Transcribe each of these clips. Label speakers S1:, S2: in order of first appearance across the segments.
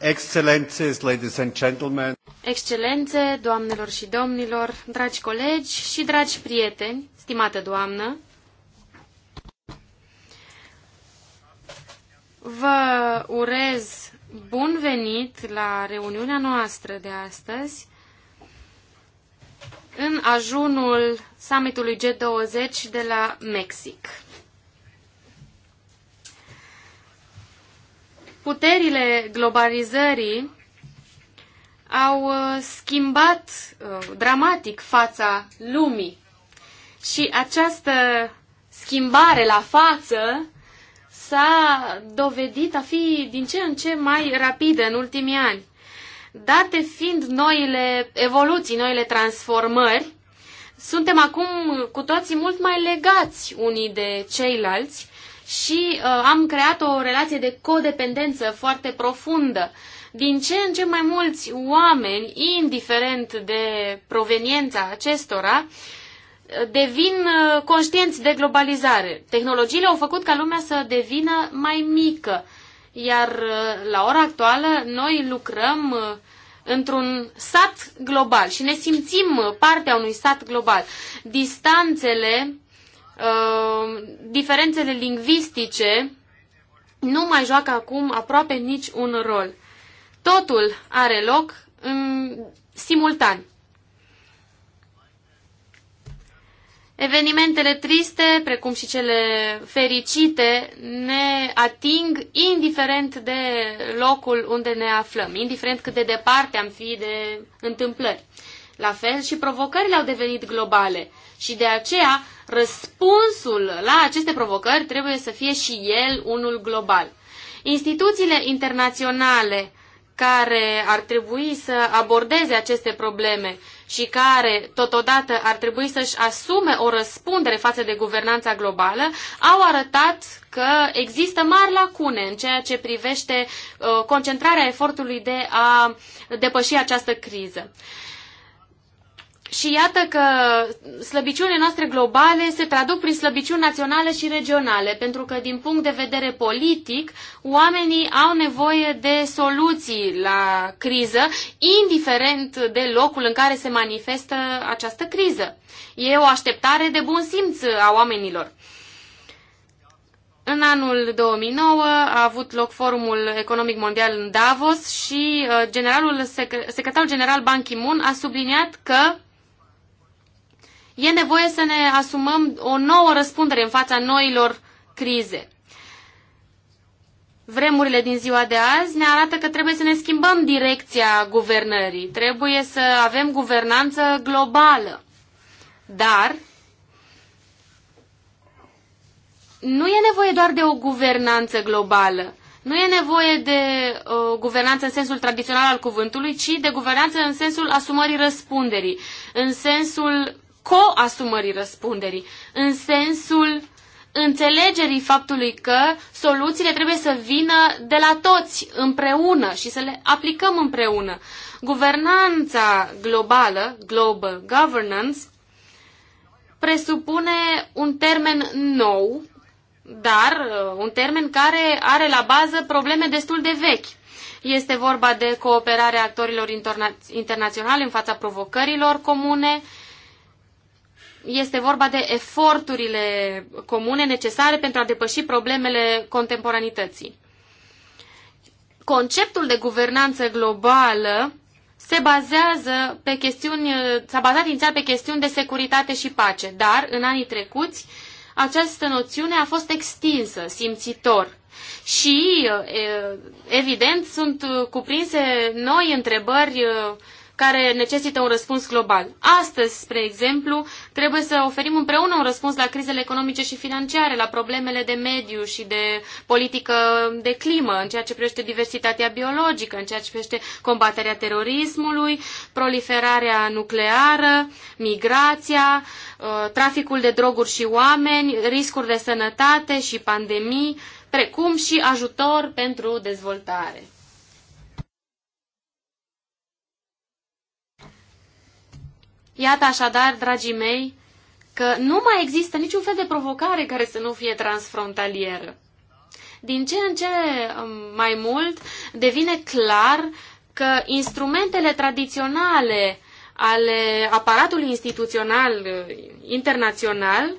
S1: ladies and gentlemen.
S2: Excelențe, doamnelor și domnilor, dragi colegi și dragi prieteni, stimată doamnă, vă urez bun venit la reuniunea noastră de astăzi în ajunul summitului G20 de la Mexic. Puterile globalizării au uh, schimbat uh, dramatic fața lumii și această schimbare la față s-a dovedit a fi din ce în ce mai rapidă în ultimii ani. Date fiind noile evoluții, noile transformări, suntem acum cu toții mult mai legați unii de ceilalți și uh, am creat o relație de codependență foarte profundă. Din ce în ce mai mulți oameni, indiferent de proveniența acestora, uh, devin uh, conștienți de globalizare. Tehnologiile au făcut ca lumea să devină mai mică, iar uh, la ora actuală noi lucrăm într-un sat global și ne simțim partea unui sat global. Distanțele Ehm, diferențele lingvistice nu mai joacă acum aproape nici un rol. Totul are loc în simultan. Evenimentele triste, precum și cele fericite, ne ating indiferent de locul unde ne aflăm, indiferent cât de departe am fi de întâmplări. La fel și provocările au devenit globale și de aceea răspunsul la aceste provocări trebuie să fie și el unul global. Instituțiile internaționale care ar trebui să abordeze aceste probleme și care totodată ar trebui să-și asume o răspundere față de guvernanța globală, au arătat că există mari lacune în ceea ce privește uh, concentrarea efortului de a depăși această criză. Și iată că slăbiciunile noastre globale se traduc prin slăbiciuni naționale și regionale, pentru că din punct de vedere politic, oamenii au nevoie de soluții la criză, indiferent de locul în care se manifestă această criză. E o așteptare de bun simț a oamenilor. În anul 2009 a avut loc Forumul Economic Mondial în Davos și uh, generalul, secretarul general Ban Ki-moon a subliniat că e nevoie să ne asumăm o nouă răspundere în fața noilor crize. Vremurile din ziua de azi ne arată că trebuie să ne schimbăm direcția guvernării, trebuie să avem guvernanță globală. Dar nu e nevoie doar de o guvernanță globală. Nu e nevoie de uh, guvernanță în sensul tradițional al cuvântului, ci de guvernanță în sensul asumării răspunderii, în sensul co-asumării răspunderii, în sensul înțelegerii faptului că soluțiile trebuie să vină de la toți împreună și să le aplicăm împreună. Guvernanța globală, global governance, presupune un termen nou, dar uh, un termen care are la bază probleme destul de vechi. Este vorba de cooperarea actorilor interna internaționali în fața provocărilor comune, este vorba de eforturile comune necesare pentru a depăși problemele contemporanității. Conceptul de guvernanță globală se bazează pe chestiuni, s-a bazat inițial pe chestiuni de securitate și pace, dar în anii trecuți această noțiune a fost extinsă, simțitor. Și, evident, sunt cuprinse noi întrebări care necesită un răspuns global. Astăzi, spre exemplu, trebuie să oferim împreună un răspuns la crizele economice și financiare, la problemele de mediu și de politică de climă, în ceea ce privește diversitatea biologică, în ceea ce privește combaterea terorismului, proliferarea nucleară, migrația, uh, traficul de droguri și oameni, riscuri de sănătate și pandemii, precum și ajutor pentru dezvoltare. Iată așadar, dragii mei, că nu mai există niciun fel de provocare care să nu fie transfrontalieră. Din ce în ce um, mai mult devine clar că instrumentele tradiționale ale aparatului instituțional uh, internațional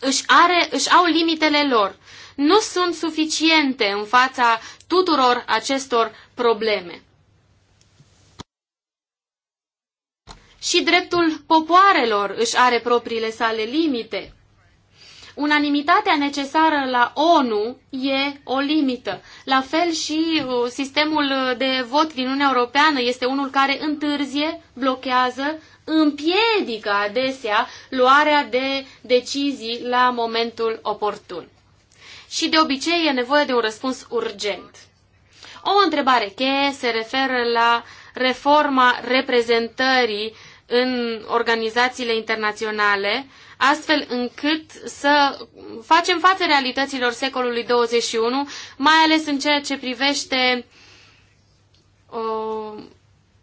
S2: își, are, își au limitele lor. Nu sunt suficiente în fața tuturor acestor probleme. și dreptul popoarelor își are propriile sale limite. Unanimitatea necesară la ONU e o limită. La fel și uh, sistemul de vot din Uniunea Europeană este unul care întârzie, blochează, împiedică adesea luarea de decizii la momentul oportun. Și de obicei e nevoie de un răspuns urgent. O întrebare cheie se referă la uh, reforma reprezentării în organizațiile internaționale, astfel încât să facem față realităților secolului 21, mai ales în ceea ce privește o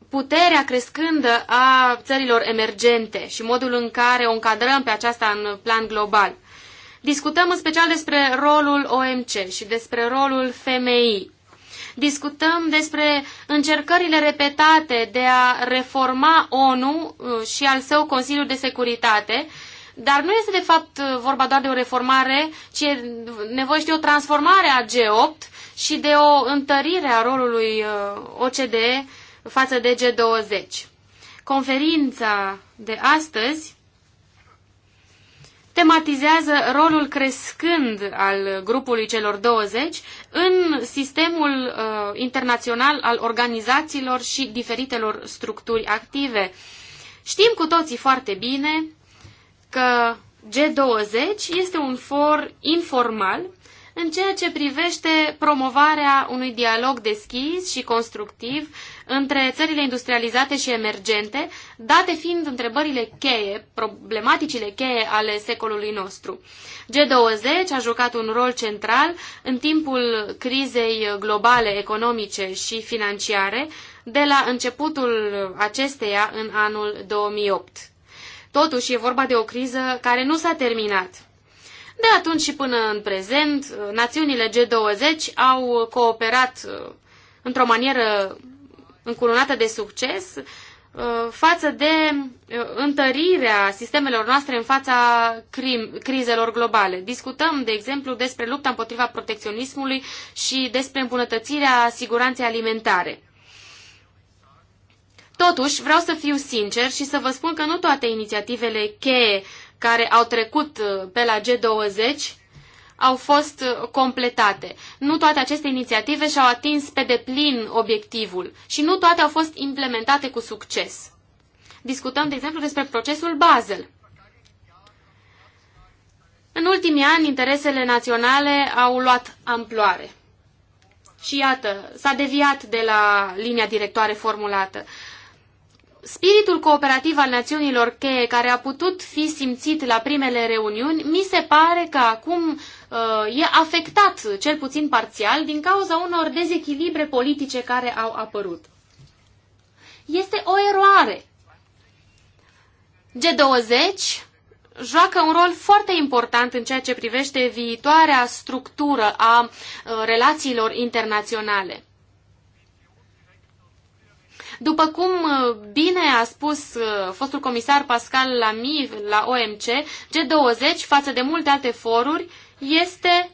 S2: puterea crescândă a țărilor emergente și modul în care o încadrăm pe aceasta în plan global. Discutăm în special despre rolul OMC și despre rolul femeii. Discutăm despre încercările repetate de a reforma ONU uh, și al său Consiliu de Securitate, dar nu este de fapt uh, vorba doar de o reformare, ci e nevoie și de o transformare a G8 și de o întărire a rolului uh, OCDE față de G20. Conferința de astăzi tematizează rolul crescând al grupului celor 20 în sistemul uh, internațional al organizațiilor și diferitelor structuri active. Știm cu toții foarte bine că G20 este un for informal în ceea ce privește promovarea unui dialog deschis și constructiv între țările industrializate și emergente, date fiind întrebările cheie, problematicile cheie ale secolului nostru. G20 a jucat un rol central în timpul crizei globale economice și financiare de la începutul acesteia în anul 2008. Totuși e vorba de o criză care nu s-a terminat. De atunci și până în prezent, națiunile G20 au cooperat uh, într-o manieră încununată de succes uh, față de uh, întărirea sistemelor noastre în fața crim, crizelor globale. Discutăm, de exemplu, despre lupta împotriva protecționismului și despre îmbunătățirea siguranței alimentare. Totuși, vreau să fiu sincer și să vă spun că nu toate inițiativele cheie care au trecut uh, pe la G20 au fost uh, completate. Nu toate aceste inițiative și-au atins pe deplin obiectivul și nu toate au fost implementate cu succes. Discutăm, de exemplu, despre procesul Basel. În ultimii ani, interesele naționale au luat amploare. Și iată, s-a deviat de la linia directoare formulată. Spiritul cooperativ al națiunilor cheie, care a putut fi simțit la primele reuniuni, mi se pare că acum Uh, e afectat, cel puțin parțial, din cauza unor dezechilibre politice care au apărut. Este o eroare. G20 joacă un rol foarte important în ceea ce privește viitoarea structură a uh, relațiilor internaționale. După cum uh, bine a spus fostul comisar Pascal Lamy la OMC, G20, față de multe alte foruri, este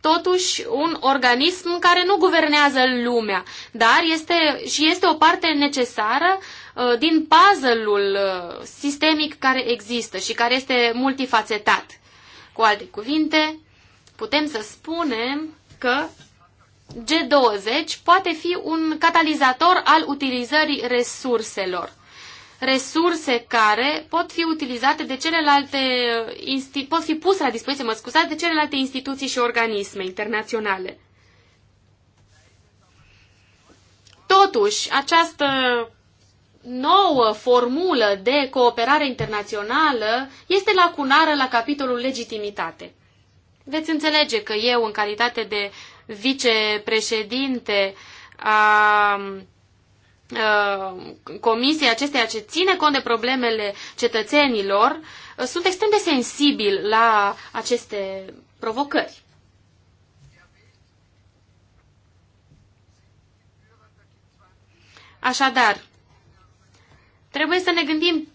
S2: totuși un organism care nu guvernează lumea, dar este și este o parte necesară uh, din puzzle-ul uh, sistemic care există și care este multifacetat. Cu alte cuvinte, putem să spunem că G20 poate fi un catalizator al utilizării resurselor resurse care pot fi utilizate de celelalte, pot fi puse la dispoziție, mă scuzați, de celelalte instituții și organisme internaționale. Totuși, această nouă formulă de cooperare internațională este lacunară la capitolul legitimitate. Veți înțelege că eu, în calitate de vicepreședinte a Uh, comisiei acesteia ce ține cont de problemele cetățenilor uh, sunt extrem de sensibil la aceste provocări. Așadar, trebuie să ne gândim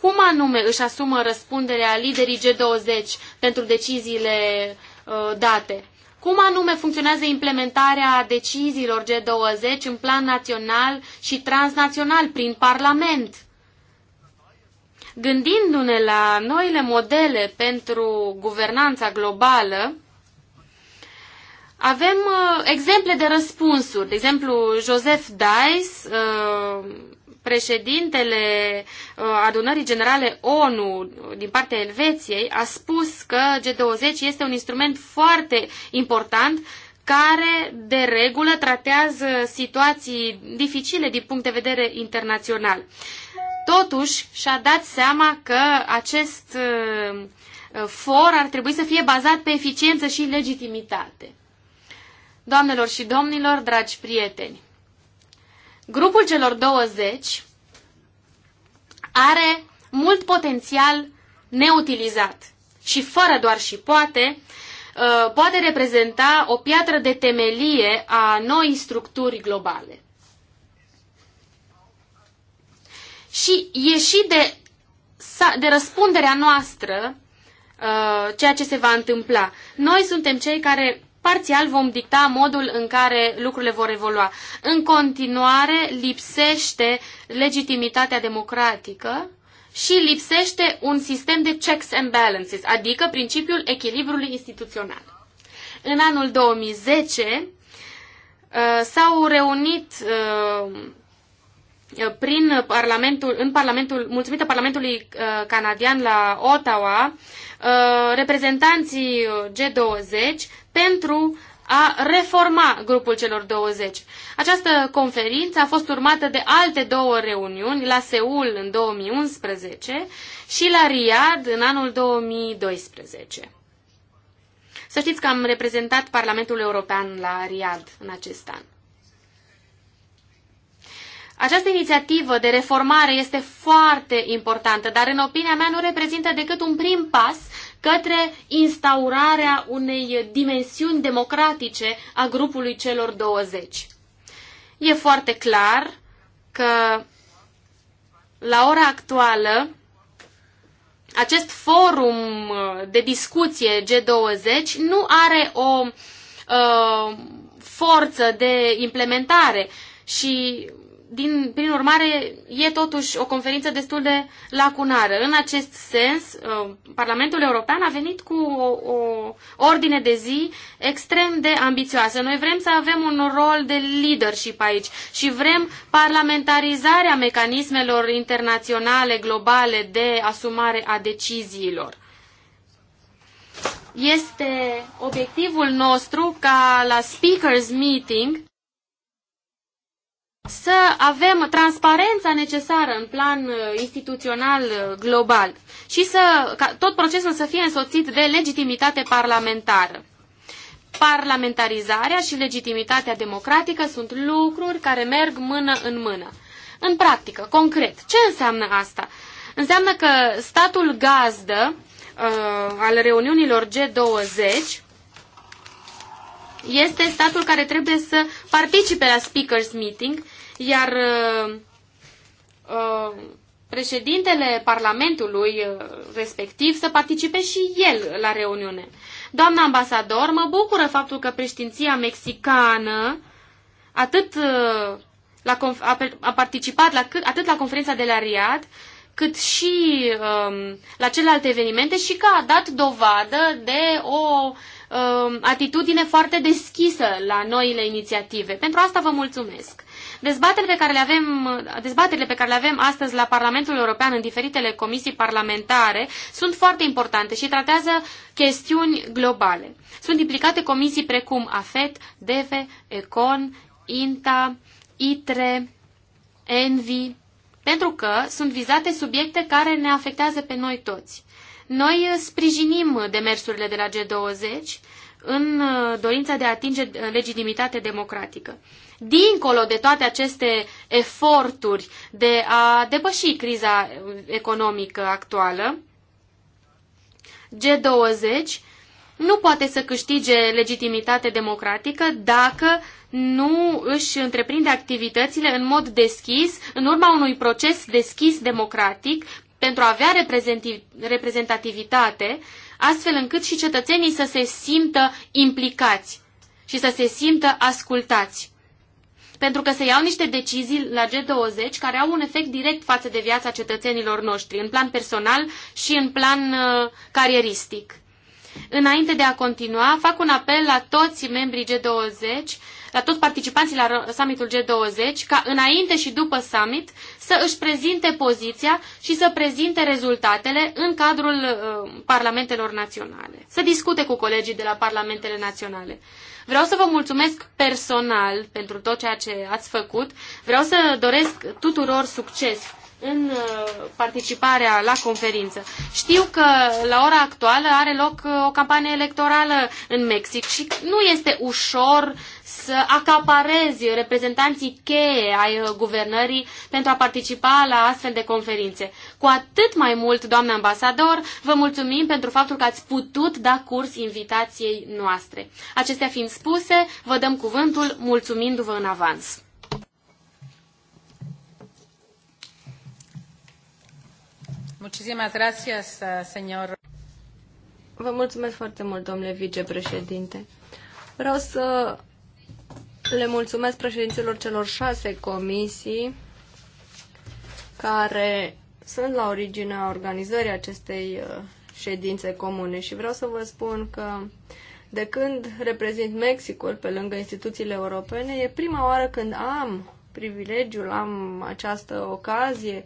S2: cum anume își asumă răspunderea liderii G20 pentru deciziile uh, date. Cum anume funcționează implementarea deciziilor G20 în plan național și transnațional prin Parlament? Gândindu-ne la noile modele pentru guvernanța globală, avem uh, exemple de răspunsuri. De exemplu, Joseph Dice, uh, președintele uh, adunării generale ONU din partea Elveției a spus că G20 este un instrument foarte important care de regulă tratează situații dificile din punct de vedere internațional. Totuși, și-a dat seama că acest uh, for ar trebui să fie bazat pe eficiență și legitimitate. Doamnelor și domnilor, dragi prieteni, Grupul celor 20 are mult potențial neutilizat și fără doar și poate, uh, poate reprezenta o piatră de temelie a noi structuri globale. Și ieși de, de răspunderea noastră uh, ceea ce se va întâmpla. Noi suntem cei care parțial vom dicta modul în care lucrurile vor evolua. În continuare, lipsește legitimitatea democratică și lipsește un sistem de checks and balances, adică principiul echilibrului instituțional. În anul 2010 uh, s-au reunit uh, prin Parlamentul, în Parlamentul, mulțumită Parlamentului uh, Canadian la Ottawa, Uh, reprezentanții G20 pentru a reforma grupul celor 20. Această conferință a fost urmată de alte două reuniuni, la Seul în 2011 și la Riyadh în anul 2012. Să știți că am reprezentat Parlamentul European la Riyadh în acest an. Această inițiativă de reformare este foarte importantă, dar în opinia mea nu reprezintă decât un prim pas către instaurarea unei dimensiuni democratice a grupului celor 20. E foarte clar că la ora actuală acest forum de discuție G20 nu are o uh, forță de implementare și din, prin urmare, e totuși o conferință destul de lacunară. În acest sens, uh, Parlamentul European a venit cu o, o ordine de zi extrem de ambițioasă. Noi vrem să avem un rol de leadership aici și vrem parlamentarizarea mecanismelor internaționale, globale de asumare a deciziilor este obiectivul nostru ca la speakers meeting să avem transparența necesară în plan uh, instituțional uh, global și să, ca tot procesul să fie însoțit de legitimitate parlamentară. Parlamentarizarea și legitimitatea democratică sunt lucruri care merg mână în mână. În practică, concret, ce înseamnă asta? Înseamnă că statul gazdă uh, al reuniunilor G20 este statul care trebuie să participe la speakers meeting iar uh, uh, președintele Parlamentului uh, respectiv să participe și el la reuniune. Doamna ambasador, mă bucură faptul că preștinția mexicană atât uh, la a, a participat la, cât, atât la conferința de la Riad, cât și um, la celelalte evenimente și că a dat dovadă de o um, atitudine foarte deschisă la noile inițiative. Pentru asta vă mulțumesc. Dezbaterile pe care le avem, dezbaterile pe care le avem astăzi la Parlamentul European în diferitele comisii parlamentare sunt foarte importante și tratează chestiuni globale. Sunt implicate comisii precum AFET, DEVE, ECON, INTA, ITRE, ENVI, pentru că sunt vizate subiecte care ne afectează pe noi toți. Noi sprijinim demersurile de la G20 în dorința de a atinge legitimitate democratică dincolo de toate aceste eforturi de a depăși criza economică actuală, G20 nu poate să câștige legitimitate democratică dacă nu își întreprinde activitățile în mod deschis, în urma unui proces deschis democratic, pentru a avea reprezentativitate, astfel încât și cetățenii să se simtă implicați și să se simtă ascultați pentru că se iau niște decizii la G20 care au un efect direct față de viața cetățenilor noștri, în plan personal și în plan uh, carieristic. Înainte de a continua, fac un apel la toți membrii G20, la toți participanții la summitul G20, ca înainte și după summit să își prezinte poziția și să prezinte rezultatele în cadrul uh, parlamentelor naționale. Să discute cu colegii de la parlamentele naționale. Vreau să vă mulțumesc personal pentru tot ceea ce ați făcut. Vreau să doresc tuturor succes în uh, participarea la conferință. Știu că la ora actuală are loc uh, o campanie electorală în Mexic și nu este ușor să acaparezi reprezentanții cheie ai uh, guvernării pentru a participa la astfel de conferințe. Cu atât mai mult, doamnă ambasador, vă mulțumim pentru faptul că ați putut da curs invitației noastre. Acestea fiind spuse, vă dăm cuvântul mulțumindu-vă în avans.
S1: Muchísimas gracias, eh, señor. Vă mulțumesc foarte mult, domnule vicepreședinte. Vreau să le mulțumesc președinților celor șase comisii care sunt la originea organizării acestei eh, ședințe comune și vreau să vă spun că de când reprezint Mexicul pe lângă instituțiile europene, e prima oară când am privilegiul, am această ocazie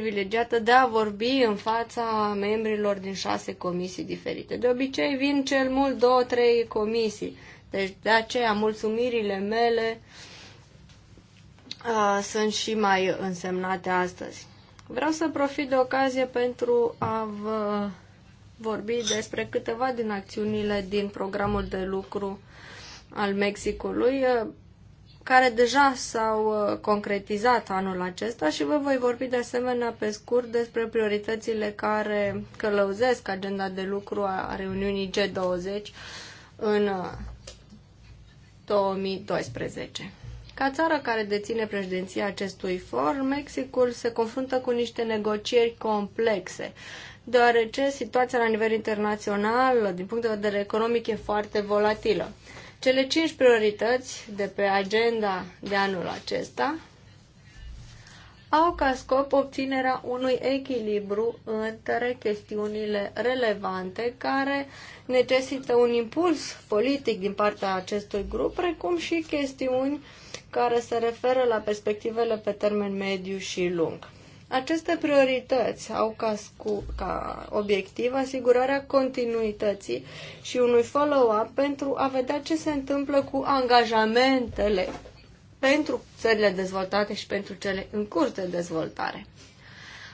S1: privilegiată de a vorbi în fața membrilor din șase comisii diferite. De obicei vin cel mult două, trei comisii. Deci de aceea mulțumirile mele a, sunt și mai însemnate astăzi. Vreau să profit de ocazie pentru a vă vorbi despre câteva din acțiunile din programul de lucru al Mexicului care deja s-au uh, concretizat anul acesta și vă voi vorbi de asemenea pe scurt despre prioritățile care călăuzesc agenda de lucru a reuniunii G20 în 2012. Uh, Ca țară care deține președinția acestui for, Mexicul se confruntă cu niște negocieri complexe, deoarece situația la nivel internațional, din punct de vedere economic, e foarte volatilă. Cele cinci priorități de pe agenda de anul acesta au ca scop obținerea unui echilibru între chestiunile relevante care necesită un impuls politic din partea acestui grup, precum și chestiuni care se referă la perspectivele pe termen mediu și lung. Aceste priorități au ca, scu- ca obiectiv asigurarea continuității și unui follow-up pentru a vedea ce se întâmplă cu angajamentele pentru țările dezvoltate și pentru cele în curs de dezvoltare.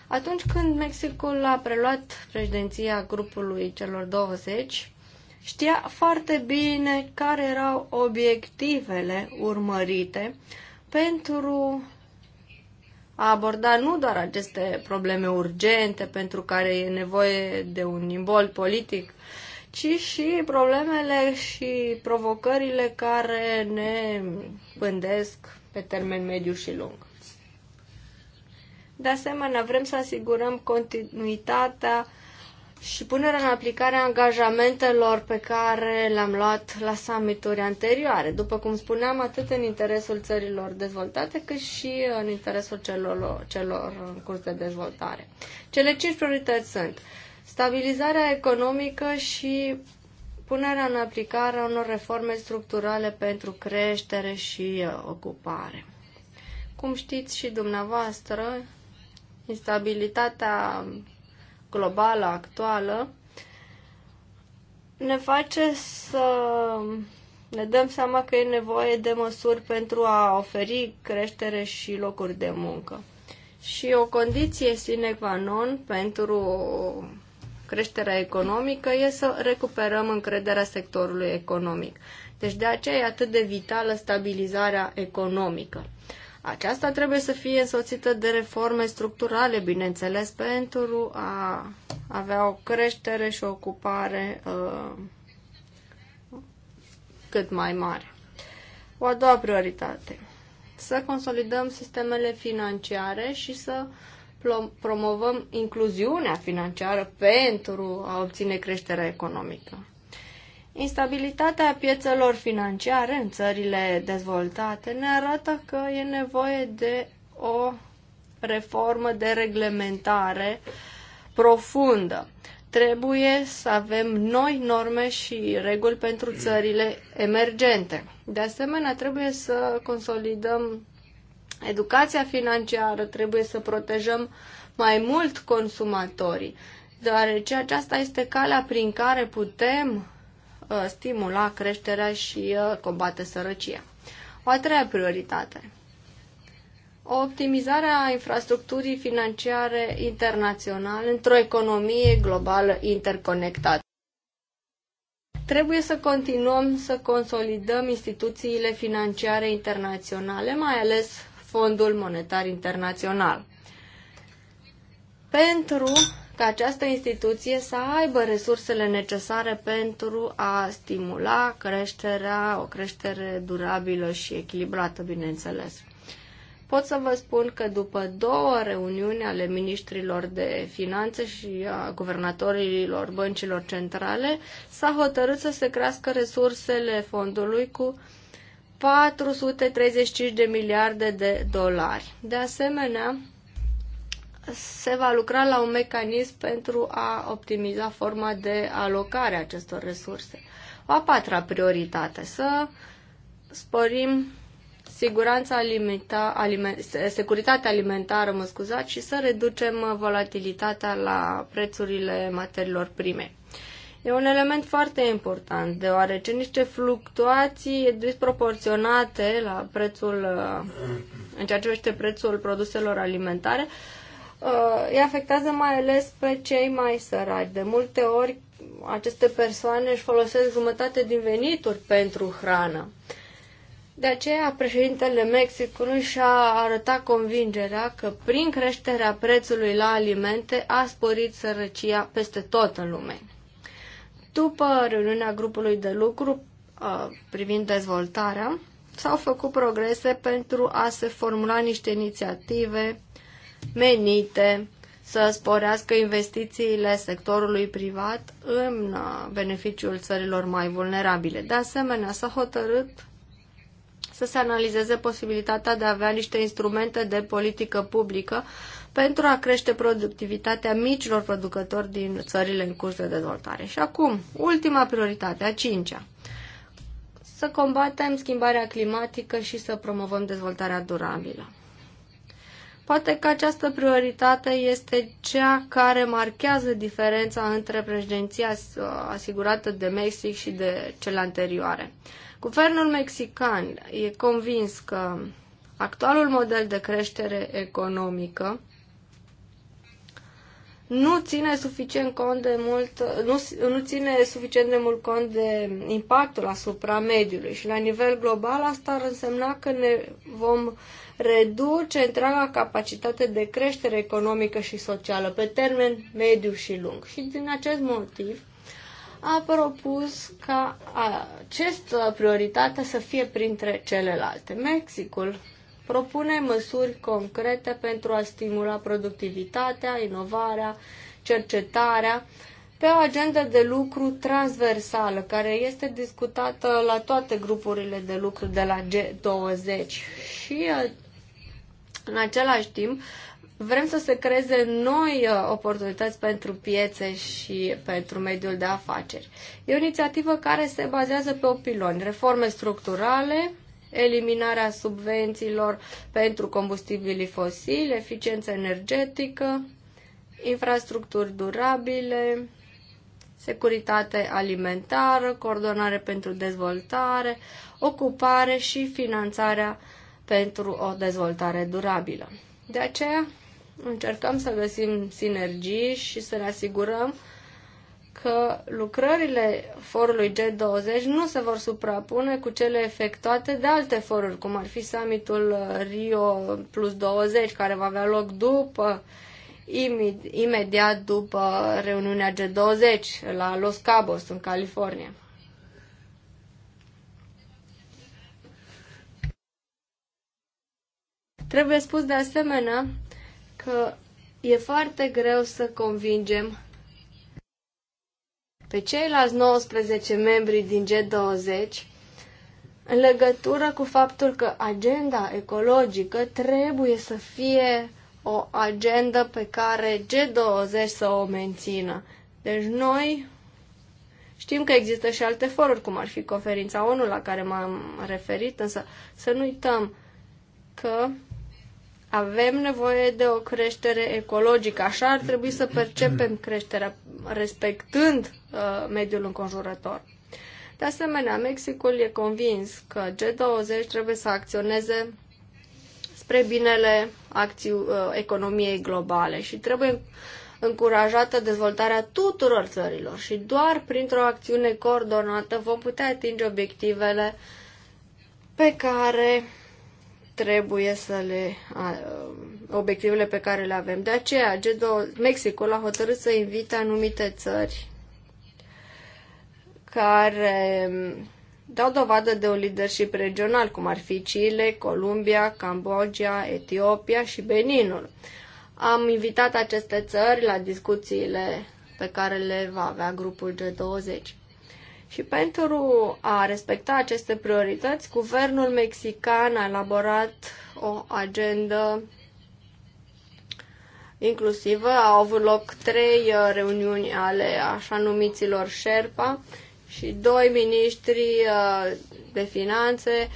S1: Atunci când Mexicul a preluat președinția grupului celor 20, știa foarte bine care erau obiectivele urmărite pentru a aborda nu doar aceste probleme urgente pentru care e nevoie de un imbol politic, ci și problemele și provocările care ne pândesc pe termen mediu și lung. De asemenea, vrem să asigurăm continuitatea și punerea în aplicare a angajamentelor pe care le-am luat la summituri anterioare, după cum spuneam, atât în interesul țărilor dezvoltate, cât și în interesul celor, celor în curs de dezvoltare. Cele cinci priorități sunt stabilizarea economică și punerea în aplicare a unor reforme structurale pentru creștere și uh, ocupare. Cum știți și dumneavoastră, instabilitatea globală actuală ne face să ne dăm seama că e nevoie de măsuri pentru a oferi creștere și locuri de muncă. Și o condiție sine qua non pentru creșterea economică e să recuperăm încrederea sectorului economic. Deci de aceea e atât de vitală stabilizarea economică. Aceasta trebuie să fie însoțită de reforme structurale, bineînțeles, pentru a avea o creștere și o ocupare uh, cât mai mare. O a doua prioritate. Să consolidăm sistemele financiare și să promovăm incluziunea financiară pentru a obține creșterea economică. Instabilitatea piețelor financiare în țările dezvoltate ne arată că e nevoie de o reformă de reglementare profundă. Trebuie să avem noi norme și reguli pentru țările emergente. De asemenea, trebuie să consolidăm educația financiară, trebuie să protejăm mai mult consumatorii, deoarece aceasta este calea prin care putem Uh, stimula creșterea și uh, combate sărăcia. O a treia prioritate. Optimizarea infrastructurii financiare internaționale într-o economie globală interconectată. Trebuie să continuăm să consolidăm instituțiile financiare internaționale, mai ales Fondul Monetar Internațional, pentru ca această instituție să aibă resursele necesare pentru a stimula creșterea, o creștere durabilă și echilibrată, bineînțeles. Pot să vă spun că după două reuniuni ale ministrilor de finanțe și a guvernatorilor băncilor centrale, s-a hotărât să se crească resursele fondului cu 435 de miliarde de dolari. De asemenea, se va lucra la un mecanism pentru a optimiza forma de alocare a acestor resurse. O a patra prioritate, să sporim siguranța alimenta, aliment, securitatea alimentară, mă scuzați, și să reducem volatilitatea la prețurile materiilor prime. E un element foarte important, deoarece niște fluctuații disproporționate la prețul, în ceea ce privește prețul produselor alimentare, uh, îi afectează mai ales pe cei mai săraci. De multe ori aceste persoane își folosesc jumătate din venituri pentru hrană. De aceea, președintele Mexicului și-a arătat convingerea că prin creșterea prețului la alimente a sporit sărăcia peste tot în lume. După reuniunea grupului de lucru uh, privind dezvoltarea, s-au făcut progrese pentru a se formula niște inițiative menite să sporească investițiile sectorului privat în uh, beneficiul țărilor mai vulnerabile. De asemenea, s-a hotărât să se analizeze posibilitatea de a avea niște instrumente de politică publică pentru a crește productivitatea micilor producători din țările în curs de dezvoltare. Și acum, ultima prioritate, a cincea. Să combatem schimbarea climatică și să promovăm dezvoltarea durabilă. Poate că această prioritate este cea care marchează diferența între președinția uh, asigurată de Mexic și de cele anterioare. Guvernul mexican e convins că actualul model de creștere economică nu ține suficient cont de mult, nu, nu ține suficient de mult cont de impactul asupra mediului și la nivel global asta ar însemna că ne vom reduce întreaga capacitate de creștere economică și socială pe termen mediu și lung. Și din acest motiv a propus ca această prioritate să fie printre celelalte. Mexicul propune măsuri concrete pentru a stimula productivitatea, inovarea, cercetarea, pe o agendă de lucru transversală care este discutată la toate grupurile de lucru de la G20 și uh, în același timp, vrem să se creeze noi uh, oportunități pentru piețe și pentru mediul de afaceri. E o inițiativă care se bazează pe o pilon, reforme structurale, eliminarea subvențiilor pentru combustibilii fosili, eficiență energetică, infrastructuri durabile, securitate alimentară, coordonare pentru dezvoltare, ocupare și finanțarea uh, pentru o dezvoltare durabilă. De aceea încercăm să găsim sinergii și să ne asigurăm că lucrările forului G20 nu se vor suprapune cu cele efectuate de alte foruri, cum ar fi summitul uh, Rio plus 20, care va avea loc după imediat după reuniunea G20 la Los Cabos, în California. Trebuie spus de asemenea că e foarte greu să convingem pe ceilalți 19 membri din G20 în legătură cu faptul că agenda ecologică trebuie să fie o agendă pe care G20 să o mențină. Deci noi știm că există și alte foruri, cum ar fi conferința ONU la care m-am referit, însă să nu uităm că avem nevoie de o creștere ecologică, așa ar trebui să percepem creșterea, respectând uh, mediul înconjurător. De asemenea, Mexicul e convins că G20 trebuie să acționeze spre binele acțiu, uh, economiei globale și trebuie încurajată dezvoltarea tuturor țărilor și doar printr-o acțiune coordonată vom putea atinge obiectivele pe care trebuie să le um, obiectivele pe care le avem. De aceea, G2, Mexicul a hotărât să invite anumite țări care um, dau dovadă de un leadership regional, cum ar fi Chile, Columbia, Cambodgia, Etiopia și Beninul. Am invitat aceste țări la discuțiile pe care le va avea grupul G20. Și pentru a respecta aceste priorități, guvernul mexican a elaborat o agendă inclusivă. Au avut loc trei uh, reuniuni ale așa numiților Sherpa și doi miniștri uh, de finanțe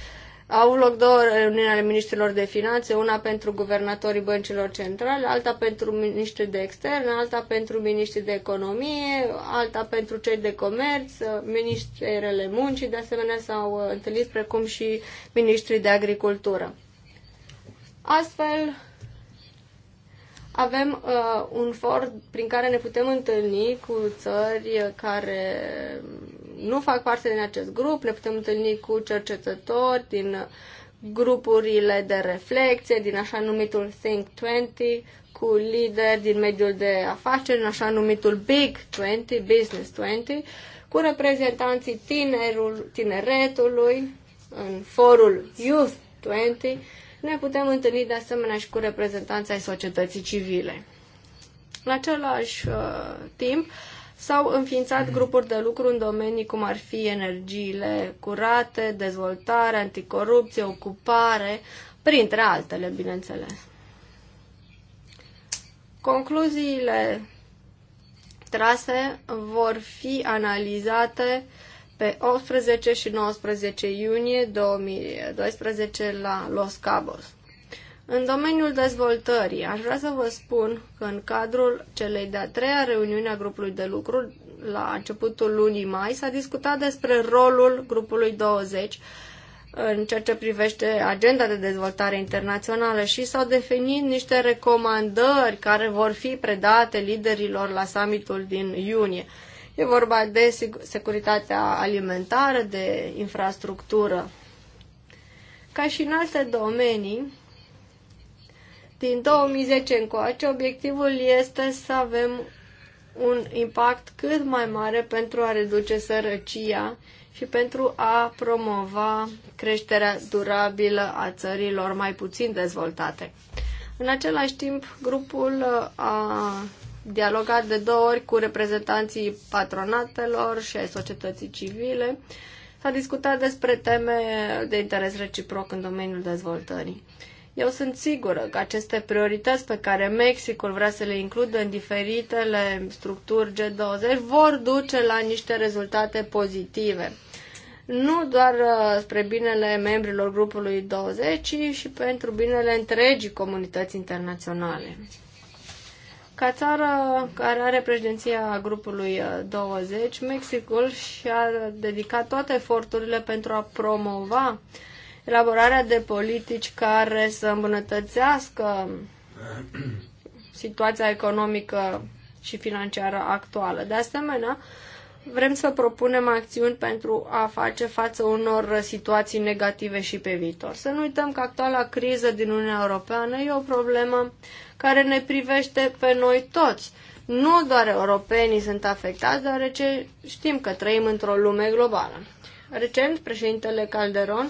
S1: au loc două reuniuni ale ministrilor de finanțe, una pentru guvernatorii băncilor centrale, alta pentru miniștri de externe, alta pentru miniștri de economie, alta pentru cei de comerț, ministrele muncii, de asemenea s-au uh, întâlnit precum și ministrii de agricultură. Astfel, avem uh, un for prin care ne putem întâlni cu țări care nu fac parte din acest grup, ne putem întâlni cu cercetători din grupurile de reflexie, din așa numitul Think 20, cu lideri din mediul de afaceri, în așa numitul Big 20, Business 20, cu reprezentanții tinerul, tineretului în forul Youth 20, ne putem întâlni de asemenea și cu reprezentanții ai societății civile. În același uh, timp, uh, S-au înființat grupuri de lucru în domenii cum ar fi energiile curate, dezvoltare, anticorupție, ocupare, printre altele, bineînțeles. Concluziile trase vor fi analizate pe 18 și 19 iunie 2012 la Los Cabos. În domeniul dezvoltării, aș vrea să vă spun că în cadrul celei de-a treia reuniune a grupului de lucru, la începutul lunii mai, s-a discutat despre rolul grupului 20 în ceea ce privește agenda de dezvoltare internațională și s-au definit niște recomandări care vor fi predate liderilor la summitul din iunie. E vorba de securitatea alimentară, de infrastructură. Ca și în alte domenii, din 2010 încoace, obiectivul este să avem un impact cât mai mare pentru a reduce sărăcia și pentru a promova creșterea durabilă a țărilor mai puțin dezvoltate. În același timp, grupul a dialogat de două ori cu reprezentanții patronatelor și ai societății civile. S-a discutat despre teme de interes reciproc în domeniul dezvoltării. Eu sunt sigură că aceste priorități pe care Mexicul vrea să le includă în diferitele structuri G20 vor duce la niște rezultate pozitive. Nu doar uh, spre binele membrilor grupului 20, ci și pentru binele întregii comunități internaționale. Ca țară care are președinția grupului 20, uh, Mexicul și-a dedicat toate eforturile pentru a promova uh, elaborarea de politici care să îmbunătățească situația economică și financiară actuală. De asemenea, vrem să propunem acțiuni pentru a face față unor situații negative și pe viitor. Să nu uităm că actuala criză din Uniunea Europeană e o problemă care ne privește pe noi toți. Nu doar europenii sunt afectați, deoarece știm că trăim într-o lume globală. Recent, președintele Calderon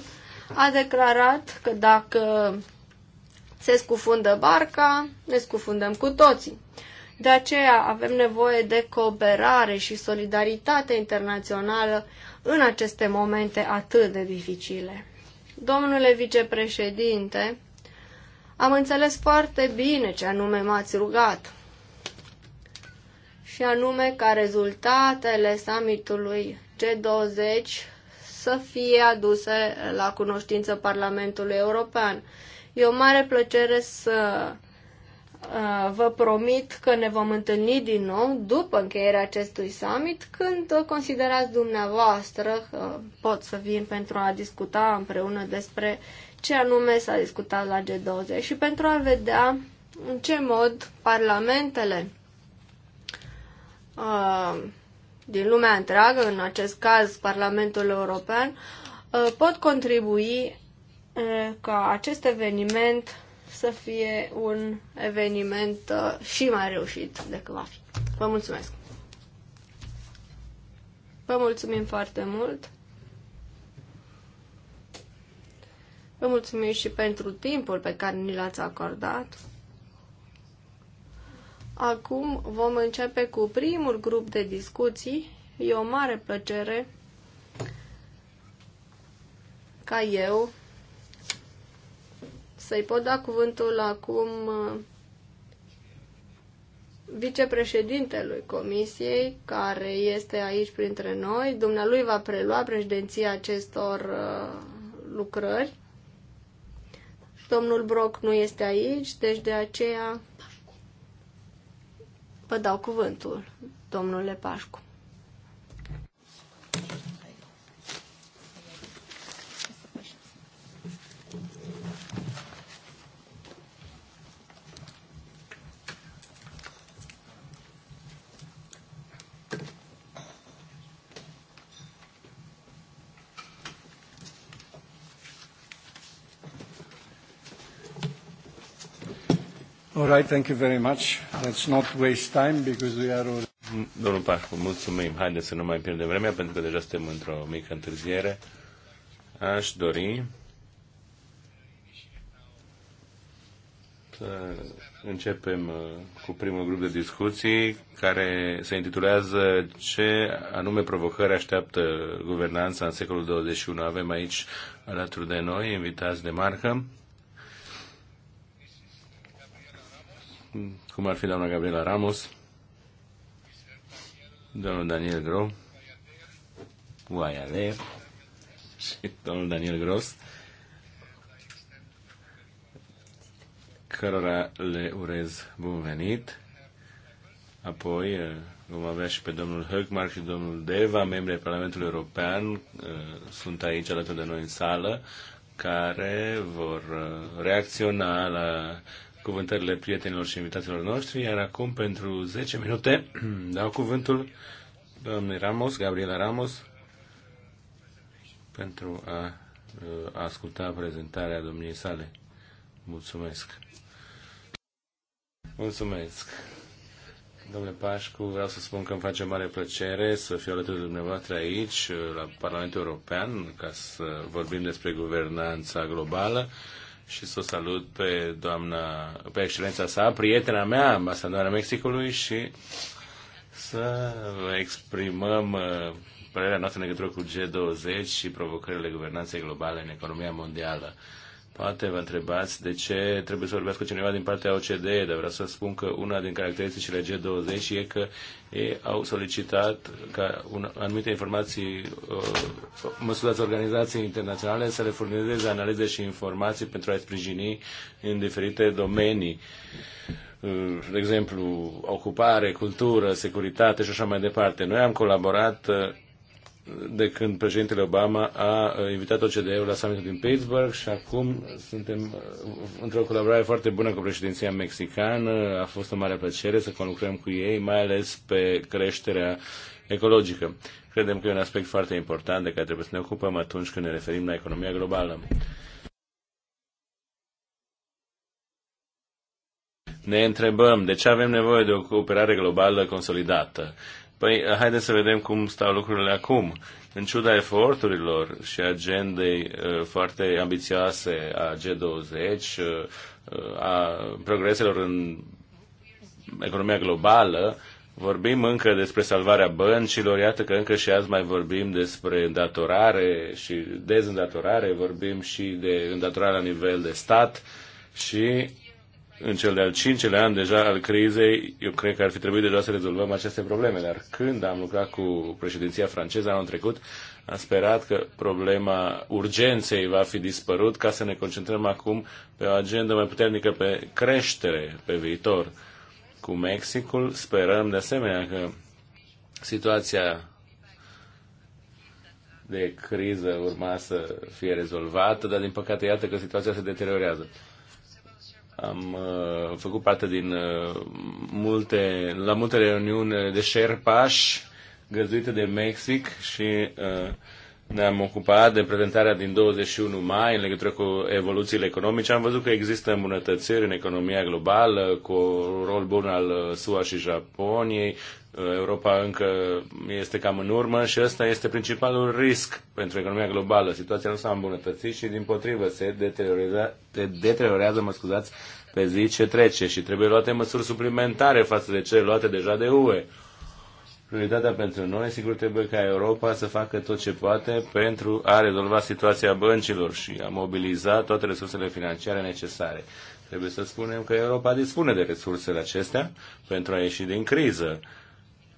S1: a declarat că dacă se scufundă barca, ne scufundăm cu toții. De aceea avem nevoie de cooperare și solidaritate internațională în aceste momente atât de dificile. Domnule vicepreședinte, am înțeles foarte bine ce anume m-ați rugat. Și anume ca rezultatele summitului G20 să fie aduse la cunoștință Parlamentului European. E o mare plăcere să uh, vă promit că ne vom întâlni din nou după încheierea acestui summit, când considerați dumneavoastră că pot să vin pentru a discuta împreună despre ce anume s-a discutat la G20 și pentru a vedea în ce mod parlamentele uh, din lumea întreagă, în acest caz Parlamentul European, ă, pot contribui ca acest eveniment să fie un eveniment ă, și mai reușit decât va fi. Vă mulțumesc! Vă mulțumim foarte mult! Vă mulțumim și pentru timpul pe care ni l-ați acordat. Acum vom începe cu primul grup de discuții. E o mare plăcere ca eu să-i pot da cuvântul acum uh, vicepreședintelui Comisiei, care este aici printre noi. Dumnealui va prelua președinția acestor uh, lucrări. Domnul Broc nu este aici, deci de aceea Vă dau cuvântul, domnule Pașcu. All right, thank you very much. Let's not waste time because we are already...
S3: Domnul Pașcu, mulțumim. Haideți să nu mai pierdem vremea pentru că deja suntem într-o mică întârziere. Aș dori să începem uh, cu primul grup de discuții care se intitulează Ce anume provocări așteaptă guvernanța în secolul 21. Avem aici alături de noi invitați de marcă cum ar fi doamna Gabriela Ramos, domnul Daniel Gro, Guayale și domnul Daniel Gros, cărora le urez bun venit. Apoi eh, vom avea și pe domnul Högmark și domnul Deva, membri ai Parlamentului European, eh, sunt aici alături de noi în sală, care vor eh, reacționa la cuvântările prietenilor și invitaților noștri, iar acum pentru 10 minute dau cuvântul domnului Ramos, Gabriela Ramos, pentru a uh, asculta prezentarea domniei sale. Mulțumesc! Mulțumesc! Domnule Pașcu, vreau să spun că îmi face mare plăcere să fiu alături de dumneavoastră aici, la Parlamentul European, ca să vorbim despre guvernanța globală și să o salut pe doamna, pe excelența sa, prietena mea, ambasadoarea Mexicului și să exprimăm uh, părerea noastră în legătură cu G20 și provocările guvernanței globale în economia mondială. Poate vă întrebați de ce trebuie să vorbească cineva din partea OCDE, dar vreau să spun că una din caracteristicile G20 e că ei au solicitat ca un, anumite informații, uh, măsurați organizații internaționale să le furnizeze analize și informații pentru a-i sprijini în diferite domenii. Uh, de exemplu, ocupare, cultură, securitate și așa mai departe. Noi am colaborat uh, de când președintele Obama a invitat OCDE-ul la summitul din Pittsburgh și acum suntem uh, într-o colaborare foarte bună cu președinția mexicană. A fost o mare plăcere să conlucrăm cu ei, mai ales pe creșterea ecologică. Credem că e un aspect foarte important de care trebuie să ne ocupăm atunci când ne referim la economia globală. Ne întrebăm de ce avem nevoie de o cooperare globală consolidată Păi, eh, haideți să vedem cum stau lucrurile acum. În ciuda eforturilor și agendei eh, foarte ambițioase a G20, eh, a progreselor în economia globală, vorbim încă despre salvarea băncilor, iată că încă și azi mai vorbim despre îndatorare și dezîndatorare, vorbim și de îndatorare la nivel de stat și în cel de-al cincelea an deja al crizei, eu cred că ar fi trebuit deja să rezolvăm aceste probleme, dar când am lucrat cu președinția franceză anul trecut, am sperat că problema urgenței va fi dispărut ca să ne concentrăm acum pe o agendă mai puternică pe creștere pe viitor. Cu Mexicul sperăm de asemenea că situația de criză urma să fie rezolvată, dar din păcate iată că situația se deteriorează am uh, făcut parte din uh, multe, la multe reuniuni de șerpaș găzduite de Mexic și uh, ne-am ocupat de prezentarea din 21 mai în legătură cu evoluțiile economice. Am văzut că există îmbunătățiri în economia globală, cu rol bun al uh, SUA și Japoniei, Europa încă este cam în urmă și ăsta este principalul risc pentru economia globală. Situația nu s-a îmbunătățit și, din potrivă, se deteriorează, deteriorează mă scuzați, pe zi ce trece și trebuie luate măsuri suplimentare față de cele luate deja de UE. Prioritatea pentru noi, sigur, trebuie ca Europa să facă tot ce poate pentru a rezolva situația băncilor și a mobiliza toate resursele financiare necesare. Trebuie să spunem că Europa dispune de resursele acestea pentru a ieși din criză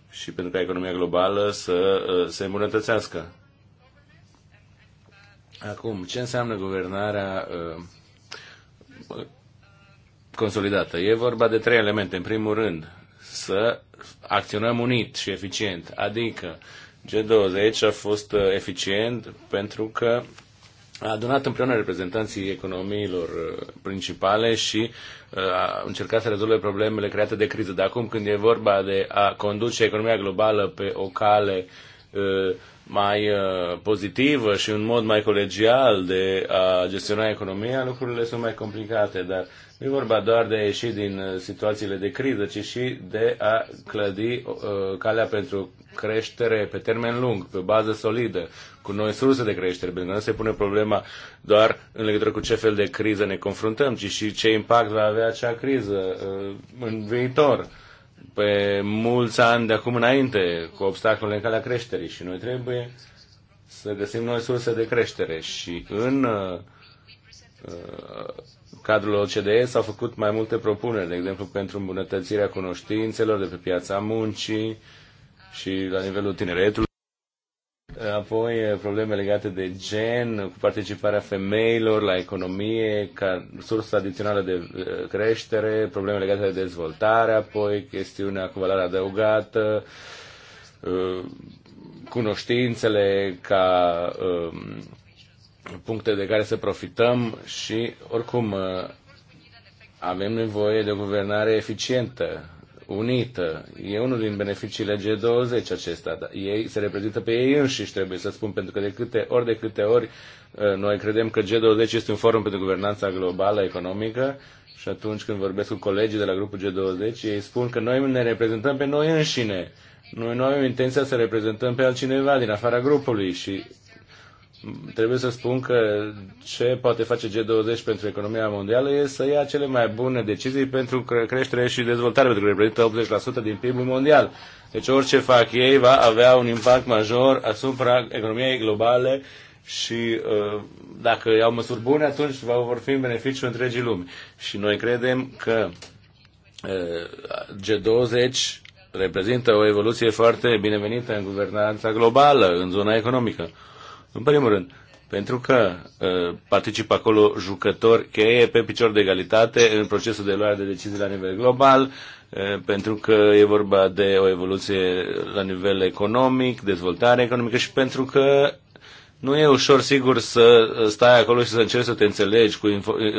S3: și pentru ca economia globală să uh, se îmbunătățească. Acum, ce înseamnă guvernarea uh, consolidată? E vorba de trei elemente. În primul rând, să acționăm unit și eficient, adică G20 a fost uh, eficient pentru că a adunat împreună reprezentanții economiilor uh, principale și uh, a încercat să rezolve problemele create de criză. Dar acum când e vorba de a conduce economia globală pe o cale uh, mai pozitivă și un mod mai colegial de a gestiona economia, lucrurile sunt mai complicate, dar nu e vorba doar de a ieși din situațiile de criză, ci și de a clădi calea pentru creștere pe termen lung, pe bază solidă, cu noi surse de creștere, pentru că nu se pune problema doar în legătură cu ce fel de criză ne confruntăm, ci și ce impact va avea acea criză uh, în viitor, pe mulți ani de acum înainte, cu obstacolele în calea creșterii. Și noi trebuie să găsim noi surse de creștere. Și în uh, uh, cadrul OCDE s-au făcut mai multe propuneri, de exemplu pentru îmbunătățirea cunoștințelor de pe piața muncii și la nivelul tineretului. Apoi probleme legate de gen, cu participarea femeilor la economie, ca sursă adițională de creștere, probleme legate de dezvoltare, apoi chestiunea cu valoare adăugată, cunoștințele ca puncte de care să profităm și, oricum, avem nevoie de o guvernare eficientă unită. E unul din beneficiile G20 acesta. Dar ei se reprezintă pe ei înșiși, trebuie să spun, pentru că de câte ori de câte ori uh, noi credem că G20 este un forum pentru guvernanța globală economică și atunci când vorbesc cu colegii de la grupul G20, ei spun că noi ne reprezentăm pe noi înșine. Noi nu avem intenția să reprezentăm pe altcineva din afara grupului și trebuie să spun că ce poate face G20 pentru economia mondială este să ia cele mai bune decizii pentru creștere și dezvoltare, pentru că reprezintă 80% din PIB-ul mondial. Deci orice fac ei va avea un impact major asupra economiei globale și uh, dacă iau măsuri bune, atunci vor fi în beneficiu întregii lumi. Și noi credem că uh, G20 reprezintă o evoluție foarte binevenită în guvernanța globală, în zona economică. În primul rând, pentru că uh, participă acolo jucători cheie pe picior de egalitate în procesul de luare de decizii la nivel global, uh, pentru că e vorba de o evoluție la nivel economic, dezvoltare economică și pentru că nu e ușor, sigur, să stai acolo și să încerci să te înțelegi cu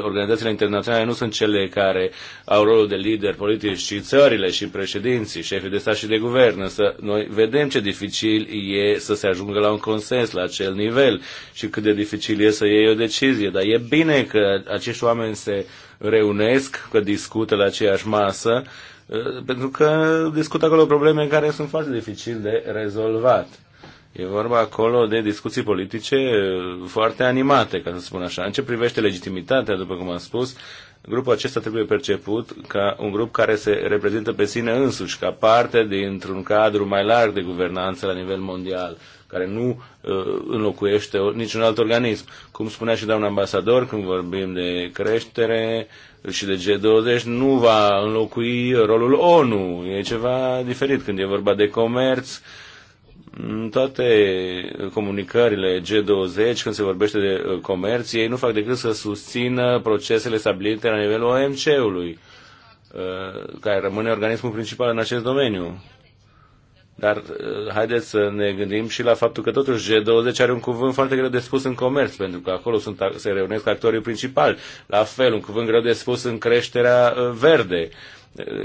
S3: organizațiile internaționale. Nu sunt cele care au rolul de lider politici, ci țările și președinții, șefii de stat și de guvern. Însă noi vedem ce dificil e să se ajungă la un consens la acel nivel și cât de dificil e să iei o decizie. Dar e bine că acești oameni se reunesc, că discută la aceeași masă, eh, pentru că discută acolo probleme care sunt foarte dificil de rezolvat E vorba acolo de discuții politice uh, foarte animate, ca să spun așa. În ce privește legitimitatea, după cum am spus, grupul acesta trebuie perceput ca un grup care se reprezintă pe sine însuși, ca parte dintr-un cadru mai larg de guvernanță la nivel mondial, care nu uh, înlocuiește niciun alt organism. Cum spunea și doamna ambasador, când vorbim de creștere și de G20, nu va înlocui rolul ONU. E ceva diferit când e vorba de comerț, uh, în toate comunicările G20, când se vorbește de uh, comerț, ei nu fac decât să susțină procesele stabilite la nivelul OMC-ului, uh, care rămâne organismul principal în acest domeniu. Dar uh, haideți să ne gândim și la faptul că totuși G20 are un cuvânt foarte greu de spus în comerț, pentru că acolo sunt, se reunesc actorii principali. La fel, un cuvânt greu de spus în creșterea verde,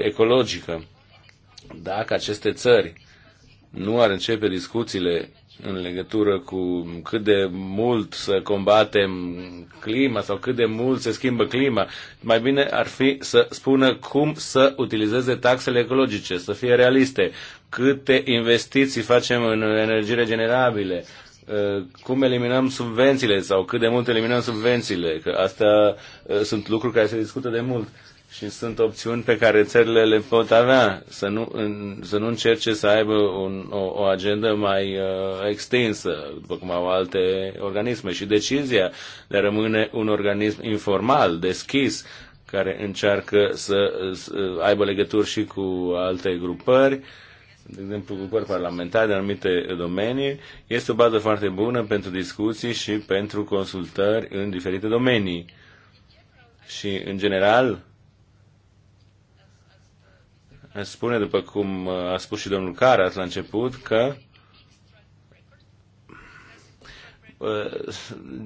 S3: ecologică. Dacă aceste țări nu ar începe discuțiile în legătură cu cât de mult să combatem clima sau cât de mult se schimbă clima, mai bine ar fi să spună cum să utilizeze taxele ecologice, să fie realiste, câte investiții facem în energie regenerabile, uh, cum eliminăm subvențiile sau cât de mult eliminăm subvențiile, că astea uh, sunt lucruri care se discută de mult și sunt opțiuni pe care țările le pot avea, să nu, în, să nu încerce să aibă un, o, o agendă mai uh, extinsă, după cum au alte organisme. Și decizia de a rămâne un organism informal, deschis, care încearcă să, să aibă legături și cu alte grupări, de exemplu, grupări parlamentare în anumite domenii, este o bază foarte bună pentru discuții și pentru consultări în diferite domenii. Și, în general, spune, după cum a spus și domnul Carat la început, că uh,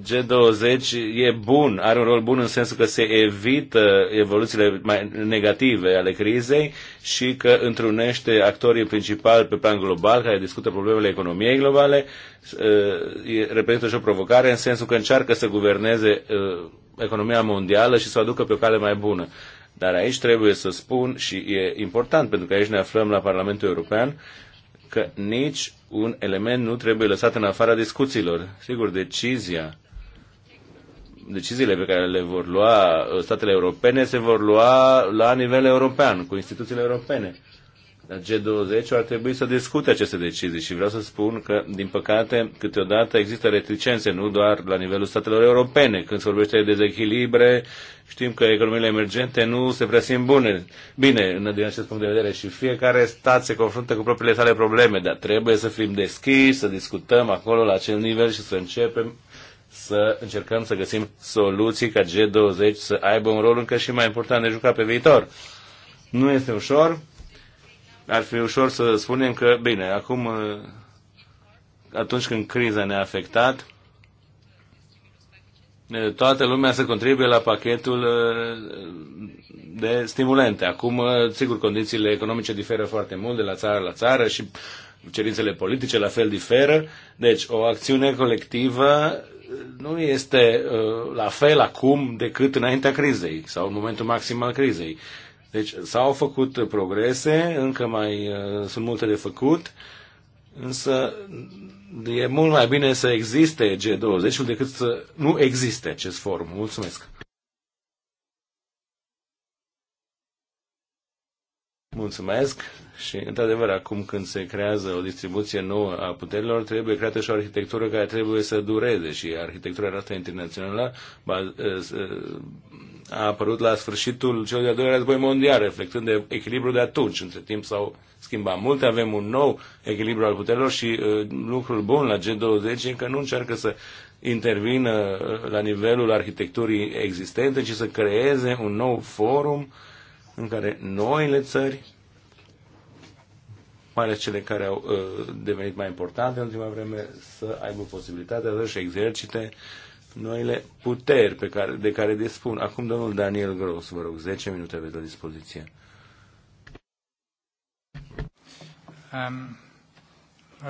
S3: G20 e bun, are un rol bun în sensul că se evită evoluțiile mai negative ale crizei și că întrunește actorii principali pe plan global care discută problemele economiei globale, uh, reprezintă și o provocare în sensul că încearcă să guverneze uh, economia mondială și să o aducă pe o cale mai bună. Dar aici trebuie să spun și e important pentru că aici ne aflăm la Parlamentul European că nici un element nu trebuie lăsat în afara discuțiilor. Sigur, decizia deciziile pe care le vor lua ă, statele europene se vor lua la nivel european, cu instituțiile europene. G20 ar trebui să discute aceste decizii și vreau să spun că, din păcate, câteodată există reticențe, nu doar la nivelul statelor europene. Când se vorbește de dezechilibre, știm că economiile emergente nu se prea simt bune. Bine, din acest punct de vedere și fiecare stat se confruntă cu propriile sale probleme, dar trebuie să fim deschiși, să discutăm acolo la acel nivel și să începem să încercăm să găsim soluții ca G20 să aibă un rol încă și mai important de jucat pe viitor. Nu este ușor, ar fi ușor să spunem că, bine, acum, uh, atunci când criza ne-a afectat, uh, toată lumea să contribuie la pachetul uh, de stimulente. Acum, sigur, condițiile economice diferă foarte mult de la țară la țară și cerințele politice la fel diferă. Deci, o acțiune colectivă nu este la fel acum decât înaintea crizei sau în momentul maxim al crizei. Deci s-au făcut progrese, încă mai uh, sunt multe de făcut, însă e mult mai bine să existe G20-ul decât să nu existe acest forum. Mulțumesc! Mulțumesc și, într-adevăr, acum când se creează o distribuție nouă a puterilor, trebuie creată și o arhitectură care trebuie să dureze și arhitectura noastră internațională uh, uh, a apărut la sfârșitul celui de-al doilea război mondial, reflectând de echilibrul de atunci. Între timp s-au schimbat multe, avem un nou echilibru al puterilor și uh, lucrul bun la G20 e că nu încearcă să intervină uh, la nivelul arhitecturii existente, ci să creeze un nou forum în care noile țări, mai ales cele care au uh, devenit mai importante în ultima vreme, să aibă posibilitatea să-și exercite uh, noile puteri pe care, de care dispun. Acum domnul Daniel Gros, vă rog, 10 minute aveți la dispoziție.
S1: Um,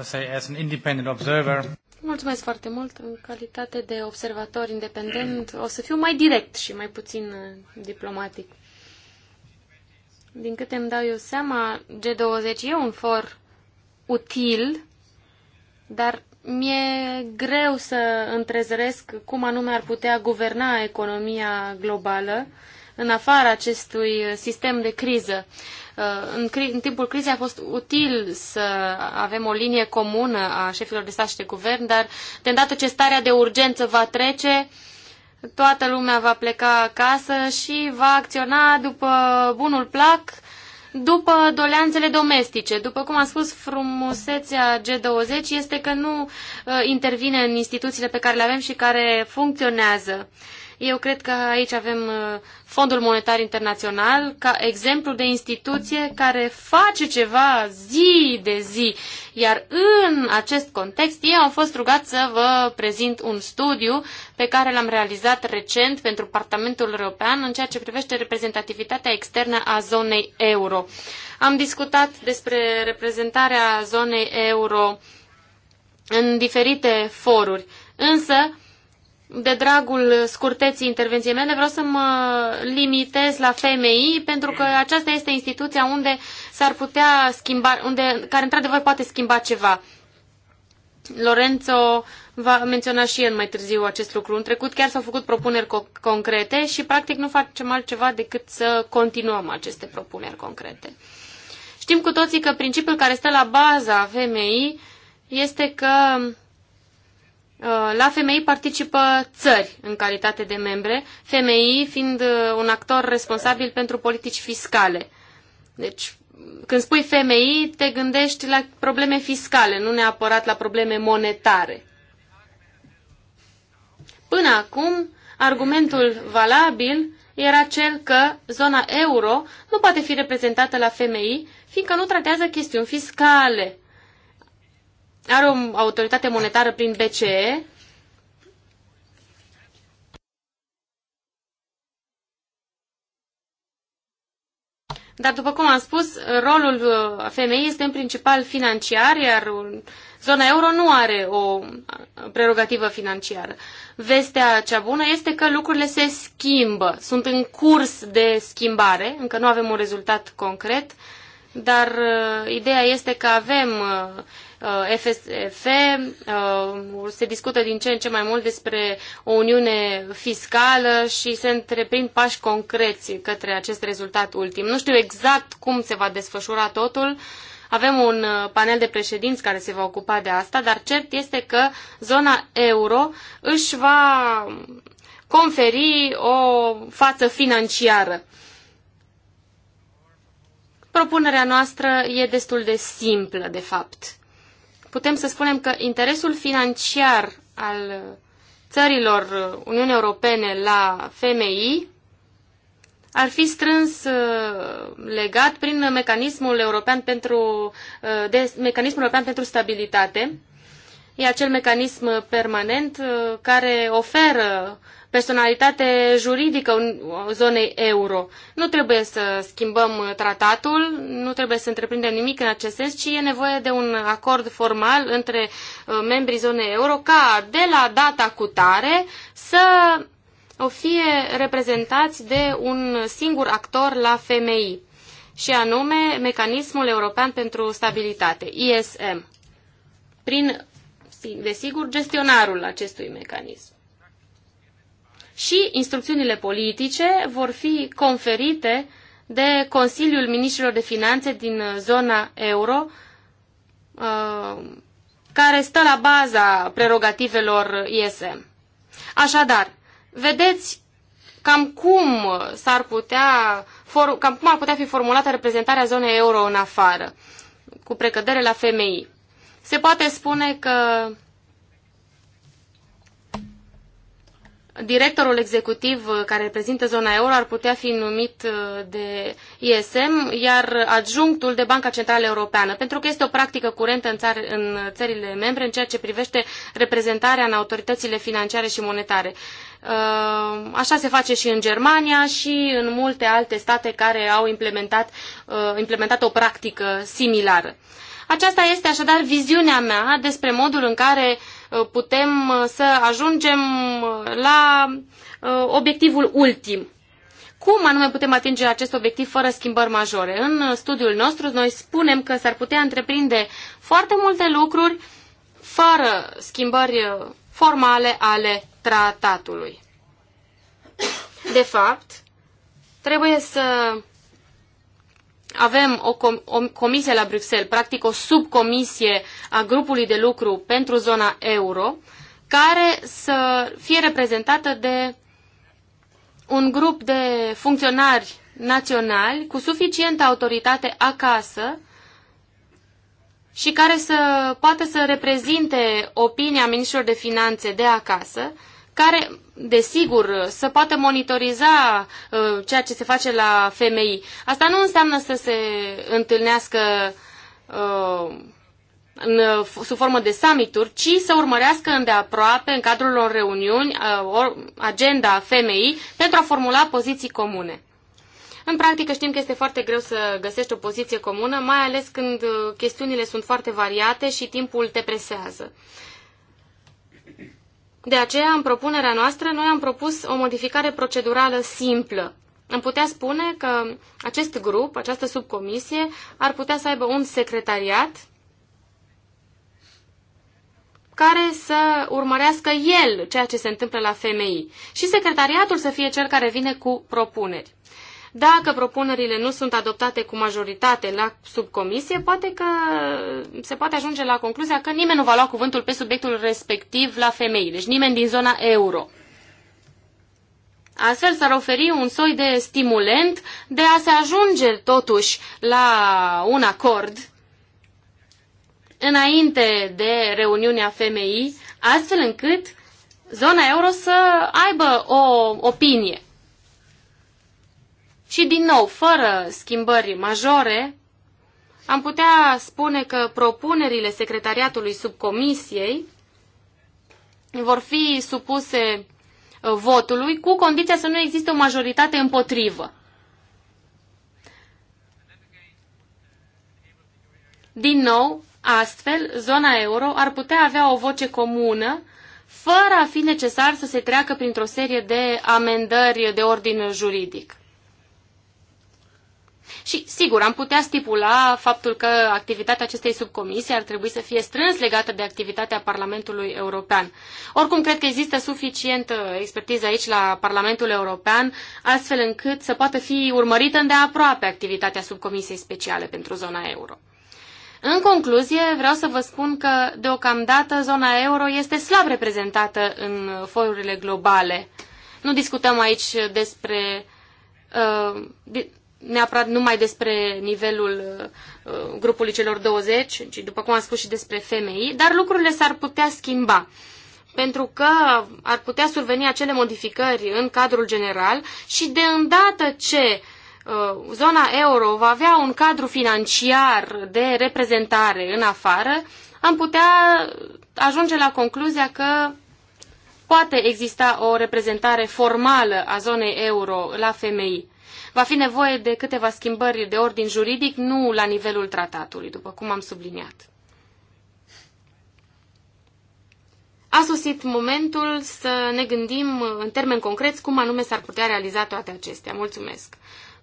S1: say, as an independent observer.
S2: Mulțumesc foarte mult. În calitate de observator independent o să fiu mai direct și mai puțin uh, diplomatic. Din câte îmi dau eu seama, G20 e un for util, dar mi-e greu să întrezăresc cum anume ar putea guverna economia globală în afara acestui sistem de criză. Uh, în, cri- în timpul crizei a fost util să avem o linie comună a șefilor de stat și de guvern, dar de îndată ce starea de urgență va trece, toată lumea va pleca acasă și va acționa după bunul plac după doleanțele domestice. După cum am spus, frumusețea G20 este că nu uh, intervine în instituțiile pe care le avem și care funcționează. Uh, eu cred că aici avem uh, Fondul Monetar Internațional ca exemplu de instituție care face ceva zi de zi. Iar în acest context, eu am fost rugat să vă prezint un studiu pe care l-am realizat recent pentru Parlamentul European în ceea ce privește reprezentativitatea externă a zonei euro. Am discutat despre reprezentarea zonei euro în diferite foruri, însă de dragul scurteții intervenției mele, vreau să mă limitez la FMI, pentru că aceasta este instituția unde s-ar putea schimba, unde, care într-adevăr poate schimba ceva. Lorenzo va menționa și el mai târziu acest lucru. În trecut chiar s-au făcut propuneri co- concrete și practic nu facem altceva decât să continuăm aceste propuneri concrete. Știm cu toții că principiul care stă la baza FMI este că Uh, la femei participă țări în calitate de membre, femei fiind uh, un actor responsabil pentru politici fiscale. Deci, când spui femei, te gândești la probleme fiscale, nu neapărat la probleme monetare. Până acum, argumentul valabil era cel că zona euro nu poate fi reprezentată la femei, fiindcă nu tratează chestiuni fiscale are o autoritate monetară prin BCE, Dar, după cum am spus, rolul uh, femeii este în principal financiar, iar zona euro nu are o uh, prerogativă financiară. Vestea cea bună este că lucrurile se schimbă, sunt în curs de schimbare, încă nu avem un rezultat concret, dar uh, ideea este că avem FSF, uh, uh, se discută din ce în ce mai mult despre o uniune fiscală și se întreprind pași concreți către acest rezultat ultim. Nu știu exact cum se va desfășura totul, avem un uh, panel de președinți care se va ocupa de asta, dar cert este că zona euro își va conferi o față financiară. Propunerea noastră e destul de simplă, de fapt putem să spunem că interesul financiar al țărilor Uniunii Europene la FMI ar fi strâns uh, legat prin mecanismul european pentru, uh, de, mecanismul european pentru stabilitate. E acel mecanism permanent uh, care oferă personalitate juridică zonei euro. Nu trebuie să schimbăm tratatul, nu trebuie să întreprindem nimic în acest sens, ci e nevoie de un acord formal între uh, membrii zonei euro ca de la data cutare să o fie reprezentați de un singur actor la FMI și anume Mecanismul European pentru Stabilitate, ISM, prin, desigur, gestionarul acestui mecanism și instrucțiunile politice vor fi conferite de Consiliul Ministrilor de Finanțe din zona euro, uh, care stă la baza prerogativelor ISM. Așadar, vedeți cam cum s-ar putea, cam cum ar putea fi formulată reprezentarea zonei euro în afară, cu precădere la FMI. Se poate spune că directorul executiv uh, care reprezintă zona euro ar putea fi numit uh, de ISM, iar adjunctul de Banca Centrală Europeană, pentru că este o practică curentă în, țar, în țările membre în ceea ce privește reprezentarea în autoritățile financiare și monetare. Uh, așa se face și în Germania și în multe alte state care au implementat, implementat o practică similară. Aceasta este așadar viziunea mea despre modul în care uh, Uh, putem uh, să ajungem uh, la obiectivul ultim. Cum anume putem atinge acest obiectiv fără schimbări majore? În studiul nostru noi spunem că s-ar putea întreprinde foarte multe lucruri fără schimbări formale ale tratatului. De fapt, trebuie să avem o, com o comisie la Bruxelles, practic o subcomisie a grupului de lucru pentru zona euro, care să fie reprezentată de un grup de funcționari naționali cu suficientă autoritate acasă și care să poată să reprezinte opinia ministrilor de finanțe de acasă, care desigur, să poată monitoriza uh, ceea ce se face la femei. Asta nu înseamnă să se întâlnească uh, în, sub formă de summituri, ci să urmărească îndeaproape, în cadrul unor reuniuni, uh, or, agenda femei pentru a formula poziții comune. În practică știm că este foarte greu să găsești o poziție comună, mai ales când uh, chestiunile sunt foarte variate și timpul te presează. De aceea, în propunerea noastră, noi am propus o modificare procedurală simplă. Am putea spune că acest grup, această subcomisie, ar putea să aibă un secretariat care să urmărească el ceea ce se întâmplă la femei și secretariatul să fie cel care vine cu propuneri. Dacă propunerile nu sunt adoptate cu majoritate la subcomisie, poate că se poate ajunge la concluzia că nimeni nu va lua cuvântul pe subiectul respectiv la femei, deci nimeni din zona euro. Astfel s-ar oferi un soi de stimulent de a se ajunge totuși la un acord înainte de reuniunea FMI, astfel încât zona euro să aibă o opinie. Și din nou, fără schimbări majore, am putea spune că propunerile secretariatului subcomisiei vor fi supuse uh, votului cu condiția să nu existe o majoritate împotrivă. Din nou, astfel, zona euro ar putea avea o voce comună fără a fi necesar să se treacă printr-o serie de amendări de ordin juridic. Și, sigur, am putea stipula faptul că activitatea acestei subcomisii ar trebui să fie strâns legată de activitatea Parlamentului European. Oricum, cred că există suficientă uh, expertiză aici la Parlamentul European, astfel încât să poată fi urmărită îndeaproape activitatea subcomisiei speciale pentru zona euro. În concluzie, vreau să vă spun că, deocamdată, zona euro este slab reprezentată în forurile globale. Nu discutăm aici despre uh, neapărat numai despre nivelul uh, grupului celor 20, ci după cum am spus și despre femei, dar lucrurile s-ar putea schimba pentru că ar putea surveni acele modificări în cadrul general și de îndată ce uh, zona euro va avea un cadru financiar de reprezentare în afară, am putea ajunge la concluzia că poate exista o reprezentare formală a zonei euro la femei. Va fi nevoie de câteva schimbări de ordin juridic, nu la nivelul tratatului, după cum am subliniat. A sosit momentul să ne gândim în termeni concreți cum anume s-ar putea realiza toate acestea. Mulțumesc!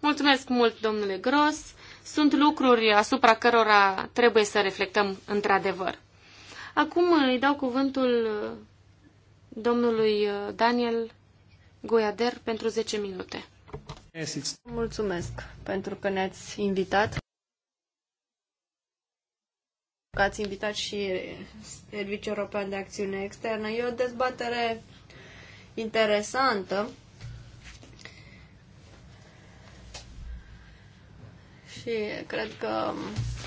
S2: Mulțumesc mult, domnule Gros! Sunt lucruri asupra cărora trebuie să reflectăm într-adevăr. Acum îi dau cuvântul domnului Daniel Goiader pentru 10 minute.
S1: Mulțumesc pentru că ne-ați invitat. Că ați invitat și Serviciul European de Acțiune Externă. E o dezbatere interesantă. Și cred că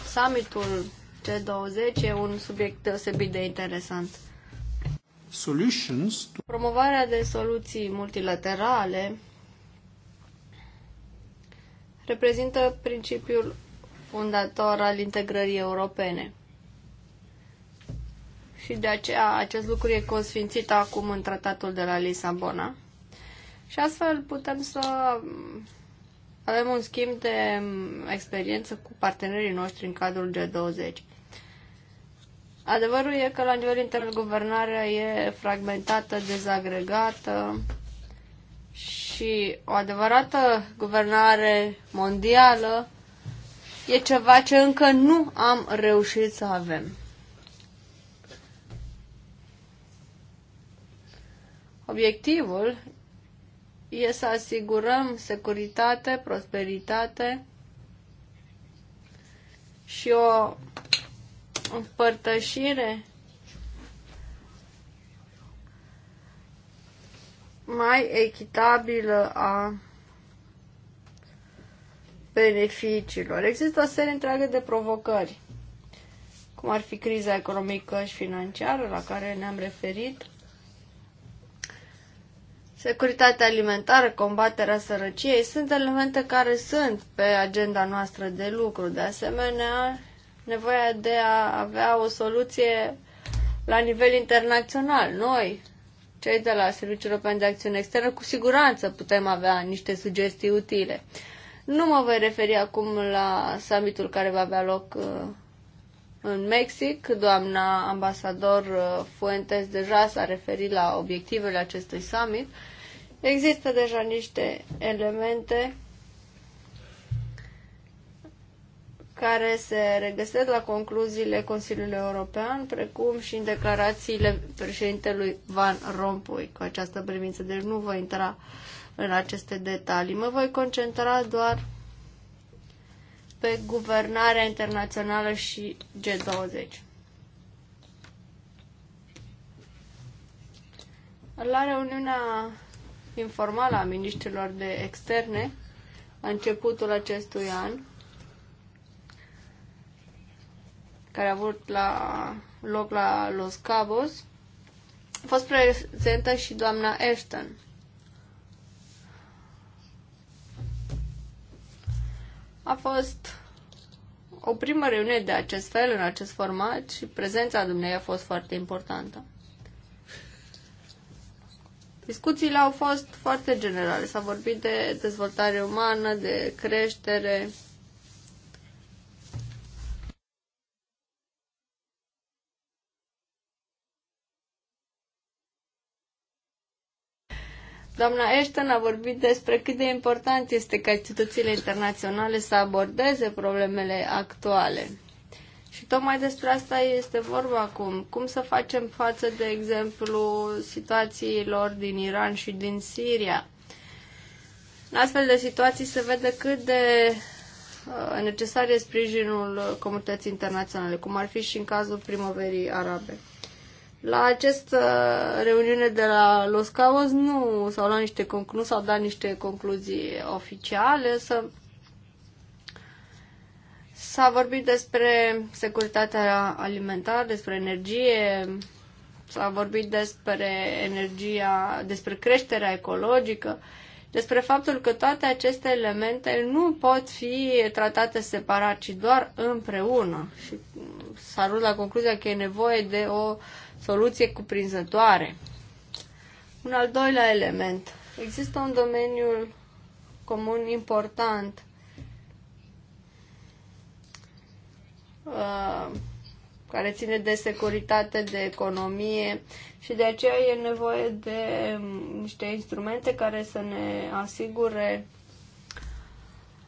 S1: summitul G20 e un subiect deosebit de interesant. Promovarea de soluții multilaterale reprezintă principiul fundator al integrării europene. Și de aceea acest lucru e consfințit acum în tratatul de la Lisabona. Și astfel putem să avem un schimb de experiență cu partenerii noștri în cadrul G20. Adevărul e că la nivel intern guvernarea e fragmentată, dezagregată, și o adevărată guvernare mondială e ceva ce încă nu am reușit să avem. Obiectivul e să asigurăm securitate, prosperitate și o împărtășire mai echitabilă a beneficiilor. Există o serie întreagă de provocări, cum ar fi criza economică și financiară la care ne-am referit, securitatea alimentară, combaterea sărăciei, sunt elemente care sunt pe agenda noastră de lucru. De asemenea, nevoia de a avea o soluție la nivel internațional. Noi, cei de la Serviciul European de Acțiune Externă, cu siguranță putem avea niște sugestii utile. Nu mă voi referi acum la summitul care va avea loc uh, în Mexic. Doamna ambasador uh, Fuentes deja s-a referit la obiectivele acestui summit. Există deja niște elemente care se regăsesc la concluziile Consiliului European, precum și în declarațiile președintelui Van Rompuy cu această privință. Deci nu voi intra în aceste detalii. Mă voi concentra doar pe guvernarea internațională și G20. La reuniunea informală a ministrilor de externe, a începutul acestui an, care a avut la, loc la Los Cabos, a fost prezentă și doamna Ashton. A fost o primă reuniune de acest fel, în acest format, și prezența dumneavoastră a fost foarte importantă. Discuțiile au fost foarte generale. S-a vorbit de dezvoltare umană, de creștere, Doamna Ashton a vorbit despre cât de important este ca instituțiile internaționale să abordeze problemele actuale. Și tocmai despre asta este vorba acum. Cum să facem față, de exemplu, situațiilor din Iran și din Siria? În astfel de situații se vede cât de uh, necesar e sprijinul comunității internaționale, cum ar fi și în cazul primăverii arabe. La această reuniune de la Los Cabos nu s-au luat niște conclu- nu s-au dat niște concluzii oficiale, să s-a vorbit despre securitatea alimentară, despre energie, s-a vorbit despre energia, despre creșterea ecologică, despre faptul că toate aceste elemente nu pot fi tratate separat, ci doar împreună. Și s-a ajuns la concluzia că e nevoie de o uh, soluție cuprinzătoare. Un al doilea element. Există un domeniu comun important uh, care ține de securitate, de economie și de aceea e nevoie de um, niște instrumente care să ne asigure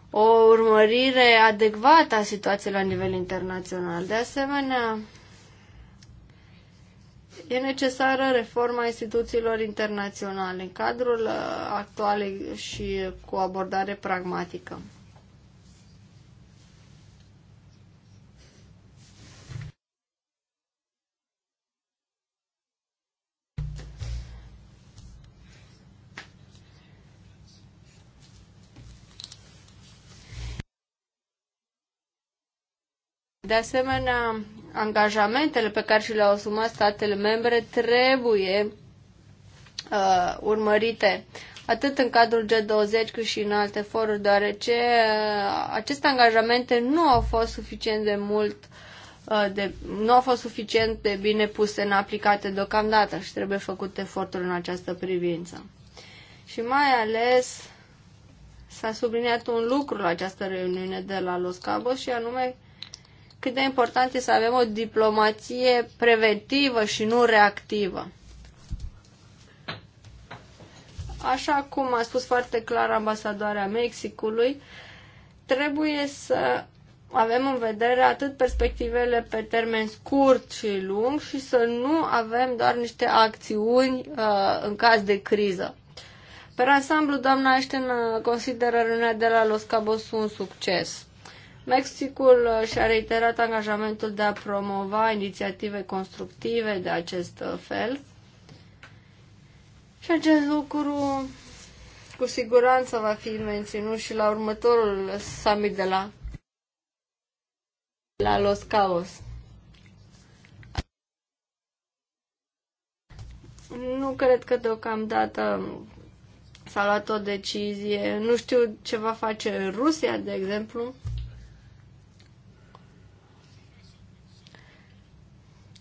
S1: o urmărire adecvată a situației la nivel internațional. De asemenea, E necesară reforma instituțiilor internaționale în cadrul uh, actual și cu o abordare pragmatică. De asemenea, angajamentele pe care și le-au asumat statele membre trebuie uh, urmărite atât în cadrul G20 cât și în alte foruri, deoarece uh, aceste angajamente nu au fost suficient de mult uh, de, nu au fost suficient de bine puse în aplicate deocamdată și trebuie făcut efortul în această privință. Și mai ales s-a subliniat un lucru la această reuniune de la Los Cabos și anume cât de important e să avem o diplomație preventivă și nu reactivă. Așa cum a spus foarte clar ambasadoarea Mexicului, trebuie să avem în vedere atât perspectivele pe termen scurt și lung și să nu avem doar niște acțiuni uh, în caz de criză. Pe ansamblu, doamna Ashton consideră rânea de la Los Cabos un succes. Mexicul uh, și-a reiterat angajamentul de a promova inițiative constructive de acest uh, fel. Și acest lucru cu siguranță va fi menținut și la următorul summit de la, la Los Caos. Nu cred că deocamdată s-a luat o decizie. Nu știu ce va face Rusia, de exemplu.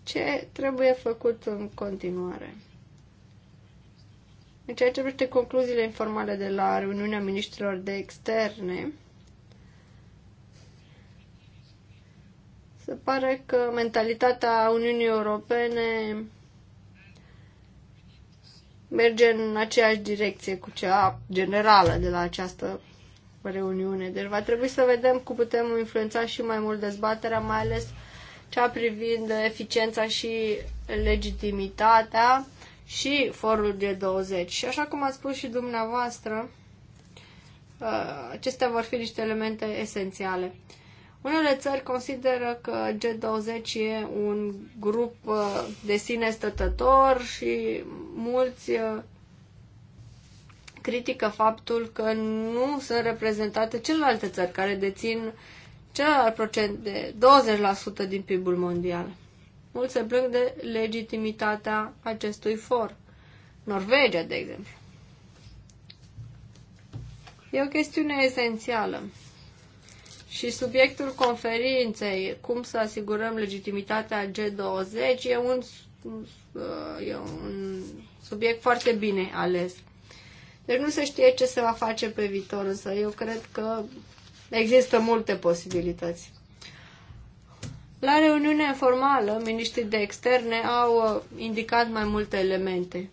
S1: ce trebuie făcut în continuare. În ceea ce privește concluziile informale de la reuniunea ministrilor de externe, se pare că mentalitatea Uniunii Europene merge în aceeași direcție cu cea generală de la această reuniune. Deci va trebui să vedem cum putem influența și mai mult dezbaterea, mai ales cea privind eficiența și legitimitatea și forul G20. Și așa cum ați spus și dumneavoastră, uh, acestea vor fi niște elemente esențiale. Unele țări consideră că G20 e un grup uh, de sine stătător și mulți uh, critică faptul că nu sunt reprezentate celelalte țări care dețin același procent de 20% din PIB-ul mondial. Mulți se plâng de legitimitatea acestui for. Norvegia, de exemplu. E o chestiune esențială. Și subiectul conferinței, cum să asigurăm legitimitatea G20, e un, e un subiect foarte bine ales. Deci nu se știe ce se va face pe viitor, însă eu cred că Există multe posibilități. La reuniunea informală, ministrii de externe au uh, indicat mai multe elemente.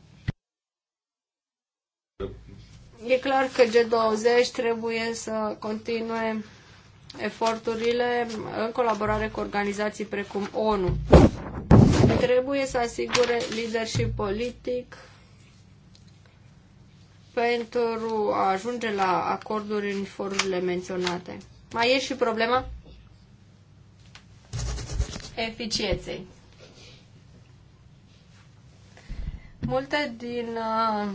S1: E clar că G20 trebuie să continue eforturile în colaborare cu organizații precum ONU. Trebuie să asigure leadership politic pentru a ajunge la acorduri în forurile menționate. Mai e și problema eficienței. Multe din uh,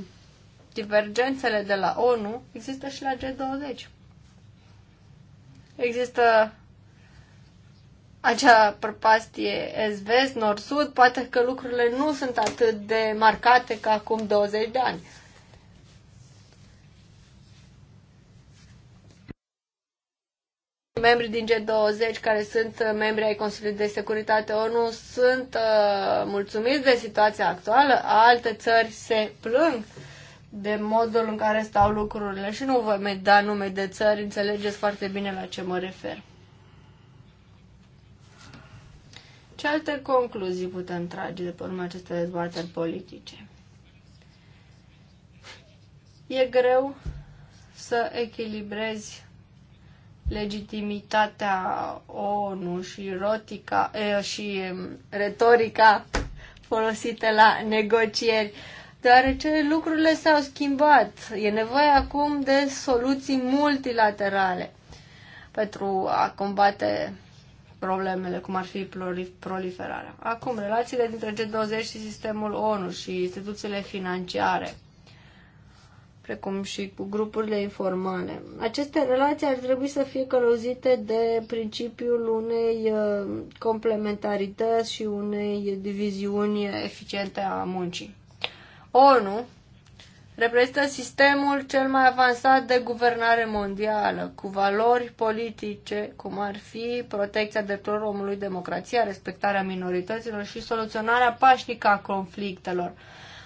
S1: divergențele de la ONU există și la G20. Există acea prăpastie est-vest, nord-sud, poate că lucrurile nu sunt atât de marcate ca acum 20 de ani. membri din G20 care sunt uh, membri ai Consiliului de Securitate ONU sunt uh, mulțumiți de situația actuală, alte țări se plâng de modul în care stau lucrurile și nu vă mai da nume de țări, înțelegeți foarte bine la ce mă refer. Ce alte concluzii putem trage de pe urma acestei dezbateri politice? E greu să echilibrezi legitimitatea ONU și, rotica, e, și retorica folosite la negocieri, deoarece lucrurile s-au schimbat. E nevoie acum de soluții multilaterale pentru a combate problemele, cum ar fi proliferarea. Acum, relațiile dintre G20 și sistemul ONU și instituțiile financiare – precum și cu grupurile informale. Aceste relații ar trebui să fie călăuzite de principiul unei uh, complementarități și unei diviziuni eficiente a muncii. ONU reprezintă sistemul cel mai avansat de guvernare mondială, cu valori politice, cum ar fi protecția drepturilor omului, democrația, respectarea minorităților și soluționarea pașnică a conflictelor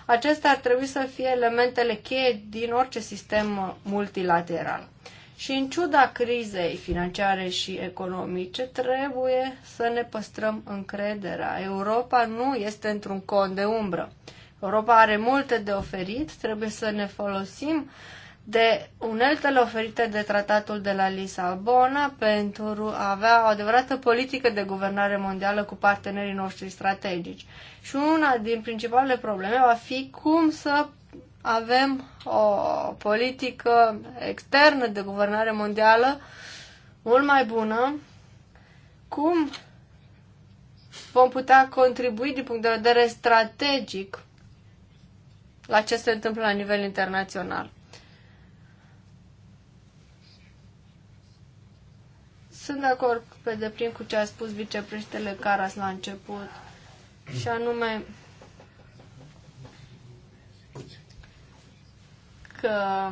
S1: Acestea ar trebui să fie elementele cheie din orice sistem multilateral. Și în ciuda crizei financiare și economice, trebuie să ne păstrăm încrederea. Europa nu este într-un con de umbră. Europa are multe de oferit, trebuie să ne folosim uh, de uneltele oferite de tratatul de la Lisabona pentru a avea o adevărată politică de guvernare mondială cu partenerii noștri strategici. Și una din principalele probleme va fi cum să avem o politică externă de guvernare mondială mult mai bună, cum vom putea contribui din punct de vedere strategic la ce se întâmplă la nivel internațional. Sunt de acord pe deplin cu ce a spus vicepreștele Caras la început, și anume că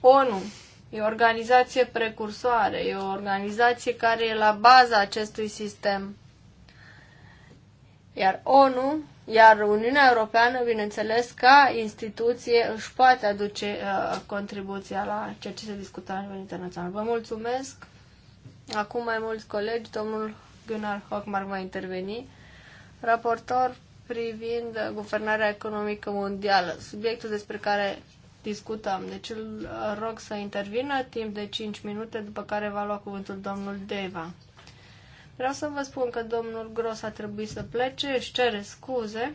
S1: ONU e o organizație precursoare, e o organizație care e la baza acestui sistem. Iar ONU iar Uniunea Europeană, bineînțeles, ca instituție își poate aduce uh, contribuția la ceea ce se discută la nivel internațional. Vă mulțumesc. Acum mai mulți colegi, domnul Gunnar Hockmark va interveni, raportor privind guvernarea economică mondială, subiectul despre care discutăm. Deci îl rog să intervină timp de 5 minute, după care va lua cuvântul domnul Deva. Vreau să vă spun că domnul Gros a trebuit să plece, își cere scuze,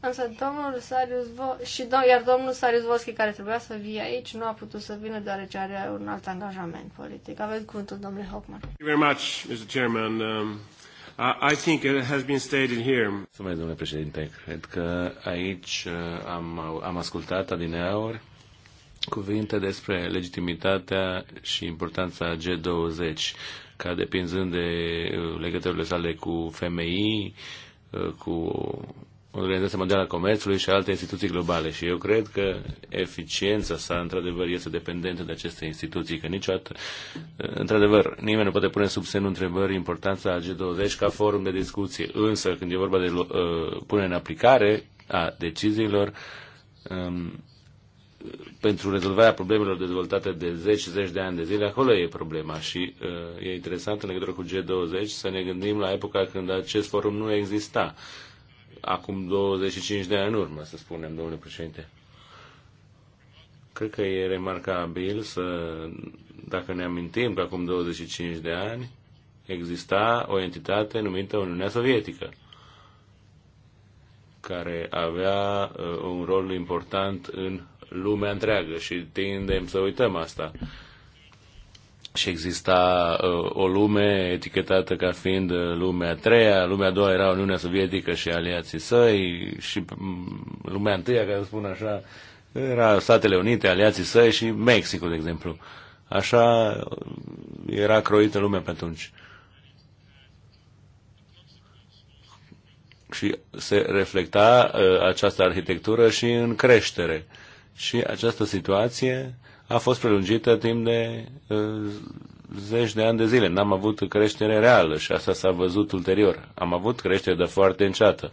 S1: însă domnul Sarius Vo- și do- iar domnul Sarius Voschi, care trebuia să vie aici, nu a putut să vină deoarece are un alt angajament politic. Aveți cuvântul, domnule Hockman. Thank
S3: you very much, Mr. Chairman. Um... I think it has been stated here. Mulțumesc, domnule președinte. Cred că aici uh, am, am ascultat adineauri cuvinte despre legitimitatea și importanța G20 ca depinzând de uh, legăturile sale cu FMI, uh, cu Organizația Mondială a Comerțului și alte instituții globale. Și eu cred că eficiența sa, într-adevăr, este dependentă de aceste instituții, că niciodată, uh, într-adevăr, nimeni nu poate pune sub semnul întrebării importanța G20 ca forum de discuție. Însă, când e vorba de uh, pune în aplicare a deciziilor, um, pentru rezolvarea problemelor dezvoltate de zeci, zeci de ani de zile, acolo e problema și uh, e interesant în legătură cu G20 să ne gândim la epoca când acest forum nu exista. Acum 25 de ani în urmă, să spunem, domnule președinte. Cred că e remarcabil să, dacă ne amintim că acum 25 de ani exista o entitate numită Uniunea Sovietică care avea uh, un rol important în lumea întreagă și tindem să uităm asta. Și exista uh, o lume etichetată ca fiind uh, lumea a treia, lumea a doua era Uniunea Sovietică și aliații săi și mm, lumea întâia, ca să spun așa, era Statele Unite, aliații săi și Mexicul, de exemplu. Așa uh, era croită lumea pe atunci. Și se reflecta uh, această arhitectură și în creștere. Uh, și această situație a fost prelungită timp de uh, zeci de ani de zile. N-am avut creștere reală și asta s-a văzut ulterior. Am avut creștere, de foarte înceată.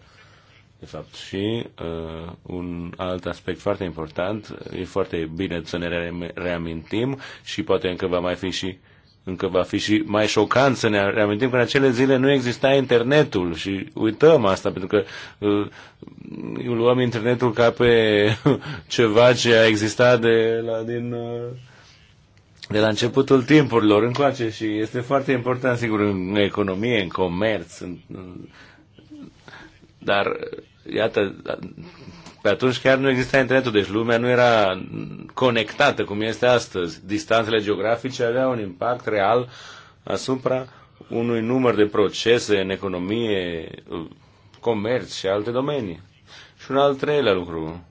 S3: De fapt, și uh, un alt aspect foarte important, e foarte bine să ne reamintim și poate încă va mai fi și încă va fi și mai șocant să ne amintim că în acele zile nu exista internetul și uităm asta, pentru că uh, îl luăm internetul ca pe ceva ce a existat de la, din, uh, de la începutul timpurilor încoace și este foarte important, sigur, în economie, în comerț, în, uh, dar iată, pe atunci chiar nu exista internetul, deci lumea nu era conectată cum este astăzi. Distanțele geografice aveau un impact real asupra unui număr de procese în economie, comerț și alte domenii. Și un al treilea lucru.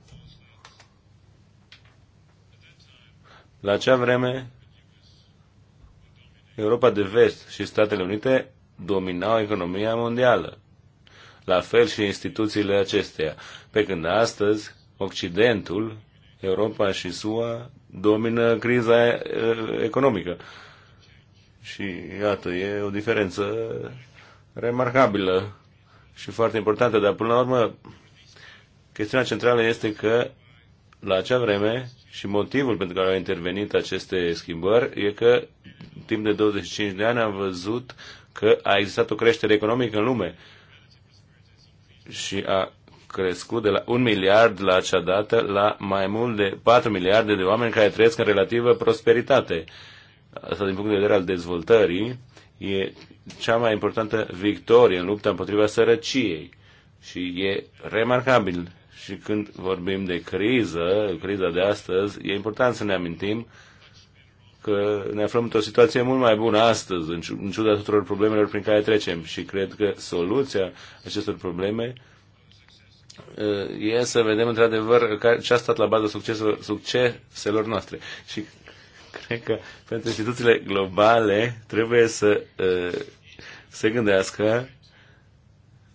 S3: La acea vreme, Europa de vest și Statele Unite dominau economia mondială la fel și instituțiile acesteia. Pe când astăzi, Occidentul, Europa și SUA domină criza eh, economică. Și iată, e o diferență remarcabilă și foarte importantă, dar până la urmă chestiunea centrală este că la acea vreme și motivul pentru care au intervenit aceste schimbări e că timp de 25 de ani am văzut că a existat o creștere economică în lume și a crescut de la un miliard la acea dată la mai mult de 4 miliarde de oameni care trăiesc în relativă prosperitate. Asta din punct de vedere al dezvoltării e cea mai importantă victorie în lupta împotriva sărăciei și e remarcabil. Și când vorbim de criză, criza de astăzi, e important să ne amintim că ne aflăm într-o situație mult mai bună astăzi, în ciuda tuturor problemelor prin care trecem. Și cred că soluția acestor probleme uh, e să vedem într-adevăr ce a stat la baza succeselor, succeselor noastre. Și cred că pentru instituțiile globale trebuie să uh, se gândească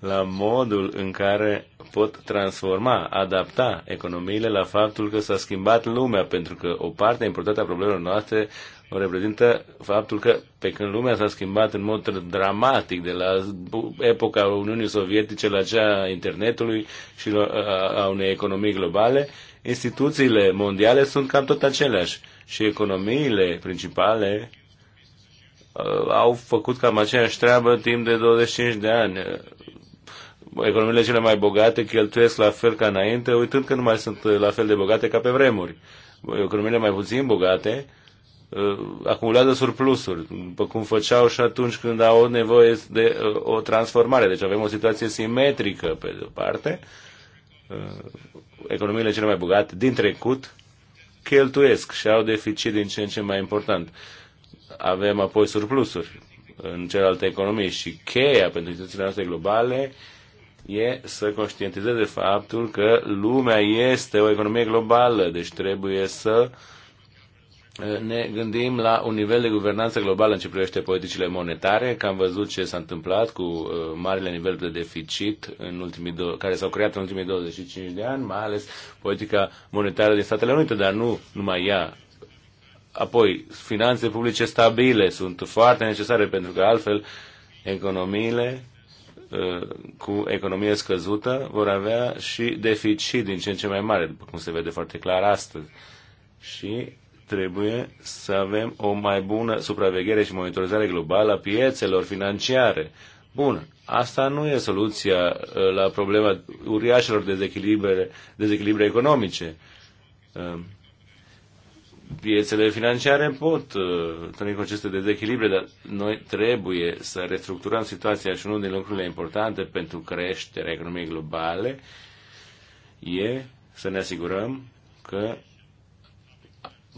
S3: la modul în care pot transforma, adapta economiile la faptul că s-a schimbat lumea, pentru că o parte importantă a problemelor noastre o reprezintă faptul că pe când lumea s-a schimbat în mod dramatic de la epoca Uniunii Sovietice la cea a internetului și a unei economii globale, instituțiile mondiale sunt cam tot aceleași și economiile principale uh, au făcut cam aceeași treabă timp de 25 de ani economiile cele mai bogate cheltuiesc la fel ca înainte, uitând că nu mai sunt uh, la fel de bogate ca pe vremuri. Economiile mai puțin bogate uh, acumulează surplusuri, după cum făceau și atunci când au nevoie de uh, o transformare. Deci avem o situație simetrică, pe de-o parte. Economiile cele mai bogate din trecut cheltuiesc și au deficit din ce în ce mai important. Avem apoi surplusuri în celelalte economii și cheia pentru instituțiile noastre globale e să conștientizeze faptul că lumea este o economie globală, deci trebuie să ne gândim la un nivel de guvernanță globală în ce privește politicile monetare, că am văzut ce s-a întâmplat cu marile niveluri de deficit în ultimii care s-au creat în ultimii 25 de ani, mai ales politica monetară din Statele Unite, dar nu numai ea Apoi, finanțe publice stabile sunt foarte necesare pentru că altfel economiile Uh, cu economie scăzută vor avea și deficit din ce în ce mai mare, după cum se vede foarte clar astăzi. Și trebuie să avem o mai bună supraveghere și monitorizare globală a piețelor financiare. Bun, asta nu e soluția uh, la problema uriașelor dezechilibre, dezechilibre economice. Uh, piețele financiare pot uh, întâlni cu aceste dezechilibre, dar noi trebuie să restructurăm situația și unul din lucrurile importante pentru creșterea economiei globale e să ne asigurăm că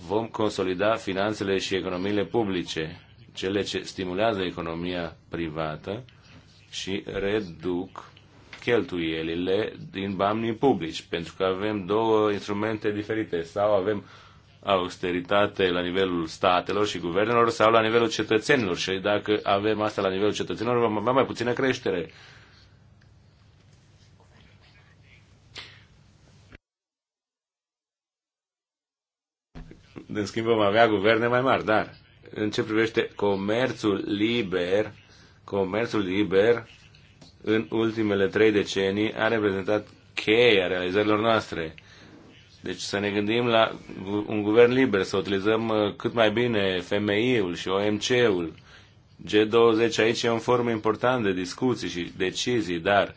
S3: vom consolida finanțele și economiile publice, cele ce stimulează economia privată și reduc cheltuielile din banii publici, pentru că avem două instrumente diferite sau avem austeritate la nivelul statelor și guvernelor sau la nivelul cetățenilor. Și dacă avem asta la nivelul cetățenilor, vom avea mai puțină creștere. În schimb, vom avea guverne mai mari, dar în ce privește comerțul liber, comerțul liber în ultimele trei decenii a reprezentat cheia realizărilor noastre deci să ne gândim la un guvern liber, să utilizăm uh, cât mai bine FMI-ul și OMC-ul. G20 aici e un forum important de discuții și decizii, dar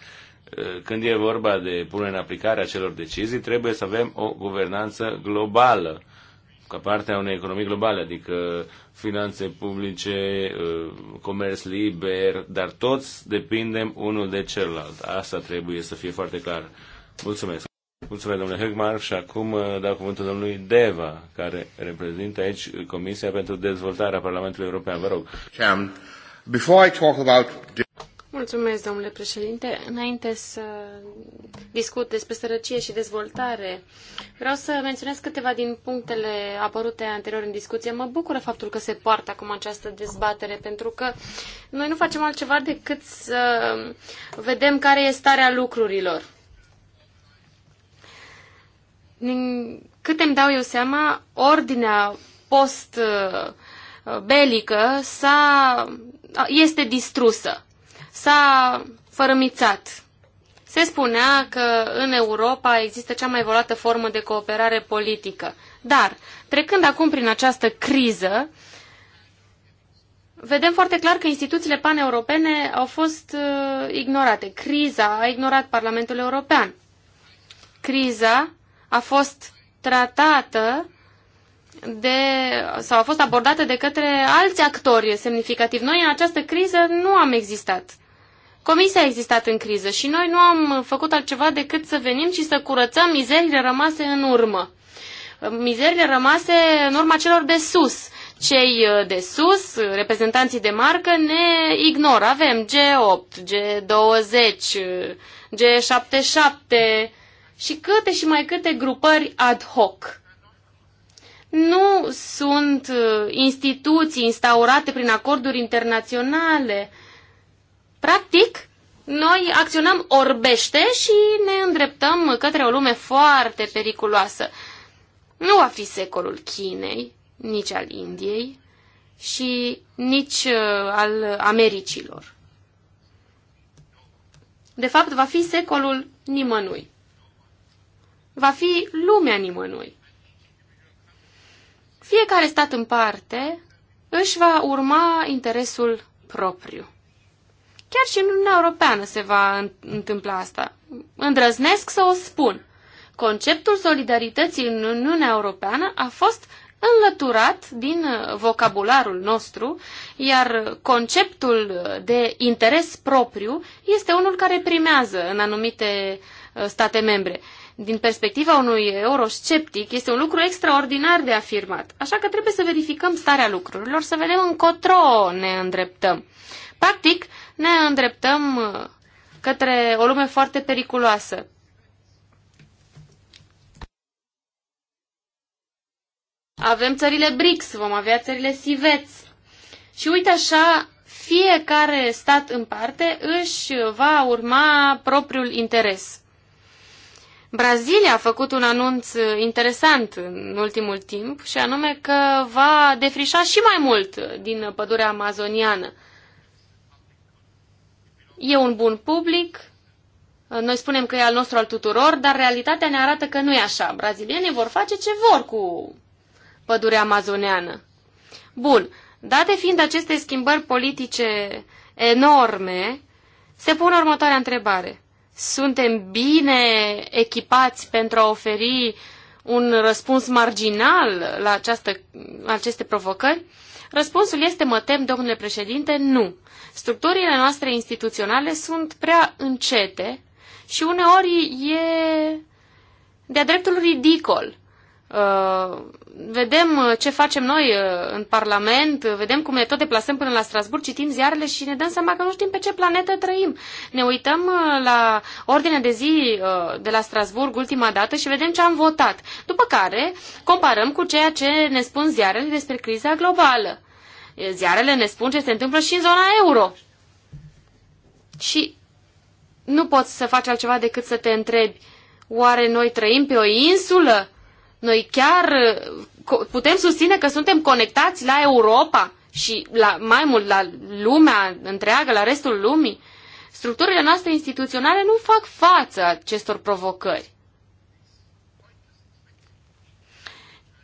S3: uh, când e vorba de punerea în aplicare a celor decizii, trebuie să avem o guvernanță globală, ca parte a unei economii globale, adică finanțe publice, uh, comerț liber, dar toți depindem unul de celălalt. Asta trebuie să fie foarte clar. Mulțumesc! Mulțumesc, domnule Hegmar. și acum uh, dau cuvântul domnului Deva, care reprezintă aici uh, Comisia pentru Dezvoltarea Parlamentului European. Vă rog. Before I talk about...
S2: Mulțumesc, domnule președinte. Înainte să discut despre sărăcie și dezvoltare, vreau să menționez câteva din punctele apărute anterior în discuție. Mă bucură faptul că se poartă acum această dezbatere, pentru că noi nu facem altceva decât să vedem care e starea lucrurilor. Din câte îmi dau eu seama, ordinea post-belică uh, s-a, este distrusă, s-a fărâmițat. Se spunea că în Europa există cea mai volată formă de cooperare politică. Dar, trecând acum prin această criză, vedem foarte clar că instituțiile paneuropene au fost uh, ignorate. Criza a ignorat Parlamentul European. Criza a fost tratată de, sau a fost abordată de către alți actori semnificativ Noi în această criză nu am existat. Comisia a existat în criză și noi nu am făcut altceva decât să venim și să curățăm mizerile rămase în urmă. Mizerile rămase în urma celor de sus. Cei uh, de sus, reprezentanții de marcă, ne ignoră. Avem G8, G20, G77, și câte și mai câte grupări ad hoc. Nu sunt uh, instituții instaurate prin acorduri internaționale. Practic, noi acționăm orbește și ne îndreptăm către o lume foarte periculoasă. Nu va fi secolul Chinei, nici al Indiei și nici uh, al Americilor. De fapt, va fi secolul nimănui va fi lumea nimănui. Fiecare stat în parte își va urma interesul propriu. Chiar și în Uniunea Europeană se va întâmpla asta. Îndrăznesc să o spun. Conceptul solidarității în Uniunea Europeană a fost înlăturat din vocabularul nostru, iar conceptul de interes propriu este unul care primează în anumite uh, state membre din perspectiva unui eurosceptic, este un lucru extraordinar de afirmat. Așa că trebuie să verificăm starea lucrurilor, să vedem încotro ne îndreptăm. Practic, ne îndreptăm uh, către o lume foarte periculoasă. Avem țările BRICS, vom avea țările SIVETS. Și uite așa, fiecare stat în parte își va urma propriul interes. Brazilia a făcut un anunț interesant în ultimul timp și anume că va defrișa și mai mult din pădurea amazoniană. E un bun public, noi spunem că e al nostru al tuturor, dar realitatea ne arată că nu e așa. Brazilienii vor face ce vor cu pădurea amazoneană. Bun, date fiind aceste schimbări politice enorme, se pune următoarea întrebare suntem bine echipați pentru a oferi un răspuns marginal la această, aceste provocări? Răspunsul este, mă tem, domnule președinte, nu. Structurile noastre instituționale sunt prea încete și uneori e de-a dreptul ridicol Uh, vedem uh, ce facem noi uh, în Parlament, vedem cum ne tot deplasăm până la Strasburg, citim ziarele și ne dăm seama că nu știm pe ce planetă trăim. Ne uităm la ordinea de zi de la Strasburg ultima dată și vedem ce am votat. După care comparăm cu ceea ce ne spun ziarele despre criza globală. Ziarele ne spun ce se întâmplă și în zona euro. Și nu poți să faci altceva decât să te întrebi, oare noi trăim pe o insulă? Noi chiar uh, putem susține că suntem conectați la Europa și la, mai mult la lumea întreagă, la restul lumii. Structurile noastre instituționale nu fac față acestor provocări.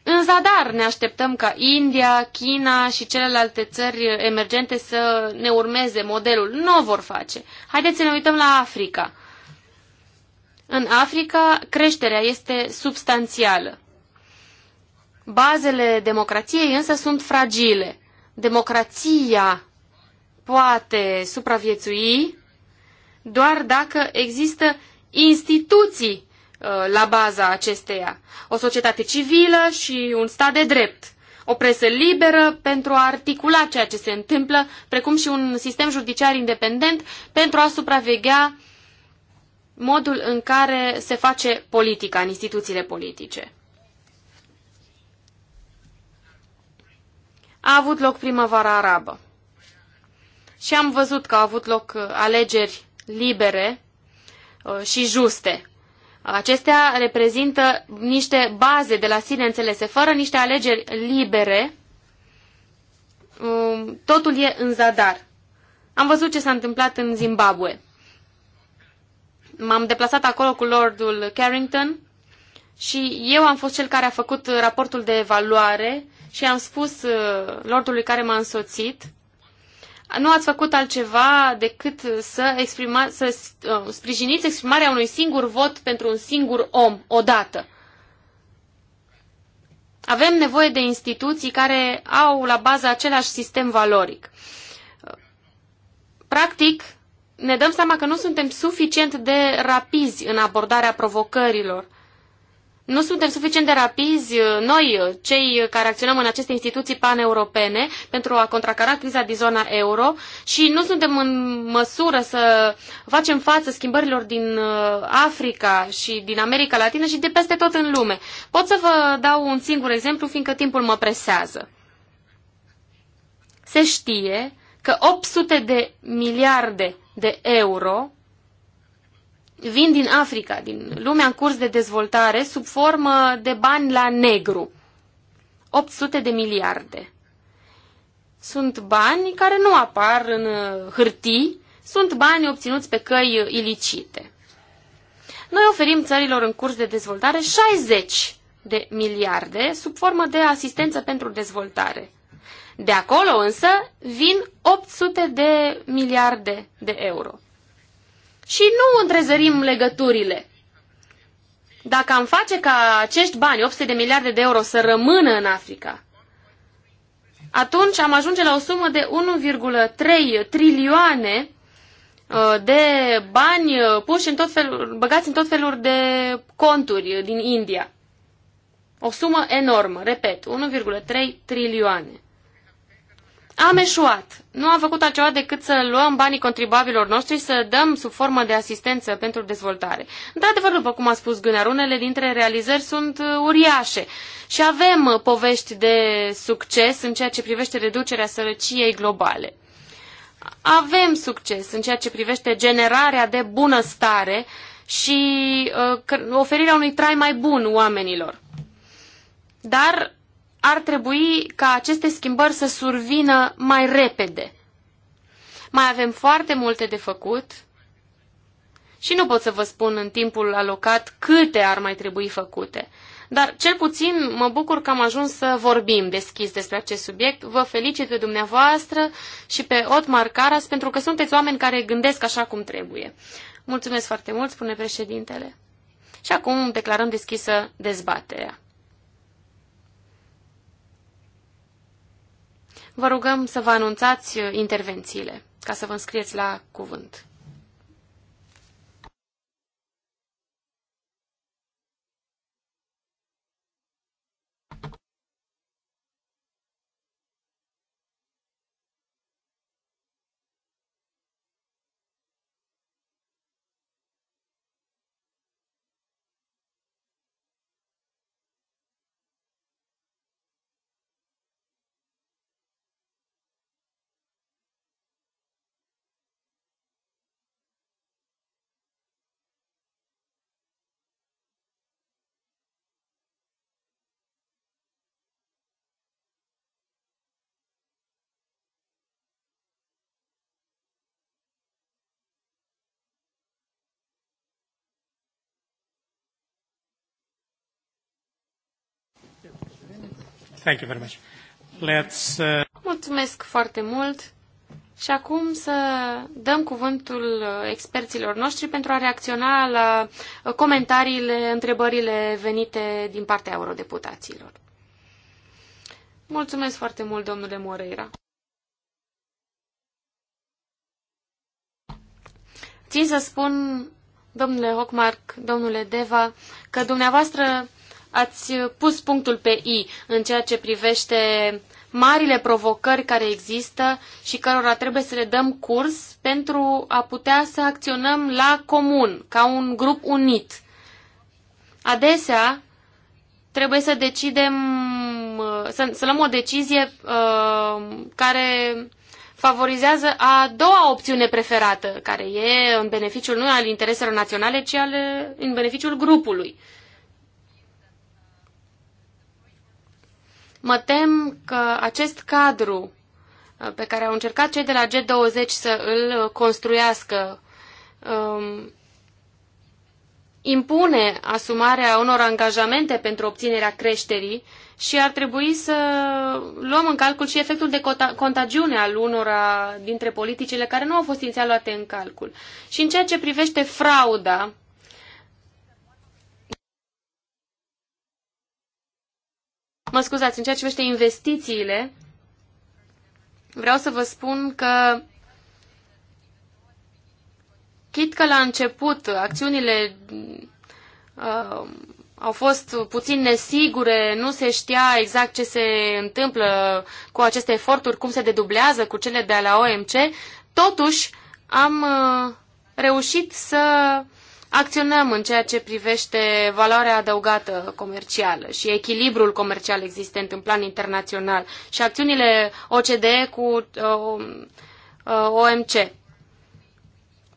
S2: În zadar ne așteptăm ca India, China și celelalte țări emergente să ne urmeze modelul. Nu o vor face. Haideți să ne uităm la Africa. În Africa creșterea este substanțială. Bazele democrației însă sunt fragile. Democrația poate supraviețui doar dacă există instituții uh, la baza acesteia. O societate civilă și un stat de drept. O presă liberă pentru a articula ceea ce se întâmplă, precum și un sistem judiciar independent pentru a supraveghea modul în care se face politica în instituțiile politice. a avut loc primăvara arabă. Și am văzut că au avut loc uh, alegeri libere uh, și juste. Acestea reprezintă niște baze de la sine înțelese. Fără niște alegeri libere, um, totul e în zadar. Am văzut ce s-a întâmplat în Zimbabwe. M-am deplasat acolo cu Lordul Carrington și eu am fost cel care a făcut raportul de evaluare și am spus uh, lordului care m-a însoțit, nu ați făcut altceva decât să, exprima, să uh, sprijiniți exprimarea unui singur vot pentru un singur om, odată. Avem nevoie de instituții care au la bază același sistem valoric. Practic, ne dăm seama că nu suntem suficient de rapizi în abordarea provocărilor nu suntem suficient de rapizi uh, noi, uh, cei care acționăm în aceste instituții paneuropene, pentru a contracara criza din zona euro și nu suntem în măsură să facem față schimbărilor din uh, Africa și din America Latină și de peste tot în lume. Pot să vă dau un singur exemplu, fiindcă timpul mă presează. Se știe că 800 de miliarde de euro vin din Africa, din lumea în curs de dezvoltare, sub formă de bani la negru. 800 de miliarde. Sunt bani care nu apar în uh, hârtii, sunt bani obținuți pe căi ilicite. Noi oferim țărilor în curs de dezvoltare 60 de miliarde sub formă de asistență pentru dezvoltare. De acolo însă vin 800 de miliarde de euro și nu întrezărim legăturile. Dacă am face ca acești bani, 800 de miliarde de euro, să rămână în Africa, atunci am ajunge la o sumă de 1,3 trilioane uh, de bani uh, puși în tot felul, băgați în tot felul de conturi uh, din India. O sumă enormă, repet, 1,3 trilioane. Am eșuat. Nu am făcut altceva decât să luăm banii contribuabilor noștri și să dăm sub formă de asistență pentru dezvoltare. de adevăr după cum a spus Gânar, unele dintre realizări sunt uh, uriașe și avem uh, povești de succes în ceea ce privește reducerea sărăciei globale. Avem succes în ceea ce privește generarea de bunăstare și uh, oferirea unui trai mai bun oamenilor. Dar ar trebui ca aceste schimbări să survină mai repede. Mai avem foarte multe de făcut și nu pot să vă spun în timpul alocat câte ar mai trebui făcute. Dar cel puțin mă bucur că am ajuns să vorbim deschis despre acest subiect. Vă felicit pe dumneavoastră și pe Otmar Caras pentru că sunteți oameni care gândesc așa cum trebuie. Mulțumesc foarte mult, spune președintele. Și acum declarăm deschisă dezbaterea. Vă rugăm să vă anunțați uh, intervențiile ca să vă înscrieți la cuvânt.
S3: Thank you very much.
S1: Let's, uh...
S2: Mulțumesc foarte mult și acum să dăm cuvântul uh, experților noștri pentru a reacționa la uh, comentariile, întrebările venite din partea eurodeputaților. Mulțumesc foarte mult, domnule Moreira. Țin să spun, domnule Hochmark, domnule Deva, că dumneavoastră ați pus punctul pe I în ceea ce privește marile provocări care există și cărora trebuie să le dăm curs pentru a putea să acționăm la comun, ca un grup unit. Adesea trebuie să decidem, să, să luăm o decizie uh, care favorizează a doua opțiune preferată, care e în beneficiul nu al intereselor naționale, ci al, în beneficiul grupului. Uh, Mă tem că acest cadru uh, pe care au încercat cei de la G20 să îl construiască um, impune asumarea unor angajamente pentru obținerea creșterii și ar trebui să luăm în calcul și efectul de contagiune al unora dintre politicile care nu au fost inițial luate în calcul. Și în ceea ce privește frauda, Mă scuzați, în ceea ce privește investițiile, vreau să vă spun că chit că la început acțiunile uh, au fost puțin nesigure, nu se știa exact ce se întâmplă cu aceste eforturi, cum se dedublează cu cele de la OMC, totuși am uh, reușit să uh, acționăm în ceea ce privește valoarea adăugată comercială și echilibrul comercial existent în plan internațional și acțiunile OCDE cu uh, OMC.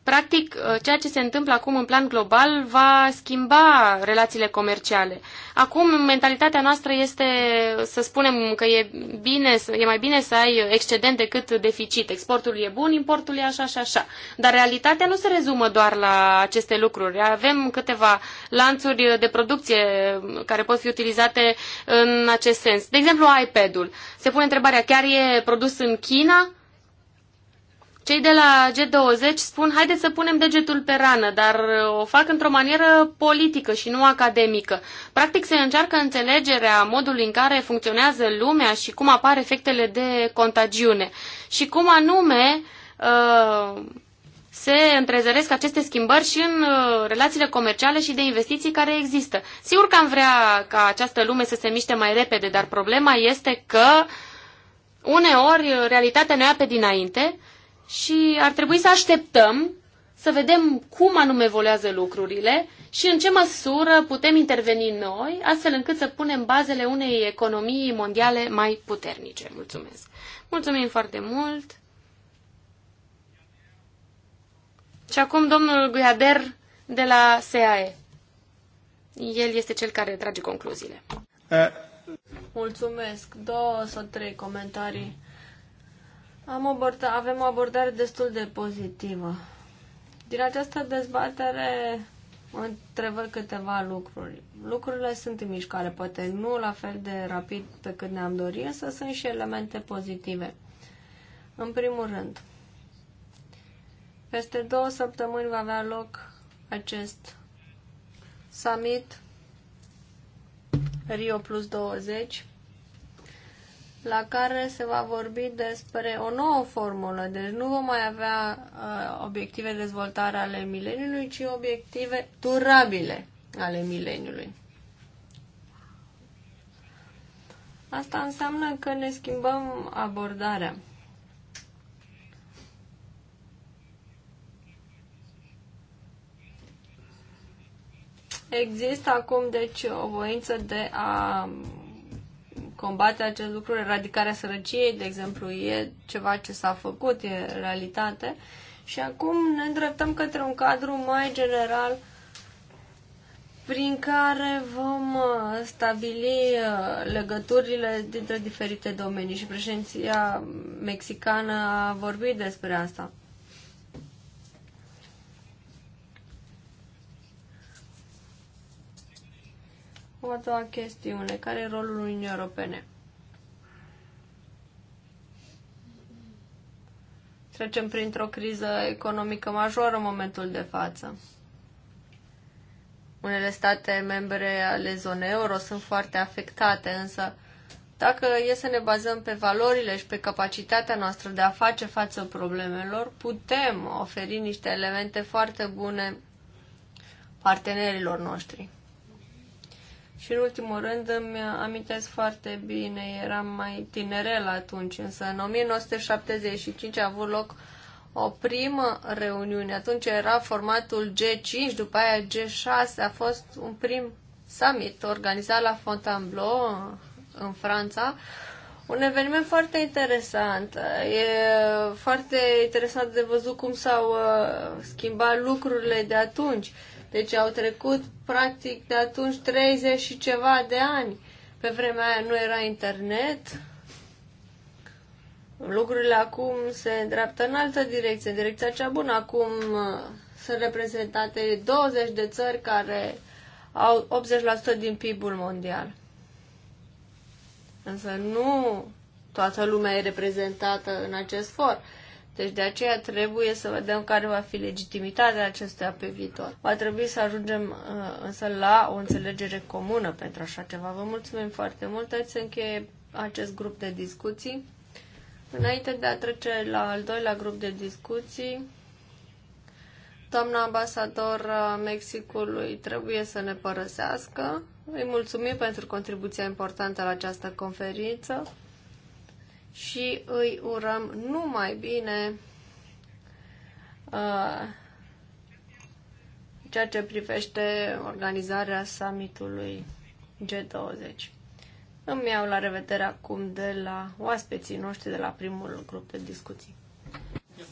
S2: Practic, uh, ceea ce se întâmplă acum în plan global va schimba relațiile comerciale. Acum, mentalitatea noastră este să spunem că e, bine, e mai bine să ai excedent decât deficit. Exportul e bun, importul e așa și așa. Dar realitatea nu se rezumă doar la aceste lucruri. Avem câteva lanțuri de producție care pot fi utilizate în acest sens. De exemplu, iPad-ul. Se pune întrebarea, chiar e produs în China? Cei de la G20 spun, haideți să punem degetul pe rană, dar uh, o fac într-o manieră politică și nu academică. Practic se încearcă înțelegerea modului în care funcționează lumea și cum apar efectele de contagiune și cum anume uh, se întrezăresc aceste schimbări și în uh, relațiile comerciale și de investiții care există. Sigur că am vrea ca această lume să se miște mai repede, dar problema este că uneori realitatea ne ia pe dinainte și ar trebui să așteptăm să vedem cum anume evoluează lucrurile și în ce măsură putem interveni noi, astfel încât să punem bazele unei economii mondiale mai puternice. Mulțumesc! Mulțumim foarte mult! Și acum domnul Guiader de la SAE. El este cel care trage
S1: concluziile. Uh. Mulțumesc! Două sau trei comentarii am abordat, avem o abordare destul de pozitivă. Din această dezbatere întrevăd câteva lucruri. Lucrurile sunt în mișcare, poate nu la fel de rapid pe cât ne-am dorit, însă sunt și elemente pozitive. În primul rând, peste două săptămâni va avea loc acest summit Rio Plus 20 la care se va vorbi despre o nouă formulă. Deci nu vom mai avea uh, obiective de dezvoltare ale mileniului, ci obiective durabile ale mileniului. Asta înseamnă că ne schimbăm abordarea. Există acum, deci, o voință de a combate acest lucru, eradicarea sărăciei, de exemplu, e ceva ce s-a făcut, e realitate. Și acum ne îndreptăm către un cadru mai general prin care vom uh, stabili uh, legăturile dintre diferite domenii și președinția mexicană a vorbit despre asta. O a doua chestiune. Care e rolul Uniunii Europene? Trecem printr-o criză economică majoră în momentul de față. Unele state membre ale zonei euro sunt foarte afectate, însă dacă e să ne bazăm pe valorile și pe capacitatea noastră de a face față problemelor, putem oferi niște elemente foarte bune partenerilor noștri. Și în ultimul rând îmi amintesc foarte bine, eram mai tinerel atunci, însă în 1975 a avut loc o primă reuniune. Atunci era formatul G5, după aia G6. A fost un prim summit organizat la Fontainebleau, în Franța. Un eveniment foarte interesant. E foarte interesant de văzut cum s-au uh, schimbat lucrurile de atunci. Deci au trecut practic de atunci 30 și ceva de ani. Pe vremea aia nu era internet. Lucrurile acum se îndreaptă în altă direcție, în direcția cea bună. Acum uh, sunt reprezentate 20 de țări care au 80% din PIB-ul mondial. Însă nu toată lumea e reprezentată în acest for. Deci de aceea trebuie să vedem care va fi legitimitatea acestea pe viitor. Va trebui să ajungem uh, însă la o înțelegere comună pentru așa ceva. Vă mulțumim foarte mult. Hai să încheie acest grup de discuții. Înainte de a trece la al doilea grup de discuții, doamna ambasador uh, Mexicului trebuie să ne părăsească. Îi mulțumim pentru contribuția importantă la această conferință și îi urăm numai bine uh, ceea ce privește organizarea summitului G20. Îmi iau la revedere acum de la oaspeții noștri de la primul grup de discuții. Merci,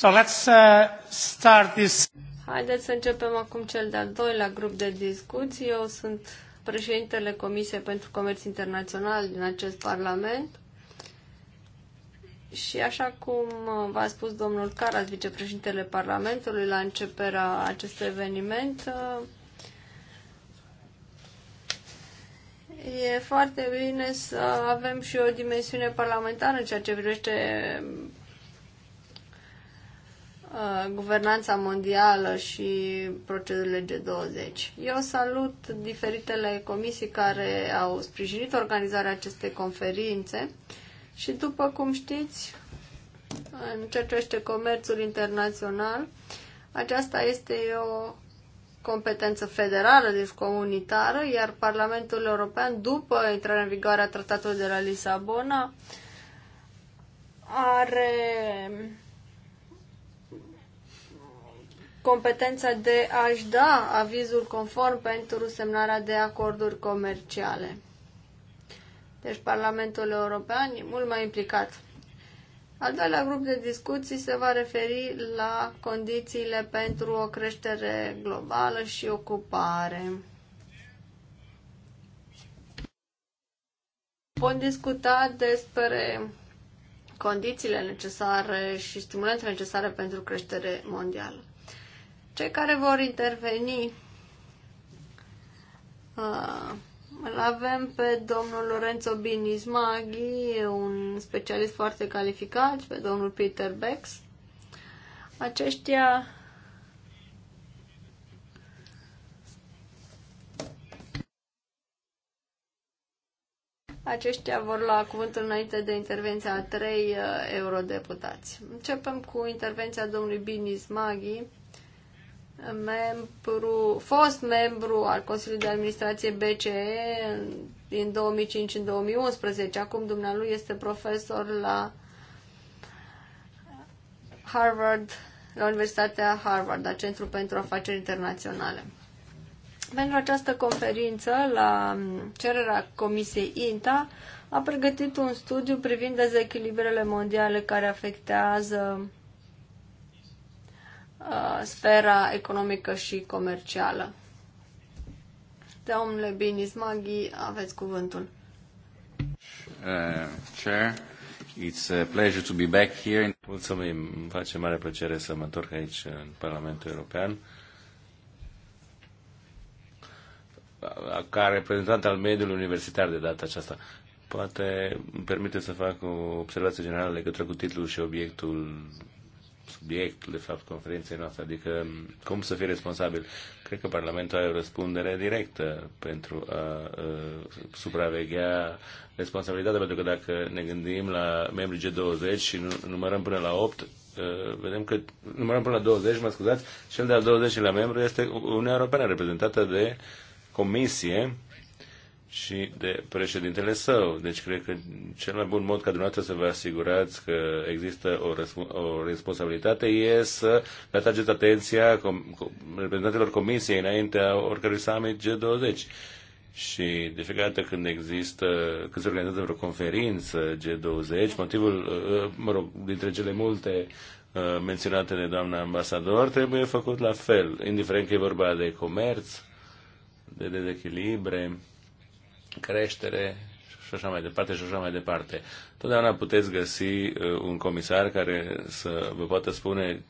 S3: So let's uh, start this.
S1: Haideți să începem acum cel de-al doilea grup de discuții. Eu sunt președintele Comisiei pentru Comerț Internațional din acest Parlament. Și așa cum uh, v-a spus domnul Caras, vicepreședintele Parlamentului, la începerea acestui eveniment, uh, e foarte bine să avem și o dimensiune parlamentară în ceea ce privește Uh, guvernanța mondială și procedurile G20. Eu salut diferitele comisii care au sprijinit organizarea acestei conferințe și, după cum știți, în ceea ce este comerțul internațional, aceasta este o competență federală, deci comunitară, iar Parlamentul European, după intrarea în vigoare a Tratatului de la Lisabona, are competența de a-și da avizul conform pentru semnarea de acorduri comerciale. Deci Parlamentul European e mult mai implicat. Al doilea grup de discuții se va referi la condițiile pentru o creștere globală și ocupare. Vom discuta despre condițiile necesare și stimulente necesare pentru creștere mondială. Cei care vor interveni uh, îl avem pe domnul Lorenzo Binizmaghi, un specialist foarte calificat, pe domnul Peter Bex. Aceștia Aceștia vor lua cuvântul înainte de intervenția a trei uh, eurodeputați. Începem cu intervenția domnului Binis Maghi membru, fost membru al Consiliului de Administrație BCE din 2005 în 2011. Acum dumnealui este profesor la Harvard, la Universitatea Harvard, la Centrul pentru Afaceri Internaționale. Pentru această conferință, la cererea Comisiei INTA, a pregătit un studiu privind dezechilibrele mondiale care afectează Uh, sfera economică și comercială. Domnule Binis Maghi, aveți cuvântul.
S3: Uh, chair, it's a pleasure to be back here. Mulțumim, îmi face mare plăcere să mă întorc aici în Parlamentul European. Ca reprezentant al mediului universitar de data aceasta, poate îmi permite să fac o observație generală legătură cu titlul și obiectul subiect, de fapt, conferinței noastre, adică mm, cum să fii responsabil. Cred că Parlamentul are o răspundere directă pentru a, a supraveghea responsabilitatea, pentru că dacă ne gândim la membrii G20 și numărăm până la 8, vedem că numărăm până la 20, mă scuzați, cel de-al 20-lea membru este Uniunea Europeană, reprezentată de Comisie, și de președintele său. Deci cred că cel mai bun mod ca dumneavoastră să vă asigurați că există o, răsp- o responsabilitate e să le atrageți atenția com- com- reprezentantelor comisiei înaintea oricărui summit G20. Și de fiecare dată când există, când se organizează vreo conferință G20, motivul, uh, uh, mă rog, dintre cele multe uh, menționate de doamna ambasador, trebuie făcut la fel, indiferent că e vorba de comerț, de dezechilibre, creștere și așa mai departe și așa mai departe. Totdeauna puteți găsi uh, un comisar care să vă poată spune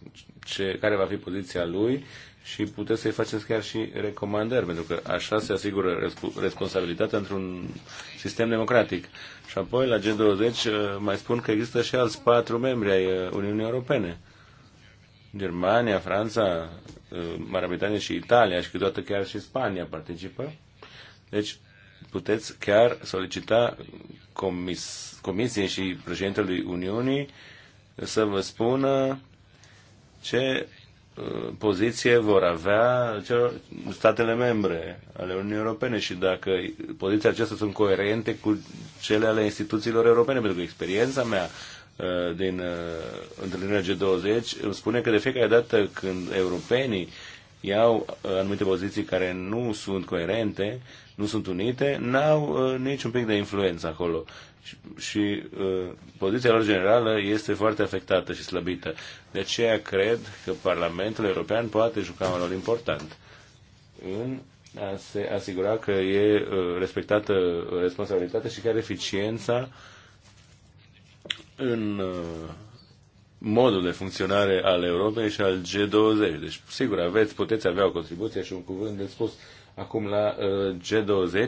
S3: ce, care va fi poziția lui și puteți să-i faceți chiar și recomandări, pentru că așa se asigură responsabilitatea într-un sistem democratic. Și apoi, la G20, uh, mai spun că există și alți patru membri ai uh, Uniunii Europene. Germania, Franța, Marea Britanie și Italia și câteodată chiar și Spania participă. Deci, puteți chiar solicita comis, comisiei și președintelui Uniunii să vă spună ce uh, poziție vor avea statele membre ale Uniunii Europene și dacă pozițiile acestea sunt coerente cu cele ale instituțiilor europene, pentru că experiența mea uh, din uh, întâlnirea G20 îmi spune că de fiecare dată când europenii iau anumite poziții care nu sunt coerente, nu sunt unite, n-au uh, niciun pic de influență acolo. Și, și uh, poziția lor generală este foarte afectată și slăbită. De aceea cred că Parlamentul European poate juca un rol important în a se asigura că e uh, respectată responsabilitatea și chiar eficiența în uh, modul de funcționare al Europei și al G20. Deci, sigur, aveți, puteți avea o contribuție și un cuvânt de spus acum la uh, G20.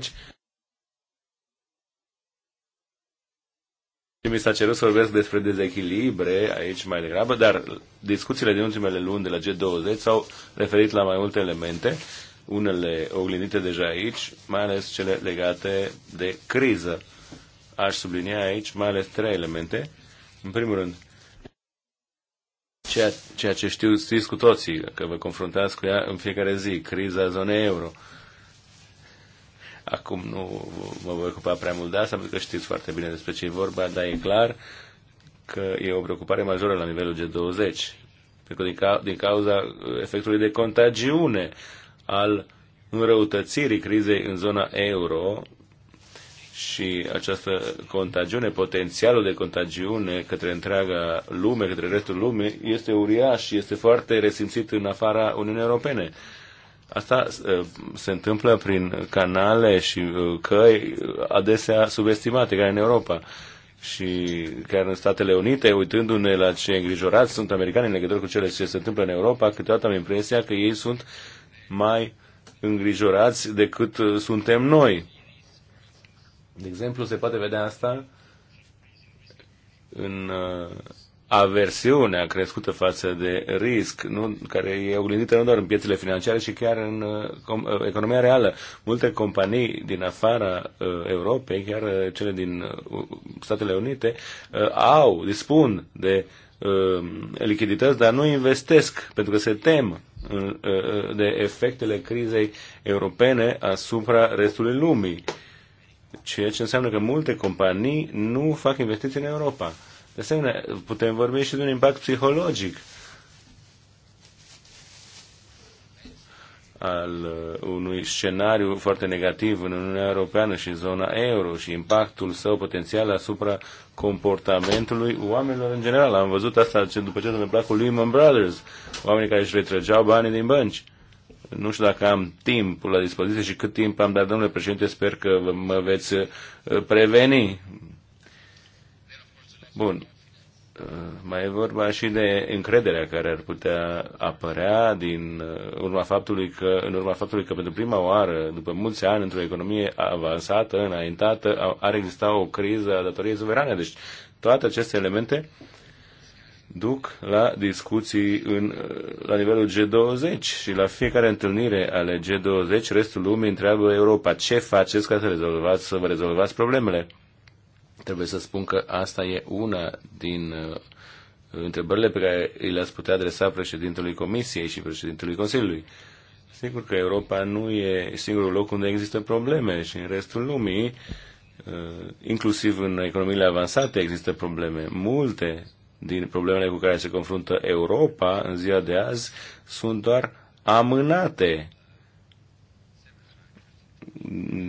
S3: Și mi s-a cerut să vorbesc despre dezechilibre aici mai degrabă, dar discuțiile din ultimele luni de la G20 s-au referit la mai multe elemente, unele oglindite deja aici, mai ales cele legate de criză. Aș sublinia aici mai ales trei elemente. În primul rând, ceea, ceea ce știu, știți cu toții, că vă confruntați cu ea în fiecare zi, criza zonei euro. Uh, Acum nu mă voi ocupa prea mult de asta, pentru că știți foarte bine despre ce e vorba, dar e clar că e o preocupare majoră la nivelul G20, pentru că din, cau- din cauza efectului de contagiune al înrăutățirii crizei în zona euro și această contagiune, potențialul de contagiune către întreaga lume, către restul lumii, este uriaș și este foarte resimțit în afara Uniunii Europene. Asta uh, se întâmplă prin canale și uh, căi adesea subestimate, care în Europa și chiar în Statele Unite, uitându-ne la ce îngrijorați sunt americani în legătură cu cele ce se întâmplă în Europa, câteodată am impresia că ei sunt mai îngrijorați decât uh, suntem noi. De exemplu, se poate vedea asta în aversiunea crescută față de risc, nu, care e oglindită nu doar în piețele financiare, ci chiar în uh, uh, economia reală. Multe companii din afara uh, Europei, chiar uh, cele din uh, Statele Unite, uh, au, dispun de uh, lichidități, dar nu investesc, pentru că se tem uh, uh, de efectele crizei europene asupra restului lumii. Ceea ce înseamnă că multe companii nu fac investiții în Europa de asemenea, putem vorbi și de un impact psihologic al uh, unui scenariu foarte negativ în Uniunea Europeană și zona euro și impactul său potențial asupra comportamentului oamenilor în general. Am văzut asta după ce s-a întâmplat cu Lehman Brothers, oamenii care își retrăgeau banii din bănci. Nu știu dacă am timpul la dispoziție și cât timp am, dar, domnule președinte, sper că mă veți uh, preveni. Bun. Uh, mai e vorba și de încrederea care ar putea apărea din uh, urma faptului că, în urma faptului că pentru prima oară, după mulți ani, într-o economie avansată, înaintată, ar exista o criză a datoriei suverane. Deci toate aceste elemente duc la discuții în, uh, la nivelul G20 și la fiecare întâlnire ale G20 restul lumii întreabă Europa ce faceți ca să, rezolvați, să vă rezolvați problemele. Trebuie să spun că asta e una din uh, întrebările pe care îi le-ați putea adresa președintelui Comisiei și președintelui Consiliului. Sigur că Europa nu e singurul loc unde există probleme și în restul lumii, uh, inclusiv în economiile avansate, există probleme. Multe din problemele cu care se confruntă Europa în ziua de azi sunt doar amânate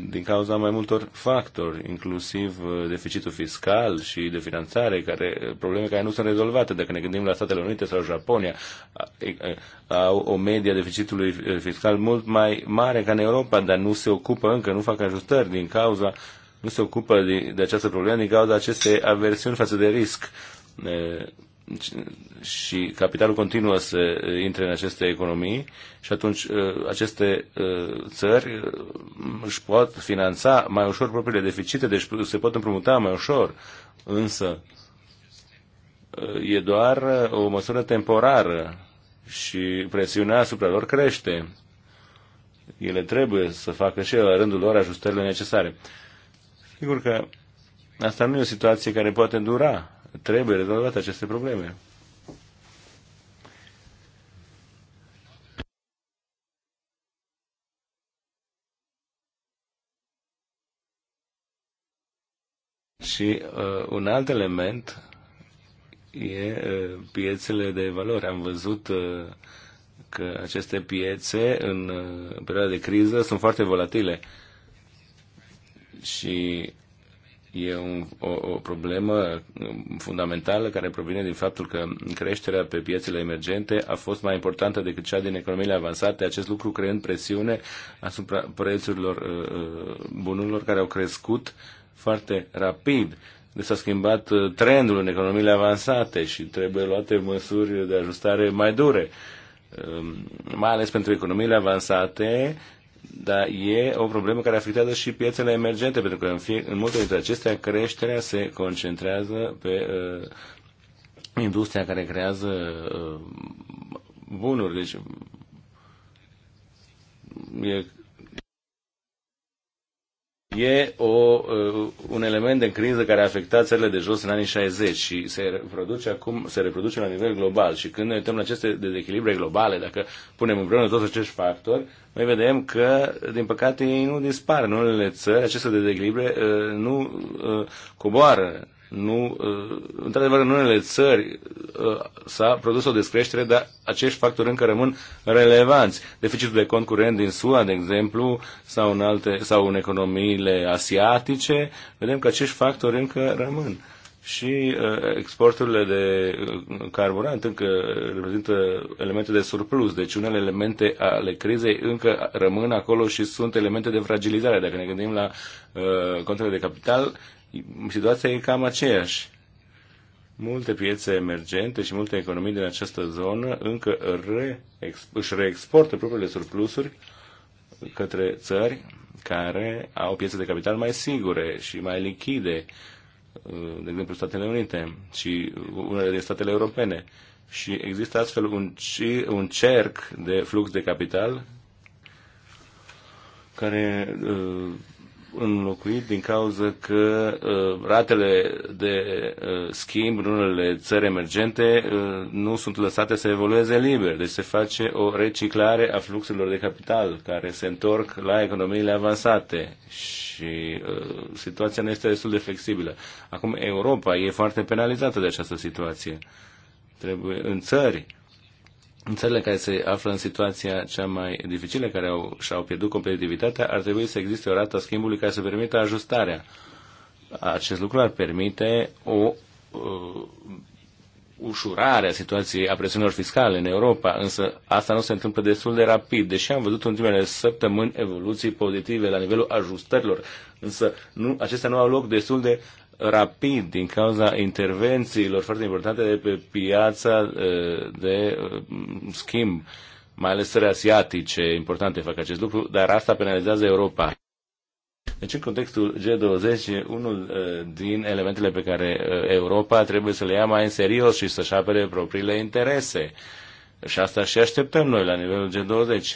S3: din cauza mai multor factori, inclusiv uh, deficitul fiscal și de finanțare, care, uh, probleme care nu sunt rezolvate. Dacă ne gândim la Statele Unite sau Japonia, au o medie deficitului uh, fiscal mult mai mare ca în Europa, dar nu se ocupă încă, nu fac ajustări din cauza, nu se ocupă de, de această problemă din cauza acestei aversiuni față de risc și capitalul continuă să intre în aceste economii și atunci uh, aceste uh, țări uh, își pot finanța mai ușor propriile deficite, deci se pot împrumuta mai ușor, însă e doar o măsură temporară și presiunea asupra lor crește. Ele trebuie să facă și la rândul lor ajustările necesare. Sigur că asta nu e o situație care poate dura trebuie rezolvate aceste probleme. Și uh, un alt element e uh, piețele de valori. Am văzut uh, că aceste piețe în, uh, în perioada de criză sunt foarte volatile și e un, o, o problemă fundamentală care provine din faptul că creșterea pe piețele emergente a fost mai importantă decât cea din economiile avansate, acest lucru creând presiune asupra prețurilor uh, uh, bunurilor care au crescut foarte rapid. Deci s-a schimbat uh, trendul în economiile avansate și trebuie luate măsuri de ajustare mai dure um, mai ales pentru economiile avansate, dar e o problemă care afectează și piețele emergente, pentru că în, fie, în multe dintre acestea creșterea se concentrează pe uh, industria care creează uh, bunuri. Deci e e o, uh, un element de criză care a afectat țările de jos în anii 60 și se reproduce acum, se reproduce la nivel global. Și când ne uităm la aceste dezechilibre globale, dacă punem împreună toți acești factori, noi vedem că, din păcate, ei nu dispar în unele țări, aceste dezechilibre uh, nu uh, coboară nu, uh, într-adevăr, în unele țări uh, s-a produs o descreștere, dar acești factori încă rămân relevanți. Deficitul de cont curent din SUA, de exemplu, sau în, alte, sau în economiile asiatice, vedem că acești factori încă rămân. Și uh, exporturile de carburant încă reprezintă elemente de surplus, deci unele elemente ale crizei încă rămân acolo și sunt elemente de fragilizare. Dacă ne gândim la uh, contele de capital, situația e cam aceeași. Multe piețe emergente și multe economii din această zonă încă re, își reexportă propriile surplusuri către țări care au piețe de capital mai sigure și mai lichide, de exemplu Statele Unite și unele din statele europene. Și există astfel un, un cerc de flux de capital care uh, înlocuit din cauza că uh, ratele de uh, schimb în unele țări emergente uh, nu sunt lăsate să evolueze liber. Deci se face o reciclare a fluxurilor de capital care se întorc la economiile avansate și uh, situația nu este destul de flexibilă. Acum Europa e foarte penalizată de această situație. Trebuie în țări în țările care se află în situația cea mai dificilă, care au, și-au pierdut competitivitatea, ar trebui să existe o rată a schimbului care să permită ajustarea. Acest lucru ar permite o uh, ușurare a situației a presiunilor fiscale în Europa, însă asta nu se întâmplă destul de rapid, deși am văzut în ultimele săptămâni evoluții pozitive la nivelul ajustărilor, însă nu, acestea nu au loc destul de rapid din cauza intervențiilor foarte importante de pe piața uh, de uh, schimb. Mai ales țări asiatice importante fac acest lucru, dar asta penalizează Europa. Deci, în contextul G20, unul uh, din elementele pe care Europa trebuie să le ia mai în serios și să-și apere propriile interese. Și asta și așteptăm noi la nivelul G20.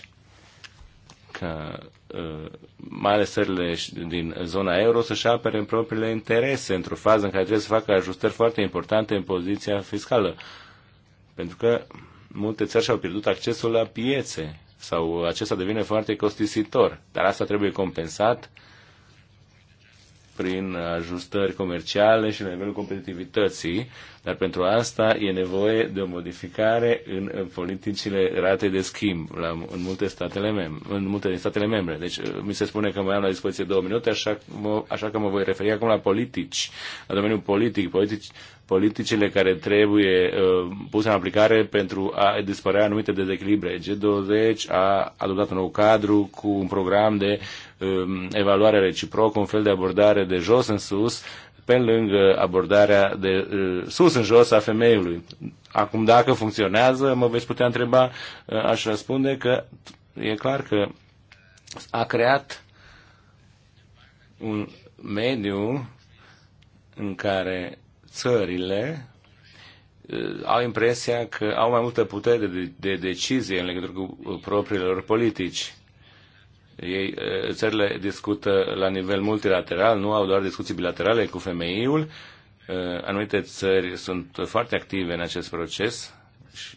S3: Ca Uh, mai ales țările din zona euro, să-și apere în propriile interese într-o fază în care trebuie să facă ajustări foarte importante în poziția fiscală. Pentru că multe țări și-au pierdut accesul la piețe sau acesta devine foarte costisitor. Dar asta trebuie compensat prin ajustări comerciale și la nivelul competitivității, dar pentru asta e nevoie de o modificare în politicile rate de schimb la, în, multe statele mem- în multe din statele membre. Deci uh, mi se spune că mai am la dispoziție două minute, așa, mă, așa că mă voi referi acum la politici, la domeniul politic, politici politicile care trebuie uh, puse în aplicare pentru a dispărea anumite dezechilibre. G20 a adoptat un nou cadru cu un program de uh, evaluare reciprocă, un fel de abordare de jos în sus, pe lângă abordarea de uh, sus în jos a femeiului. Acum, dacă funcționează, mă veți putea întreba, uh, aș răspunde că e clar că a creat un mediu în care țările uh, au impresia că au mai multă putere de, de decizie în legătură cu uh, propriile lor politici. Ei, uh, țările discută la nivel multilateral, nu au doar discuții bilaterale cu femeiul. Anumite țări sunt foarte active în acest proces.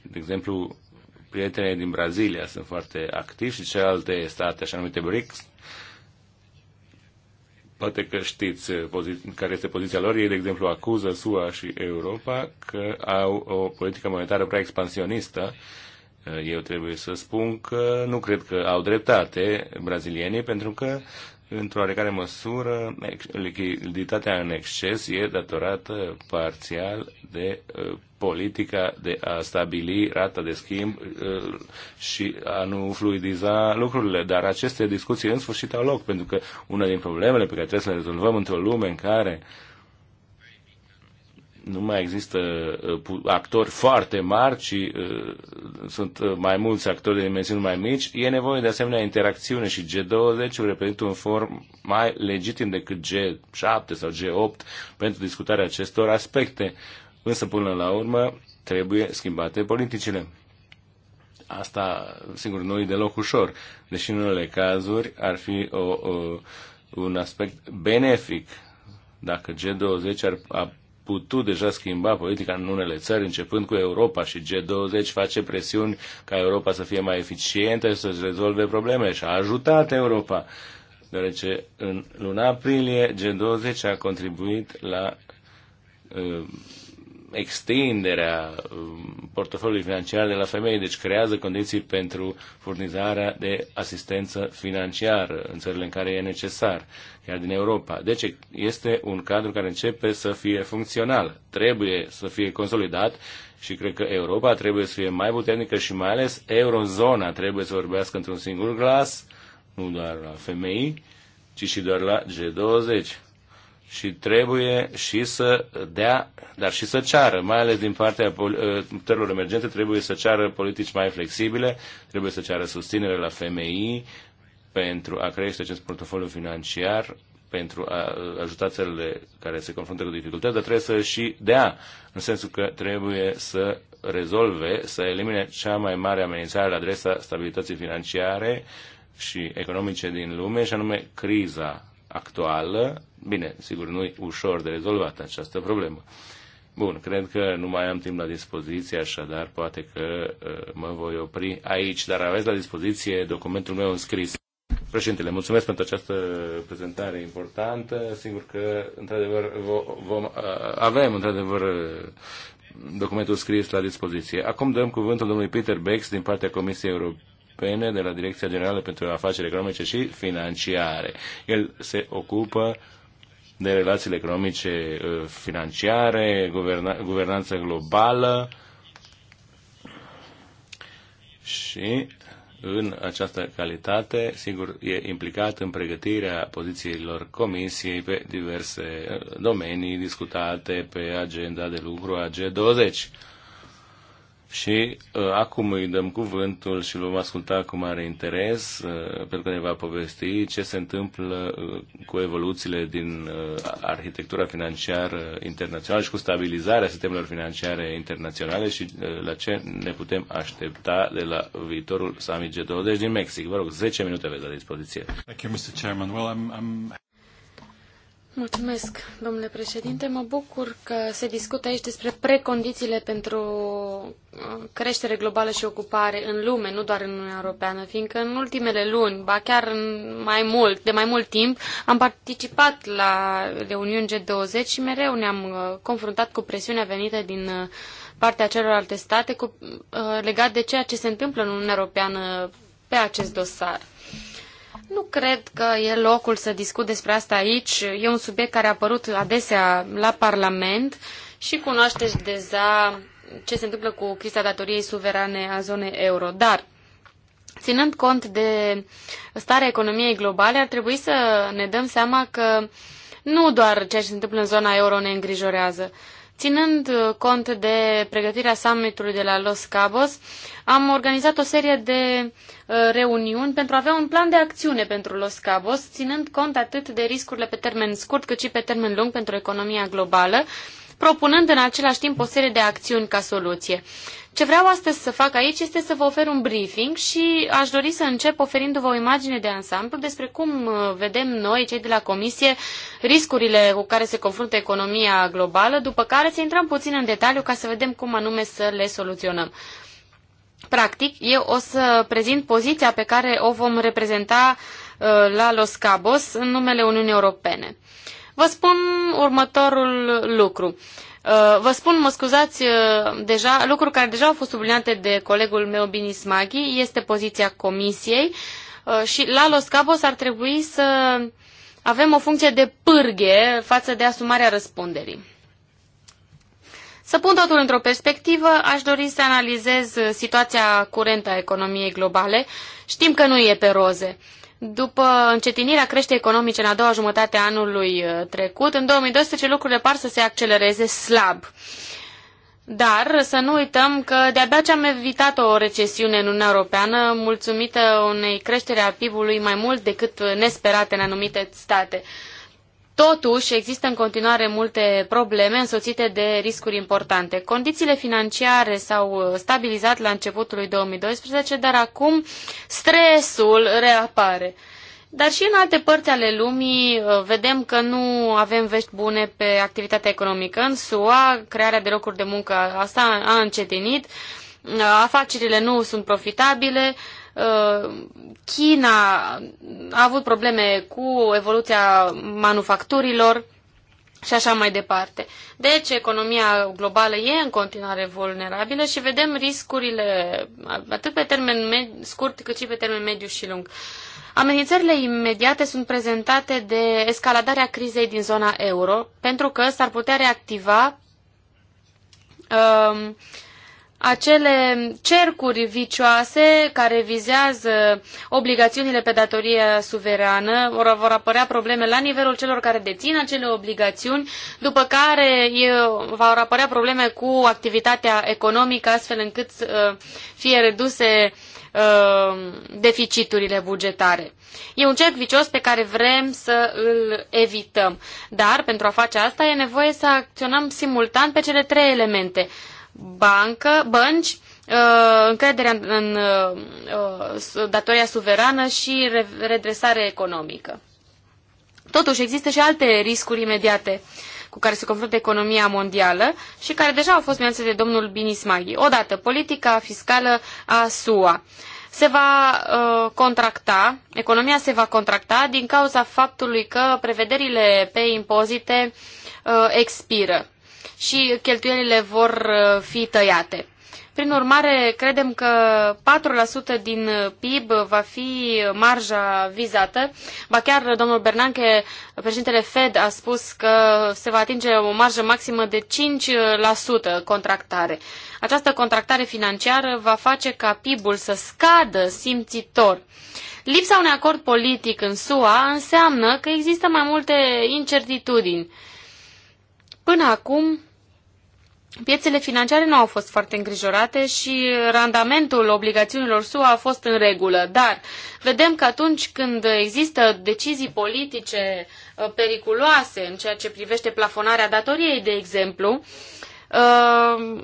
S3: De exemplu, prietenii din Brazilia sunt foarte activi și celelalte state, așa numite BRICS, Poate că știți eh, care este poziția lor. Ei, de exemplu, acuză SUA și Europa că au o politică monetară prea expansionistă. Eh, eu trebuie să spun că nu cred că au dreptate brazilienii, pentru că, într-o oarecare măsură, lichiditatea în exces e datorată parțial de eh, politica de a stabili rata de schimb uh, și a nu fluidiza lucrurile. Dar aceste discuții în sfârșit au loc, pentru că una din problemele pe care trebuie să le rezolvăm într-o lume în care nu mai există uh, actori foarte mari, ci uh, sunt mai mulți actori de dimensiuni mai mici, e nevoie de asemenea interacțiune și G20 reprezintă un form mai legitim decât G7 sau G8 pentru discutarea acestor aspecte. Însă, până la urmă, trebuie schimbate politicile. Asta, sigur, nu e deloc ușor, deși în unele cazuri ar fi o, o, un aspect benefic dacă G20 ar, a putut deja schimba politica în unele țări, începând cu Europa și G20 face presiuni ca Europa să fie mai eficientă și să-și rezolve probleme și a ajutat Europa, deoarece în luna aprilie G20 a contribuit la uh, extinderea um, portofoliului financiar de la femei, deci creează condiții pentru furnizarea de asistență financiară în țările în care e necesar, chiar din Europa. Deci este un cadru care începe să fie funcțional, trebuie să fie consolidat și cred că Europa trebuie să fie mai puternică și mai ales eurozona trebuie să vorbească într-un singur glas, nu doar la femei, ci și doar la G20 și trebuie și să dea, dar și să ceară, mai ales din partea ă, țărilor emergente, trebuie să ceară politici mai flexibile, trebuie să ceară susținere la FMI pentru a crește acest portofoliu financiar, pentru a ă, ajuta țările care se confruntă cu dificultăți, dar trebuie să și dea, în sensul că trebuie să rezolve, să elimine cea mai mare amenințare la adresa stabilității financiare și economice din lume, și anume criza actuală. Bine, sigur, nu e ușor de rezolvat această problemă. Bun, cred că nu mai am timp la dispoziție, așadar poate că uh, mă voi opri aici, dar aveți la dispoziție documentul meu înscris. Președintele, mulțumesc pentru această prezentare importantă. Sigur că, într-adevăr, vom, uh, avem, într-adevăr, uh, documentul scris la dispoziție. Acum dăm cuvântul domnului Peter Bex din partea Comisiei Europene Europene de la Direcția Generală pentru Afaceri Economice și Financiare. El se ocupă de relațiile economice uh, financiare, guverna, guvernanță globală și în această calitate, sigur, e implicat în pregătirea pozițiilor comisiei pe diverse uh, domenii discutate pe agenda de lucru a G20 și uh, acum îi dăm cuvântul și vom asculta cu mare interes, uh, pentru că ne va povesti ce se întâmplă uh, cu evoluțiile din uh, arhitectura financiară internațională și cu stabilizarea sistemelor financiare internaționale și uh, la ce ne putem aștepta de la viitorul summit G20 din Mexic. Vă rog, 10 minute aveți la dispoziție. Thank you, Mr. Chairman. Well, I'm, I'm...
S2: Mulțumesc, domnule președinte. Mă bucur că se discută aici despre precondițiile pentru uh, creștere globală și ocupare în lume, nu doar în Uniunea Europeană, fiindcă în ultimele luni, ba chiar mai mult, de mai mult timp, am participat la reuniuni G20 și mereu ne-am uh, confruntat cu presiunea venită din uh, partea celorlalte state cu, legat de ceea ce se întâmplă în Uniunea Europeană pe acest dosar. Nu cred că e locul să discut despre asta aici. E un subiect care a apărut adesea la Parlament și cunoașteți deja ce se întâmplă cu criza datoriei suverane a zonei euro. Dar, ținând cont de starea economiei globale, ar trebui să ne dăm seama că nu doar ceea ce se întâmplă în zona euro ne îngrijorează. Ținând cont de pregătirea summitului de la Los Cabos, am organizat o serie de Uh, reuniuni pentru a avea un plan de acțiune pentru Los Cabos, ținând cont atât de riscurile pe termen scurt cât și pe termen lung pentru economia globală, propunând în același timp o serie de acțiuni ca soluție. Ce vreau astăzi să fac aici este să vă ofer un briefing și aș dori să încep oferindu-vă o imagine de ansamblu despre cum uh, vedem noi, cei de la Comisie, riscurile cu care se confruntă economia globală, după care să intrăm puțin în detaliu ca să vedem cum anume să le soluționăm. Practic, eu o să prezint poziția pe care o vom reprezenta uh, la Los Cabos în numele Uniunii Europene. Vă spun următorul lucru. Uh, vă spun, mă scuzați, uh, deja, lucruri care deja au fost subliniate de colegul meu, Binis Maghi, este poziția Comisiei și la Los Cabos ar trebui să avem o funcție de pârghie față de asumarea răspunderii. Să pun totul într-o perspectivă, aș dori să analizez uh, situația curentă a economiei globale. Știm că nu e pe roze. După încetinirea creșterii economice în a doua jumătate a anului uh, trecut, în 2012 lucrurile par să se accelereze slab. Dar să nu uităm că de-abia ce am evitat o recesiune în Uniunea Europeană, mulțumită unei creșteri a PIB-ului mai mult decât nesperate în anumite state. Totuși, există în continuare multe probleme însoțite de riscuri importante. Condițiile financiare s-au stabilizat la începutul lui 2012, dar acum stresul reapare. Dar și în alte părți ale lumii uh, vedem că nu avem vești bune pe activitatea economică. În SUA, crearea de locuri de muncă asta a încetinit afacerile nu sunt profitabile, uh, China a avut probleme cu evoluția manufacturilor și așa mai departe. Deci, economia globală e în continuare vulnerabilă și vedem riscurile atât pe termen scurt cât și pe termen mediu și lung. Amenințările imediate sunt prezentate de escaladarea crizei din zona euro, pentru că s-ar putea reactiva uh, acele cercuri vicioase care vizează obligațiunile pe datorie suverană, vor apărea probleme la nivelul celor care dețin acele obligațiuni, după care vor apărea probleme cu activitatea economică, astfel încât să uh, fie reduse uh, deficiturile bugetare. E un cerc vicios pe care vrem să îl evităm, dar pentru a face asta e nevoie să acționăm simultan pe cele trei elemente – bancă, bănci, uh, încrederea în uh, datoria suverană și redresare economică. Totuși, există și alte riscuri imediate cu care se confruntă economia mondială și care deja au fost menționate de domnul Binis Maghi. Odată, politica fiscală a SUA se va uh, contracta, economia se va contracta din cauza faptului că prevederile pe impozite uh, expiră și cheltuielile vor uh, fi tăiate. Prin urmare, credem că 4% din uh, PIB va fi marja vizată. Ba chiar uh, domnul Bernanke, președintele Fed, a spus că se va atinge o marjă maximă de 5% contractare. Această contractare financiară va face ca PIB-ul să scadă simțitor. Lipsa unui acord politic în SUA înseamnă că există mai multe incertitudini. Până acum, Piețele financiare nu au fost foarte îngrijorate și randamentul obligațiunilor SUA a fost în regulă, dar vedem că atunci când există decizii politice uh, periculoase în ceea ce privește plafonarea datoriei, de exemplu, uh,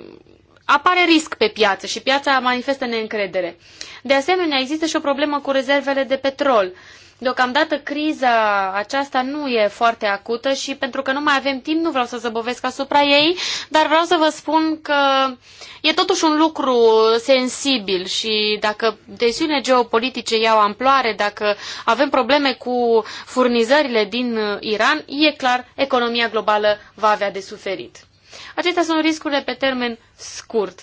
S2: apare risc pe piață și piața manifestă neîncredere. De asemenea, există și o problemă cu rezervele de petrol. Deocamdată criza aceasta nu e foarte acută și pentru că nu mai avem timp nu vreau să zăbovesc asupra ei, dar vreau să vă spun că e totuși un lucru sensibil și dacă tensiunile geopolitice iau amploare, dacă avem probleme cu furnizările din Iran, e clar, economia globală va avea de suferit. Acestea sunt riscurile pe termen scurt.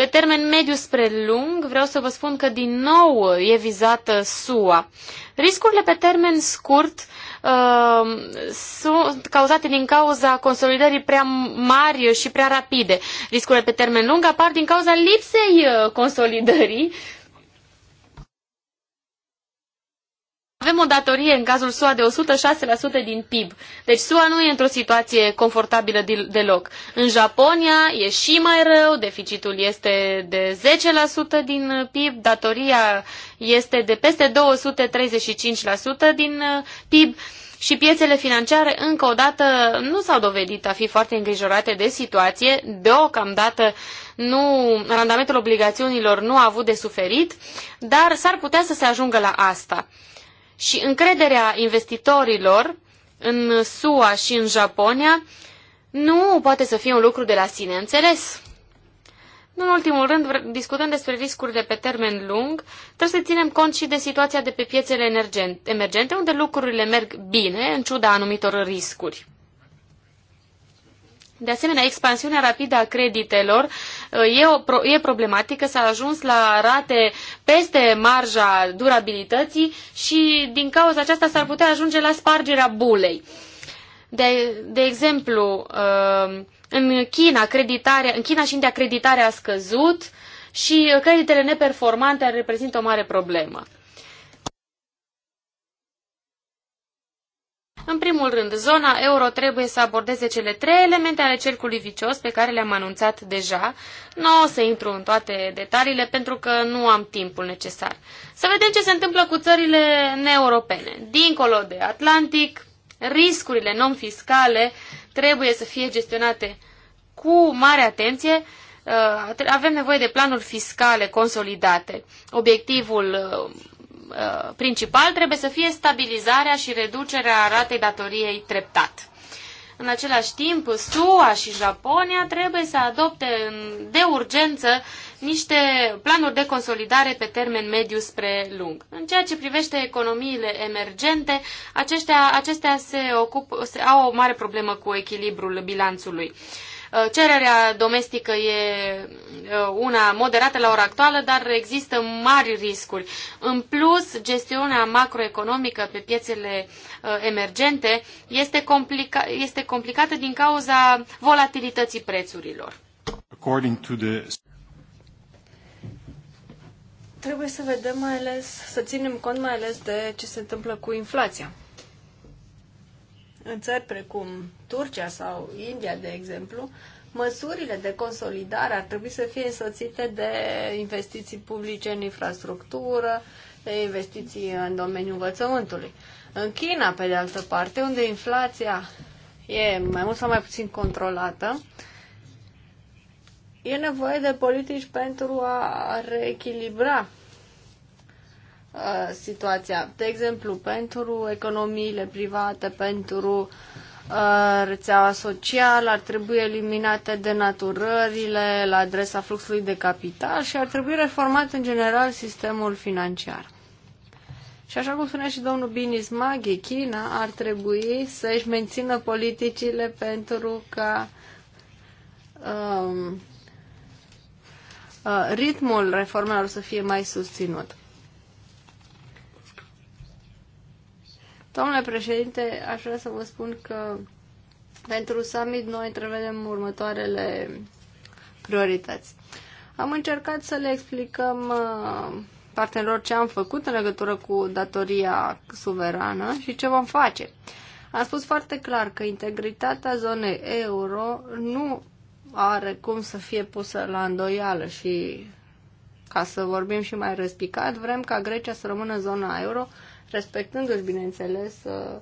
S2: Pe termen mediu spre lung, vreau să vă spun că din nou e vizată SUA. Riscurile pe termen scurt uh, sunt cauzate din cauza consolidării prea mari și prea rapide. Riscurile pe termen lung apar din cauza lipsei uh, consolidării Avem o datorie în cazul SUA de 106% din PIB. Deci SUA nu e într-o situație confortabilă deloc. În Japonia e și mai rău, deficitul este de 10% din PIB, datoria este de peste 235% din uh, PIB și piețele financiare încă o dată nu s-au dovedit a fi foarte îngrijorate de situație. Deocamdată nu, randamentul obligațiunilor nu a avut de suferit, dar s-ar putea să se ajungă la asta și încrederea investitorilor în SUA și în Japonia nu poate să fie un lucru de la sine înțeles. În ultimul rând, discutând despre riscurile pe termen lung, trebuie să ținem cont și de situația de pe piețele emergente, unde lucrurile merg bine, în ciuda anumitor riscuri. De asemenea, expansiunea rapidă a creditelor uh, e, o, e problematică, s-a ajuns la rate peste marja durabilității și din cauza aceasta s-ar putea ajunge la spargerea bulei. De, de exemplu, uh, în China, creditarea, în China și India creditarea a scăzut și uh, creditele neperformante reprezintă o mare problemă. În primul rând, zona euro trebuie să abordeze cele trei elemente ale cercului vicios pe care le-am anunțat deja. Nu o să intru în toate detaliile pentru că nu am timpul necesar. Să vedem ce se întâmplă cu țările neeuropene. Dincolo de Atlantic, riscurile non-fiscale trebuie să fie gestionate cu mare atenție. Uh, avem nevoie de planuri fiscale consolidate. Obiectivul uh, Uh, principal trebuie să fie stabilizarea și reducerea ratei datoriei treptat. În același timp, SUA și Japonia trebuie să adopte de urgență niște planuri de consolidare pe termen mediu spre lung. În ceea ce privește economiile emergente, aceștia, acestea se ocup, se, au o mare problemă cu echilibrul bilanțului. Uh, Uh, cererea domestică e uh, una moderată la ora actuală, dar există mari riscuri. În plus, gestiunea macroeconomică pe piețele uh, emergente este, complica este complicată din cauza
S1: volatilității prețurilor. Trebuie să vedem mai ales, să ținem cont mai ales de ce se întâmplă cu inflația. În țări precum Turcia sau India, de exemplu, măsurile de consolidare ar trebui să fie însoțite de investiții publice în infrastructură, de investiții în domeniul învățământului. În China, pe de altă parte, unde inflația e mai mult sau mai puțin controlată, e nevoie de politici pentru a reechilibra Uh, situația. De exemplu, pentru economiile private, pentru uh, rețeaua socială, ar trebui eliminate denaturările la adresa fluxului de capital și ar trebui reformat în general sistemul financiar. Și așa cum spunea și domnul Binis Maghi, China ar trebui să-și mențină politicile pentru ca um, uh, ritmul reformelor să fie mai susținut. Domnule președinte, aș vrea să vă spun că pentru summit noi întrevedem următoarele priorități. Am încercat să le explicăm uh, partenerilor ce am făcut în legătură cu datoria suverană și ce vom face. Am spus foarte clar că integritatea zonei euro nu are cum să fie pusă la îndoială și, ca să vorbim și mai răspicat, vrem ca Grecia să rămână zona euro respectându-și, bineînțeles, uh,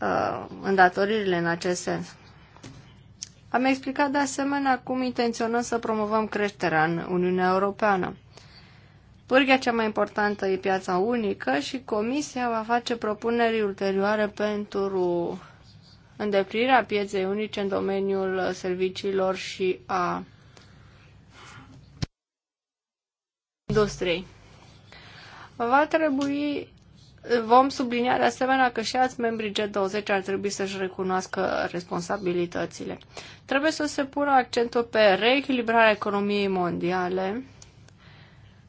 S1: uh, îndatoririle în acest sens. Am explicat de asemenea cum intenționăm să promovăm creșterea în Uniunea Europeană. Pârghia cea mai importantă e piața unică și Comisia va face propuneri ulterioare pentru îndeplinirea pieței unice în domeniul serviciilor și a industriei. Va trebui Vom sublinia de asemenea că și alți membrii G20 ar trebui să-și recunoască responsabilitățile. Trebuie să se pună accentul pe reechilibrarea economiei mondiale.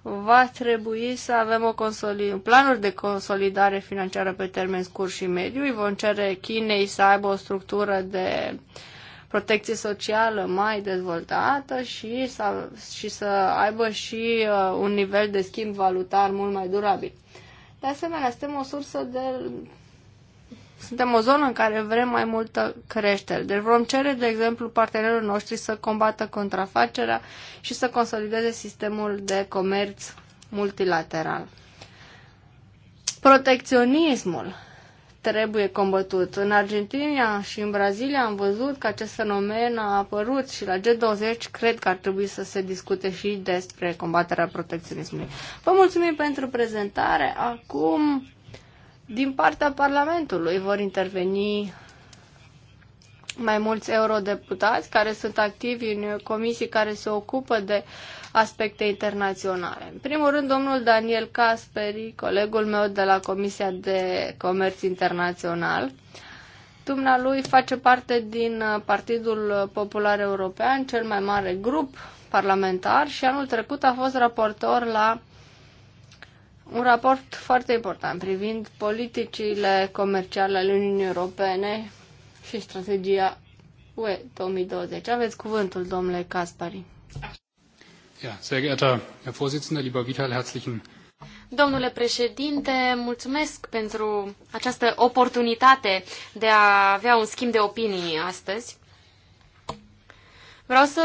S1: Va trebui să avem o consolid- planuri de consolidare financiară pe termen scurt și mediu. Îi vom cere Chinei să aibă o structură de protecție socială mai dezvoltată și să, și să aibă și uh, un nivel de schimb valutar mult mai durabil. De asemenea, suntem o sursă de... Suntem o zonă în care vrem mai multă creștere. Deci vom cere, de exemplu, partenerilor noștri să combată contrafacerea și să consolideze sistemul de comerț multilateral. Protecționismul trebuie combătut. În Argentina și în Brazilia am văzut că acest fenomen a apărut și la G20 cred că ar trebui să se discute și despre combaterea protecționismului. Vă mulțumim pentru prezentare. Acum, din partea Parlamentului, vor interveni mai mulți eurodeputați care sunt activi în comisii care se ocupă de uh, aspecte internaționale. În primul rând, domnul Daniel Casperi, colegul meu de la Comisia de Comerț Internațional, dumnealui face parte din uh, Partidul Popular European, cel mai mare grup parlamentar și anul trecut a fost raportor la un raport foarte important privind politicile comerciale ale Uniunii Europene și strategia UE 2020. Aveți cuvântul, domnule Caspari.
S2: Ja, sehr geehrter Herr Vorsitzender, lieber Vital, herzlichen Domnule președinte, mulțumesc pentru această oportunitate de a avea un schimb de opinii astăzi. Vreau să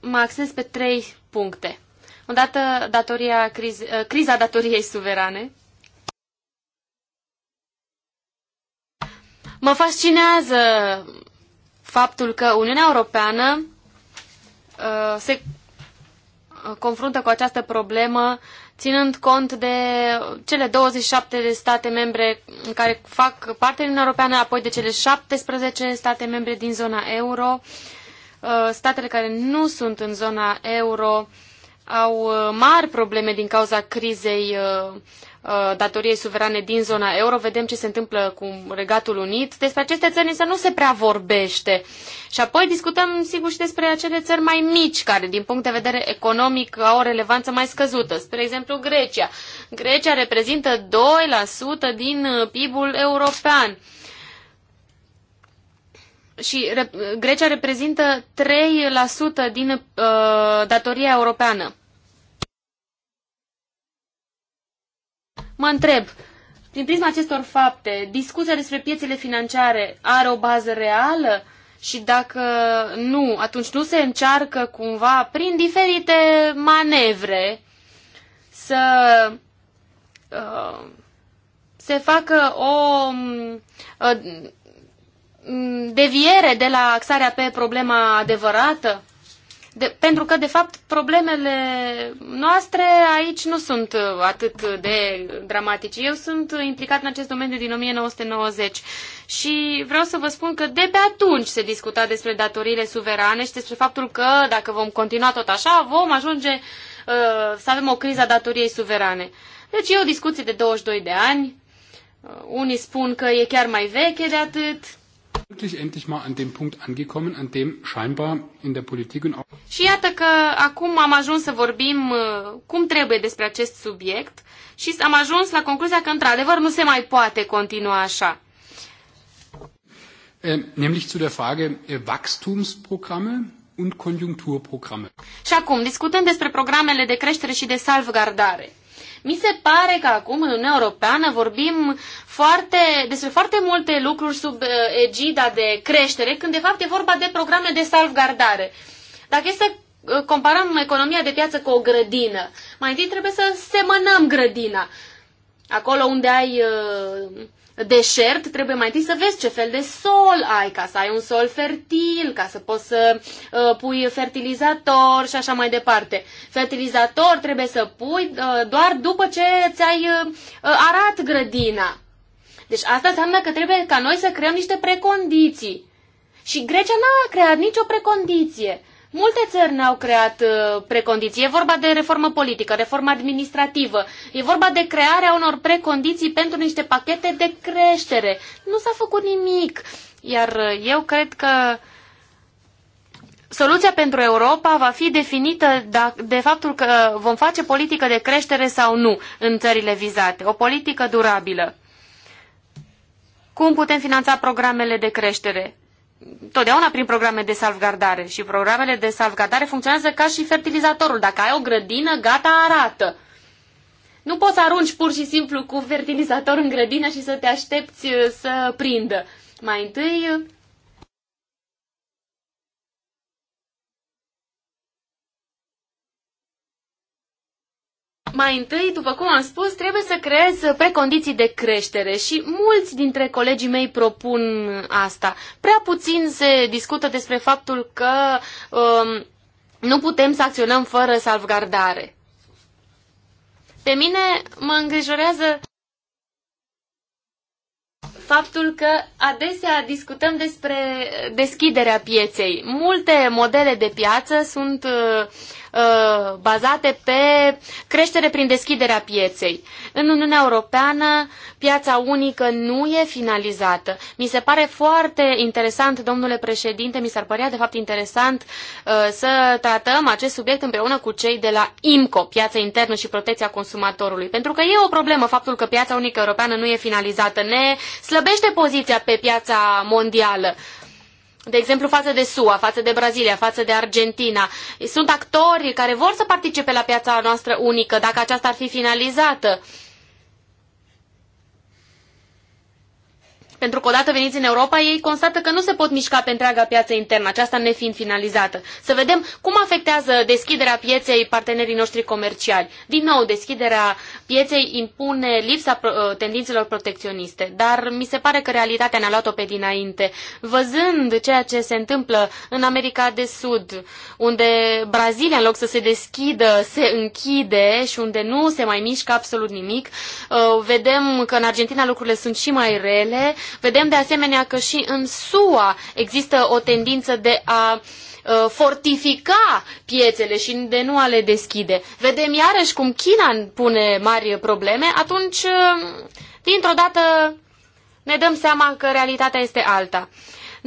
S2: mă axez pe trei puncte. Odată datoria, criz, eh, criza datoriei suverane. Mă fascinează faptul că Uniunea Europeană eh, se confruntă cu această problemă, ținând cont de cele 27 de state membre care fac parte din Europeană, apoi de cele 17 state membre din zona euro, uh, statele care nu sunt în zona euro, au uh, mari probleme din cauza crizei uh, uh, datoriei suverane din zona euro, vedem ce se întâmplă cu Regatul Unit. Despre aceste țări însă nu se prea vorbește. Și apoi discutăm, sigur, și despre acele țări mai mici, care, din punct de vedere economic, au o relevanță mai scăzută. Spre exemplu, Grecia. Grecia reprezintă 2% din PIB-ul european și Grecia reprezintă 3% din uh, datoria europeană. Mă întreb, prin prisma acestor fapte, discuția despre piețele financiare are o bază reală? Și dacă nu, atunci nu se încearcă cumva prin diferite manevre să uh, se facă o uh, Mm, deviere de la axarea pe problema adevărată? De, pentru că, de fapt, problemele noastre aici nu sunt uh, atât de dramatice. Eu sunt implicat în acest domeniu din 1990 și vreau să vă spun că de pe atunci se discuta despre datoriile suverane și despre faptul că, dacă vom continua tot așa, vom ajunge uh, să avem o criză a datoriei suverane. Deci e o discuție de 22 de ani. Uh, unii spun că e chiar mai veche de atât
S1: wirklich endlich mal an dem Punkt
S2: angekommen, an dem scheinbar in der Politik und Și iată că acum am ajuns să vorbim uh, cum trebuie despre acest subiect și am ajuns la concluzia că într-adevăr nu se mai poate continua așa. Äh, nämlich zu der Frage äh, Wachstumsprogramme und Konjunkturprogramme. Și acum, discutăm despre programele de creștere și de salvgardare. Mi se pare că acum în Uniunea Europeană vorbim foarte, despre foarte multe lucruri sub eh, egida de creștere, când de fapt e vorba de programe de salvgardare. Dacă este eh, comparăm economia de piață cu o grădină, mai întâi trebuie să semănăm grădina. Acolo unde ai uh, deșert, trebuie mai întâi să vezi ce fel de sol ai, ca să ai un sol fertil, ca să poți să uh, pui fertilizator și așa mai departe. Fertilizator trebuie să pui uh, doar după ce ți-ai uh, uh arat grădina. Deci asta înseamnă că trebuie ca noi să creăm niște precondiții. Și Grecia n-a creat nicio precondiție. Multe țări ne au creat uh, precondiții. E vorba de reformă politică, reformă administrativă. E vorba de crearea unor precondiții pentru niște pachete de creștere. Nu s-a făcut nimic. Iar uh, eu cred că soluția pentru Europa va fi definită da, de faptul că vom face politică de creștere sau nu în țările vizate. O politică durabilă. Cum putem finanța programele de creștere? totdeauna prin programe de salvgardare și programele de salvgardare funcționează ca și fertilizatorul. Dacă ai o grădină, gata, arată. Nu poți să arunci pur și simplu cu fertilizator în grădină și să te aștepți uh, să prindă. Mai întâi Mai întâi, după cum am spus, trebuie să creez precondiții de creștere și mulți dintre colegii mei propun asta. Prea puțin se discută despre faptul că um, nu putem să acționăm fără salvgardare. Pe mine mă îngrijorează faptul că adesea discutăm despre deschiderea pieței. Multe modele de piață sunt uh, Uh, bazate pe creștere prin deschiderea pieței. În Uniunea Europeană, piața unică nu e finalizată. Mi se pare foarte interesant, domnule președinte, mi s-ar părea de fapt interesant uh, să tratăm acest subiect împreună cu cei de la IMCO, piața internă și protecția consumatorului. Pentru că e o problemă faptul că piața unică europeană nu e finalizată. Ne slăbește poziția pe piața mondială de exemplu, față de SUA, față de Brazilia, față de Argentina. Sunt actori care vor să participe la piața noastră unică, dacă aceasta ar fi finalizată. Uh, pentru că odată veniți în Europa, ei constată că nu se pot mișca pe întreaga piață internă, aceasta nefiind finalizată. Să vedem cum afectează deschiderea pieței partenerii noștri comerciali. Din nou, deschiderea pieței impune lipsa uh, tendințelor protecționiste, dar mi se pare că realitatea ne-a luat-o pe dinainte. Văzând ceea ce se întâmplă în America de Sud, unde Brazilia, în loc să se deschidă, se închide și unde nu se mai mișcă absolut nimic, uh, vedem că în Argentina lucrurile sunt și mai rele, Vedem de asemenea că și în SUA există o tendință de a uh, fortifica piețele și de nu a le deschide. Vedem iarăși cum China pune mari probleme, atunci uh, dintr-o dată ne dăm seama că realitatea este alta.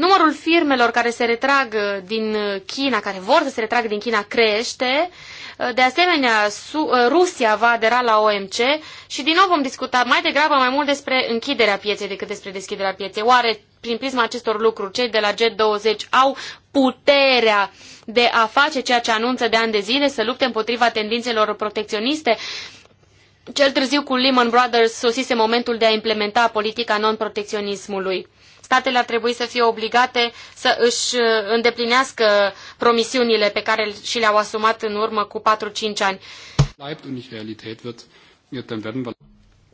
S2: Numărul firmelor care se retrag uh, din uh, China, care vor să se retragă din China, crește. Uh, de asemenea, Rusia va adera la OMC și din nou vom discuta mai degrabă mai mult despre închiderea pieței decât despre deschiderea pieței. Oare prin prisma acestor lucruri cei de la G20 au puterea de a face ceea ce anunță de ani de zile, să lupte împotriva tendințelor protecționiste? Cel târziu cu Lehman Brothers sosise momentul de a implementa politica non-protecționismului statele ar trebui să fie obligate să își uh, îndeplinească promisiunile pe care și le-au asumat în urmă cu 4-5 ani.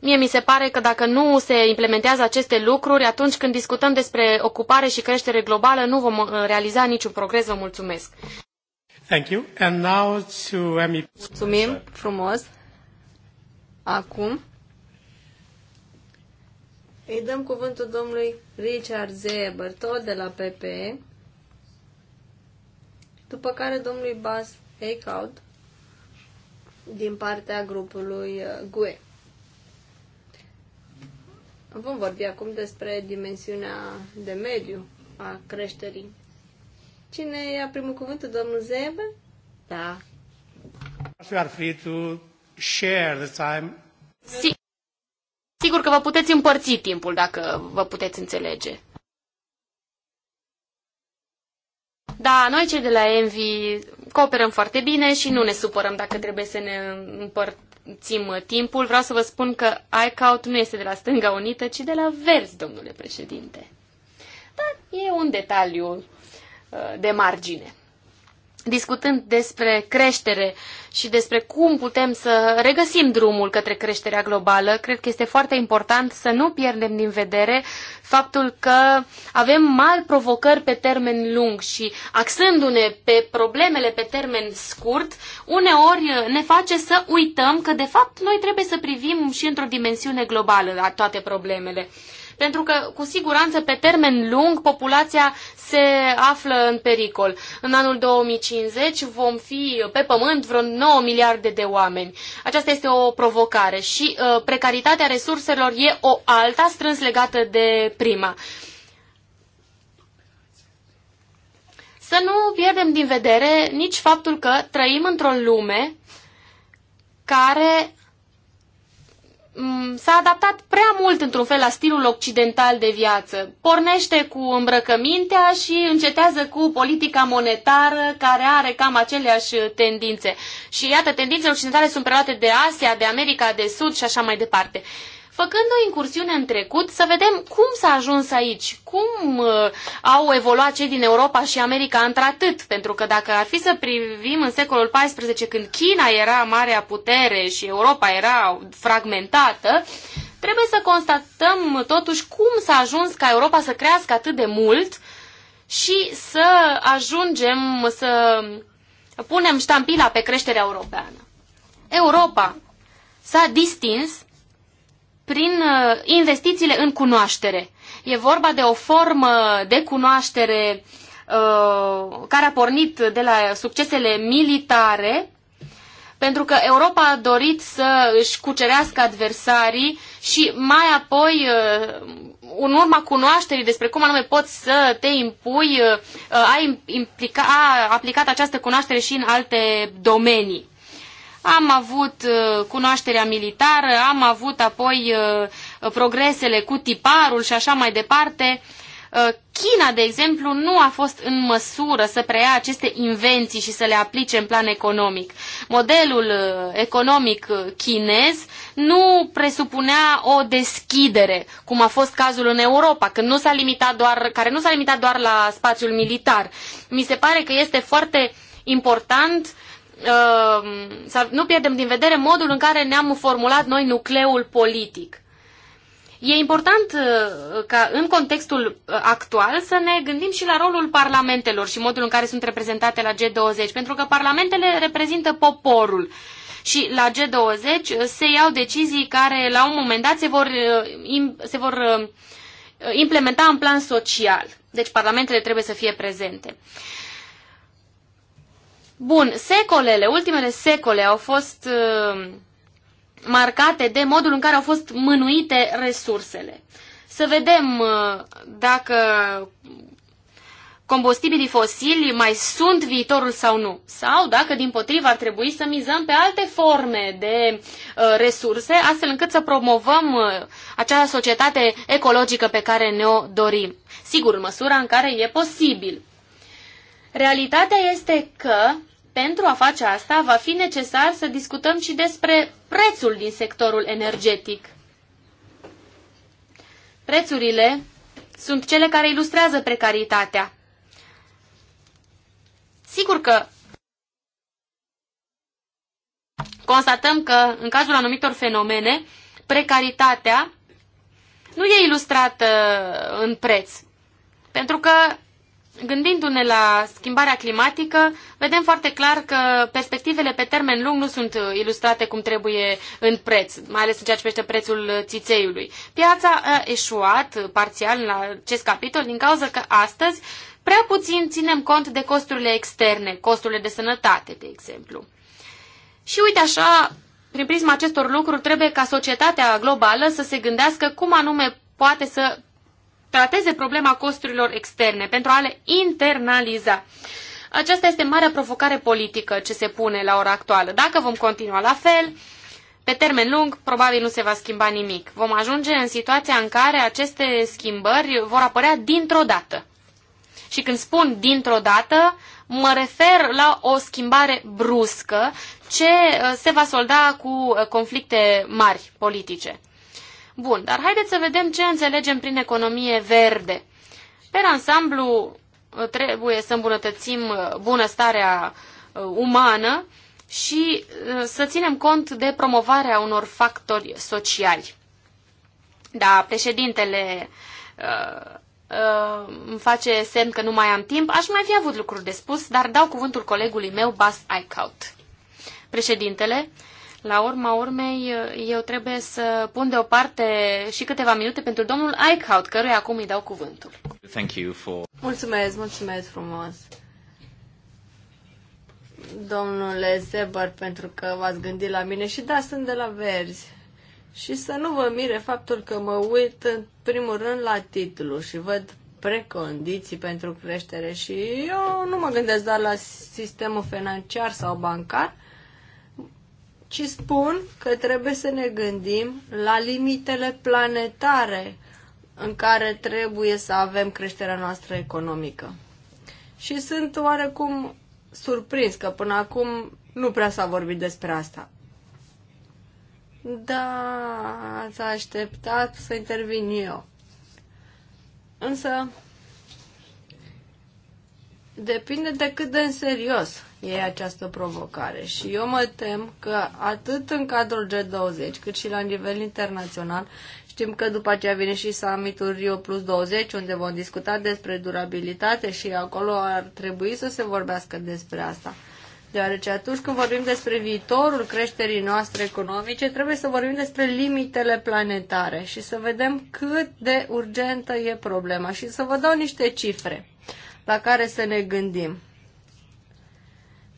S2: Mie mi se pare că dacă nu se implementează aceste lucruri, atunci când discutăm despre ocupare și creștere globală, nu vom uh, realiza niciun progres. Vă mulțumesc!
S3: Thank you. And now to MEP. Mulțumim
S1: frumos! Acum îi dăm cuvântul domnului Richard Zeber, tot de la PPE, după care domnului Bas Eichhout din partea grupului uh, GUE. Vom vorbi acum despre dimensiunea de mediu a creșterii. Cine ia primul cuvânt, domnul Zebe?
S3: Da. We are free share the time.
S1: Si sigur că vă puteți
S2: împărți timpul dacă vă puteți înțelege. Da, noi cei de la Envy cooperăm foarte bine și nu ne supărăm dacă trebuie să ne împărțim timpul. Vreau să vă spun că iCout nu este de la Stânga Unită, ci de la Verzi, domnule președinte. Dar e un detaliu uh, de margine discutând despre creștere și despre cum putem să regăsim drumul către creșterea globală, cred că este foarte important să nu pierdem din vedere faptul că avem mari provocări pe termen lung și axându-ne pe problemele pe termen scurt, uneori ne face să uităm că de fapt noi trebuie să privim și într-o dimensiune globală la toate problemele pentru că, cu siguranță, pe termen lung, populația se află în pericol. În anul 2050 vom fi pe pământ vreo 9 miliarde de oameni. Aceasta este o provocare și uh, precaritatea resurselor e o alta strâns legată de prima. Să nu pierdem din vedere nici faptul că trăim într-o lume care s-a adaptat prea mult într-un fel la stilul occidental de viață. Pornește cu îmbrăcămintea și încetează cu politica monetară care are cam aceleași uh, tendințe. Și iată, tendințele occidentale sunt preluate de Asia, de America de Sud și așa mai departe făcând o incursiune în trecut, să vedem cum s-a ajuns aici, cum uh, au evoluat cei din Europa și America într-atât, pentru că dacă ar fi să privim în secolul XIV, când China era marea putere și Europa era fragmentată, trebuie să constatăm totuși cum s-a ajuns ca Europa să crească atât de mult și să ajungem să punem ștampila pe creșterea europeană. Europa s-a distins prin uh, investițiile în cunoaștere. E vorba de o formă de cunoaștere uh, care a pornit de la succesele militare, pentru că Europa a dorit să își cucerească adversarii și mai apoi, uh, în urma cunoașterii despre cum anume poți să te impui, a, implica, a aplicat această cunoaștere și în alte domenii. Am avut uh, cunoașterea militară, am avut apoi uh, progresele cu tiparul și așa mai departe. Uh, China, de exemplu, nu a fost în măsură să preia aceste invenții și să le aplice în plan economic. Modelul economic chinez nu presupunea o deschidere, cum a fost cazul în Europa, când nu s-a limitat doar, care nu s-a limitat doar la spațiul militar. Mi se pare că este foarte important Uh, să nu pierdem din vedere modul în care ne-am formulat noi nucleul politic. E important uh, ca în contextul uh, actual să ne gândim și la rolul parlamentelor și modul în care sunt reprezentate la G20, pentru că parlamentele reprezintă poporul. Și la G20 se iau decizii care la un moment dat se vor, se vor implementa în plan social. Deci parlamentele trebuie să fie prezente. Bun, secolele, ultimele secole au fost uh, marcate de modul în care au fost mânuite resursele. Să vedem uh, dacă combustibilii fosili mai sunt viitorul sau nu. Sau dacă, din potrivă, ar trebui să mizăm pe alte forme de uh, resurse, astfel încât să promovăm uh, acea societate ecologică pe care ne-o dorim. Sigur, în măsura în care e posibil. Realitatea este că pentru a face asta, va fi necesar să discutăm și despre prețul din sectorul energetic. Prețurile sunt cele care ilustrează precaritatea. Sigur că constatăm că, în cazul anumitor fenomene, precaritatea nu e ilustrată uh, în preț. Pentru că Gândindu-ne la schimbarea climatică, vedem foarte clar că perspectivele pe termen lung nu sunt uh, ilustrate cum trebuie în preț, mai ales în ceea ce privește prețul uh, țițeiului. Piața a eșuat uh, parțial la acest capitol din cauza că astăzi prea puțin ținem cont de costurile externe, costurile de sănătate, de exemplu. Și uite așa, prin prisma acestor lucruri, trebuie ca societatea globală să se gândească cum anume poate să trateze problema costurilor externe, pentru a le internaliza. Aceasta este marea provocare politică ce se pune la ora actuală. Dacă vom continua la fel, pe termen lung, probabil nu se va schimba nimic. Vom ajunge în situația în care aceste schimbări vor apărea dintr-o dată. Și când spun dintr-o dată, mă refer la o schimbare bruscă ce uh, se va solda cu uh, conflicte mari politice. Bun, dar haideți să vedem ce înțelegem prin economie verde. Pe ansamblu, uh, trebuie să îmbunătățim uh, bunăstarea uh, umană și să ținem cont de promovarea unor factori sociali. Da, președintele uh, uh, îmi face semn că nu mai am timp. Aș mai fi avut lucruri de spus, dar dau cuvântul colegului meu, Bas Eichhout. Președintele, la urma urmei, eu trebuie să pun deoparte și câteva minute
S1: pentru domnul Eichhout, căruia acum îi dau cuvântul.
S2: Thank you for...
S1: Mulțumesc, mulțumesc frumos, domnule Zebar, pentru că v-ați gândit la mine și da, sunt de la Verzi. Și să nu vă mire faptul că mă uit în primul rând la titlu și văd precondiții pentru creștere și eu nu mă gândesc doar la sistemul financiar sau bancar, ci spun că trebuie să ne gândim la limitele planetare în care trebuie să avem creșterea noastră economică. Și sunt oarecum surprins că până acum nu prea s-a vorbit despre asta. Da, ați așteptat să intervin eu. Însă, depinde de cât de în serios e această provocare. Și eu mă tem că atât în cadrul G20, cât și la nivel internațional, știm că după aceea vine și summitul Rio Plus 20, unde vom discuta despre durabilitate și acolo ar trebui să se vorbească despre asta. Deoarece atunci când vorbim despre viitorul creșterii noastre economice, trebuie să vorbim despre limitele planetare și să vedem cât de urgentă e problema. Și să vă dau niște cifre la care să ne gândim.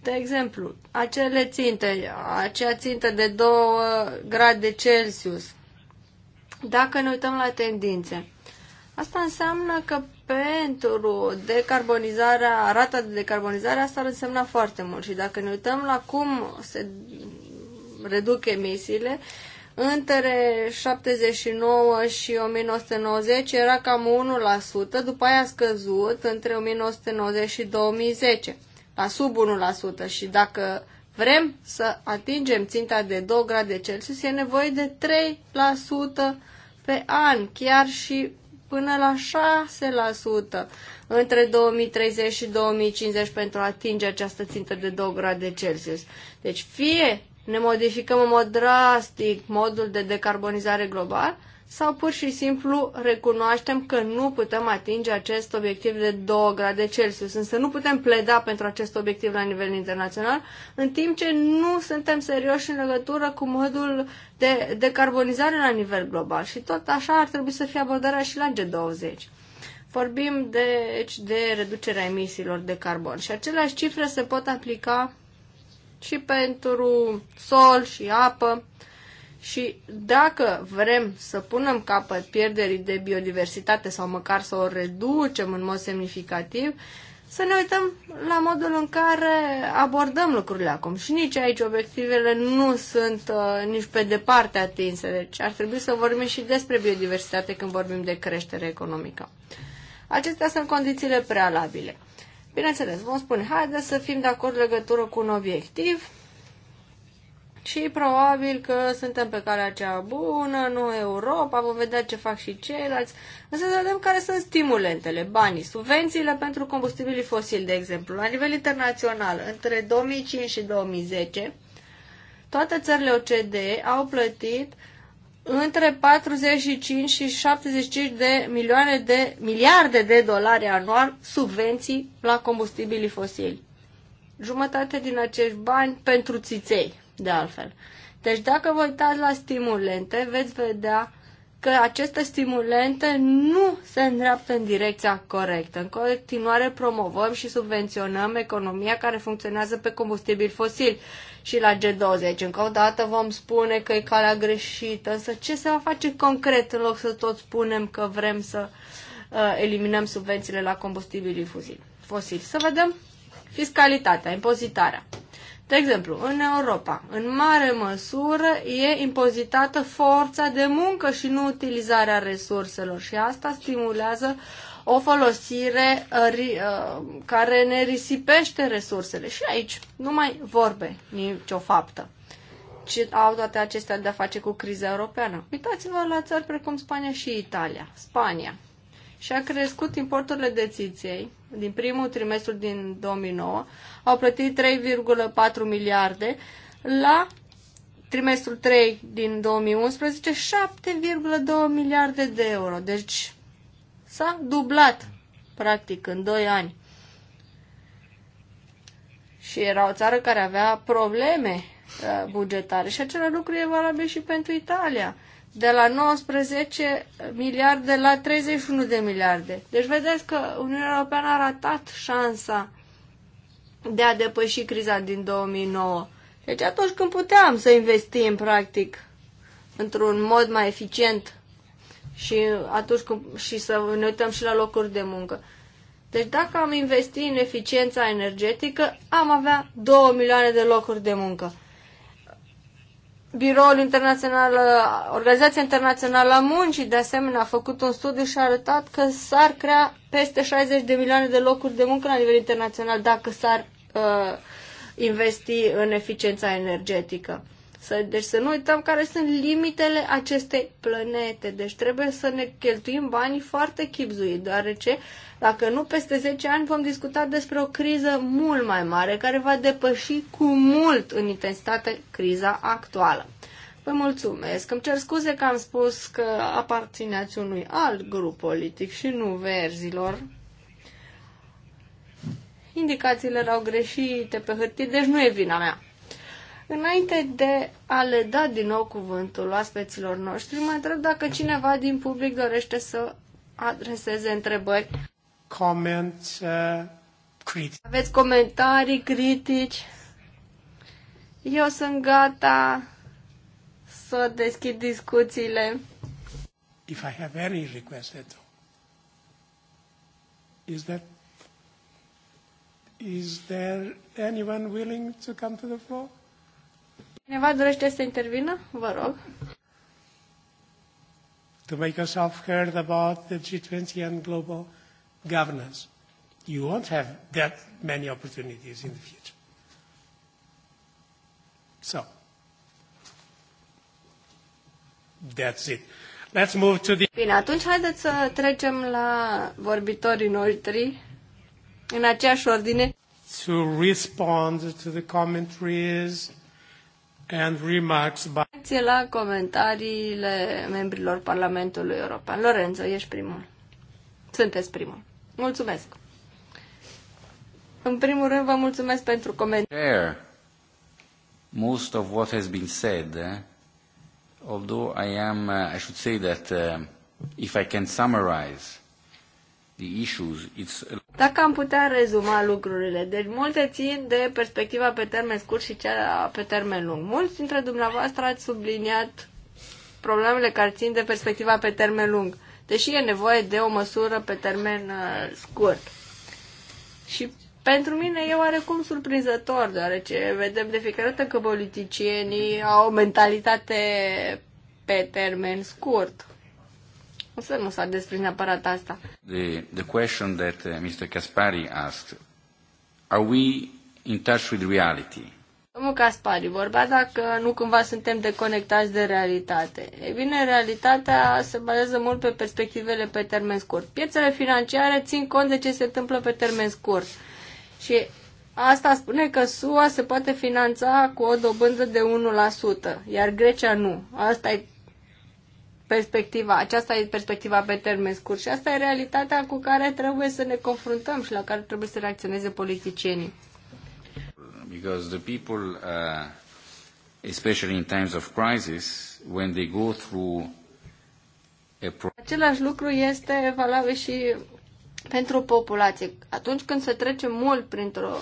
S1: De exemplu, acele ținte, acea țintă de 2 grade Celsius, dacă ne uităm la tendințe, asta înseamnă că pentru decarbonizarea, rata de decarbonizare, asta ar însemna foarte mult. Și dacă ne uităm la cum se reduc emisiile, între 79 și 1990 era cam 1%, după aia a scăzut între 1990 și 2010 la sub 1% și dacă vrem să atingem ținta de 2 grade Celsius, e nevoie de 3% pe an, chiar și până la 6% între 2030 și 2050 pentru a atinge această țintă de 2 grade Celsius. Deci fie ne modificăm în mod drastic modul de decarbonizare global sau pur și simplu recunoaștem că nu putem atinge acest obiectiv de 2 grade Celsius, însă nu putem pleda pentru acest obiectiv la nivel internațional, în timp ce nu suntem serioși în legătură cu modul de decarbonizare la nivel global. Și tot așa ar trebui să fie abordarea și la G20. Vorbim deci de reducerea emisiilor de carbon și aceleași cifre se pot aplica ci pentru sol și apă. Și dacă vrem să punem capăt pierderii de biodiversitate sau măcar să o reducem în mod semnificativ, să ne uităm la modul în care abordăm lucrurile acum. Și nici aici obiectivele nu sunt uh, nici pe departe atinse. Deci ar trebui să vorbim și despre biodiversitate când vorbim de creștere economică. Acestea sunt condițiile prealabile. Bineînțeles, vom spune, haide să fim de acord legătură cu un obiectiv și probabil că suntem pe calea cea bună, nu Europa, vom vedea ce fac și ceilalți, însă să vedem care sunt stimulentele, banii, subvențiile pentru combustibilii fosili, de exemplu. La nivel internațional, între 2005 și 2010, toate țările OCDE au plătit între 45 și 75 de milioane de miliarde de dolari anual subvenții la combustibilii fosili. Jumătate din acești bani pentru țiței, de altfel. Deci dacă vă uitați la stimulente, veți vedea că aceste stimulente nu se îndreaptă în direcția corectă. În continuare promovăm și subvenționăm economia care funcționează pe combustibil fosil și la G20. Încă o dată vom spune că e calea greșită, însă ce se va face concret în loc să tot spunem că vrem să uh, eliminăm subvențiile la combustibilii fosili? Să vedem fiscalitatea, impozitarea. De exemplu, în Europa, în mare măsură, e impozitată forța de muncă și nu utilizarea resurselor și asta stimulează o folosire uh, uh, care ne risipește resursele. Și aici nu mai vorbe nicio faptă. Ce au toate acestea de-a face cu criza europeană? Uitați-vă la țări precum Spania și Italia. Spania și-a crescut importurile de țiței din primul trimestru din 2009 au plătit 3,4 miliarde, la trimestrul 3 din 2011 7,2 miliarde de euro. Deci s-a dublat practic în 2 ani. Și era o țară care avea probleme uh, bugetare și același lucru e valabil și pentru Italia de la 19 miliarde la 31 de miliarde. Deci vedeți că Uniunea Europeană a ratat șansa de a depăși criza din 2009. Deci atunci când puteam să investim, practic, într-un mod mai eficient și, atunci când, și să ne uităm și la locuri de muncă. Deci dacă am investit în eficiența energetică, am avea 2 milioane de locuri de muncă. Biroul Internațional, Organizația Internațională a Muncii, de asemenea, a făcut un studiu și a arătat că s-ar crea peste 60 de milioane de locuri de muncă la nivel internațional dacă s-ar uh, investi în eficiența energetică. Să, deci să nu uităm care sunt limitele acestei planete. Deci trebuie să ne cheltuim banii foarte chipzuit, deoarece uh, dacă nu, peste 10 ani vom discuta despre o criză mult mai mare, care va depăși cu mult în intensitate criza actuală. Vă mulțumesc. Îmi cer scuze că am spus că aparțineați unui alt grup politic și nu verzilor. Indicațiile erau greșite pe hârtie, deci nu e vina mea. Înainte de a le da din nou cuvântul oaspeților noștri, mă întreb dacă cineva din public dorește să adreseze întrebări
S3: comments, uh, critici.
S1: Aveți comentarii, critici? Eu sunt gata să deschid discuțiile.
S3: If I have any request at all. Is that Is there anyone willing to come to the floor?
S1: Cineva dorește să intervină? Vă rog.
S3: To make yourself heard about the G20 and global governance. You won't have that many opportunities in the future. So that's it. Let's move to the...
S1: Bine, atunci haideți să trecem la vorbitorii noștri în aceeași ordine.
S3: To respond to the commentaries and remarks by...
S1: la comentariile membrilor Parlamentului European. Lorenzo, ești primul. Sunteți primul. Mulțumesc! În primul rând, vă mulțumesc pentru
S3: comentarii. most of what has been said, eh? although I am, uh, I should say that uh, if I can summarize the issues, it's...
S1: Dacă am putea rezuma lucrurile, deci multe țin de perspectiva pe termen scurt și cea pe termen lung. Mulți dintre dumneavoastră ați subliniat problemele care țin de perspectiva pe termen lung deși e nevoie de o măsură pe termen uh, scurt. Și pentru mine e oarecum surprinzător, deoarece vedem de fiecare dată că politicienii au o mentalitate pe termen scurt. să nu s-a desprins neapărat asta.
S3: The, the question that uh, Mr. Caspari asked, are we in touch with reality?
S1: Domnul Caspari, Vorba dacă nu cumva suntem deconectați de realitate. E bine, realitatea se bazează mult pe perspectivele pe termen scurt. Piețele financiare țin cont de ce se întâmplă pe termen scurt. Și asta spune că SUA se poate finanța cu o dobândă de 1%, iar Grecia nu. Asta e perspectiva, aceasta e perspectiva pe termen scurt și asta e realitatea cu care trebuie să ne confruntăm și la care trebuie să reacționeze politicienii
S3: because the people, uh, especially in times of crisis, when they go through a
S1: Același lucru este valabil și pentru populație. Atunci când se trece mult printr-o,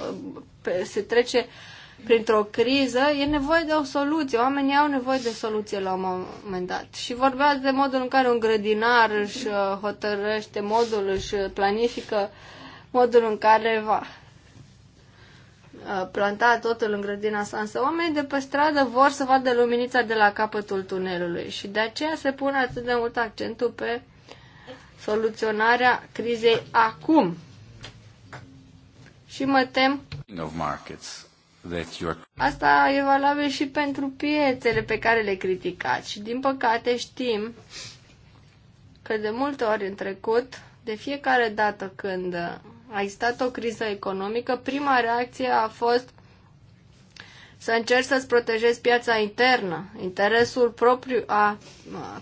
S1: se trece printr-o criză, e nevoie de o soluție. Oamenii au nevoie de soluție la un moment dat. Și vorbeați de modul în care un grădinar își uh, hotărăște modul, își uh, planifică modul în care va plantat totul în grădina sa, însă oamenii de pe stradă vor să vadă luminița de la capătul tunelului și de aceea se pune atât de mult accentul pe soluționarea crizei acum. Și mă tem Asta e valabil și pentru piețele pe care le criticați și din păcate știm că de multe ori în trecut, de fiecare dată când a existat o criză economică, prima reacție a fost să încerci să-ți protejezi piața internă. Interesul propriu a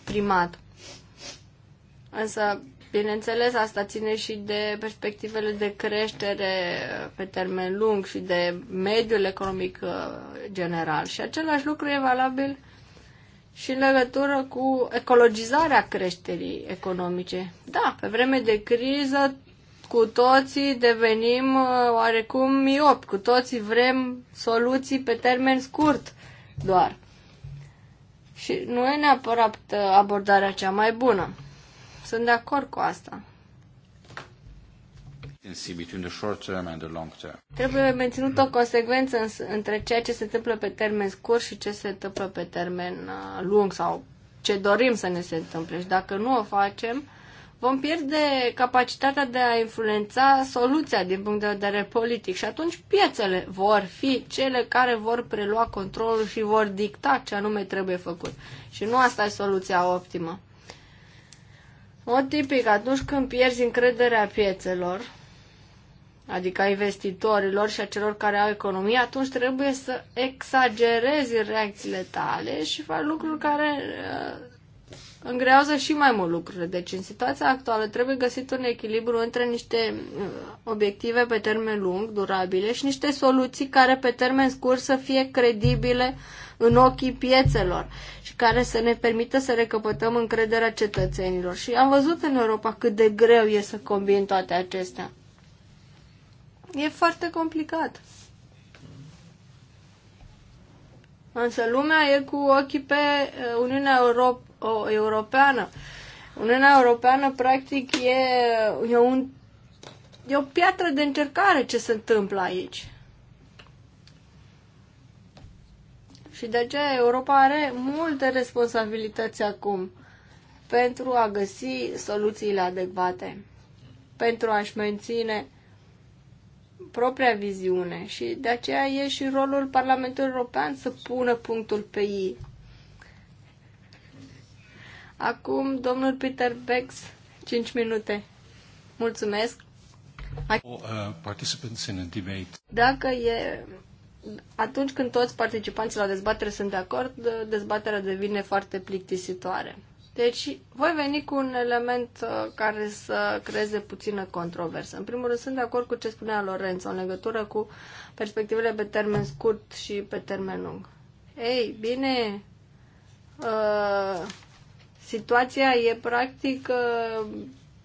S1: primat. Însă, bineînțeles, asta ține și de perspectivele de creștere pe termen lung și de mediul economic uh, general. Și același lucru e valabil și în legătură cu ecologizarea creșterii economice. Da, pe vreme de criză cu toții devenim uh, oarecum miop. cu toții vrem soluții pe termen scurt doar. Și nu e neapărat uh, abordarea cea mai bună. Sunt de acord cu asta. Trebuie menținut o consecvență între ceea ce se întâmplă pe termen scurt și ce se întâmplă pe termen uh, lung sau ce dorim să ne se întâmple. Și dacă nu o facem, vom pierde capacitatea de a influența soluția din punct de vedere politic și atunci piețele vor fi cele care vor prelua controlul și vor dicta ce anume trebuie făcut. Și nu asta e soluția optimă. Mod tipic, atunci când pierzi încrederea piețelor, adică a investitorilor și a celor care au economie, atunci trebuie să exagerezi reacțiile tale și faci lucruri care uh, îngrează și mai mult lucrurile. Deci, în situația actuală, trebuie găsit un echilibru între niște uh, obiective pe termen lung, durabile, și niște soluții care pe termen scurt să fie credibile în ochii piețelor și care să ne permită să recăpătăm încrederea cetățenilor. Și am văzut în Europa cât de greu e să combin toate acestea. E foarte complicat. Însă lumea e cu ochii pe uh, Uniunea Europeană o europeană. Uniunea Europeană, practic, e, e, un, e o piatră de încercare ce se întâmplă aici. Și de aceea Europa are multe responsabilități acum pentru a găsi soluțiile adecvate, pentru a-și menține propria viziune și de aceea e și rolul Parlamentului European să pună punctul pe ei Acum, domnul Peter Bex, 5 minute. Mulțumesc. Uh, Dacă e... Atunci când toți participanții la dezbatere sunt de acord, dezbaterea devine foarte plictisitoare. Deci, voi veni cu un element uh, care să creeze puțină controversă. În primul rând, sunt de acord cu ce spunea Lorenzo în legătură cu perspectivele pe termen scurt și pe termen lung. Ei, bine, uh, Situația e practic uh,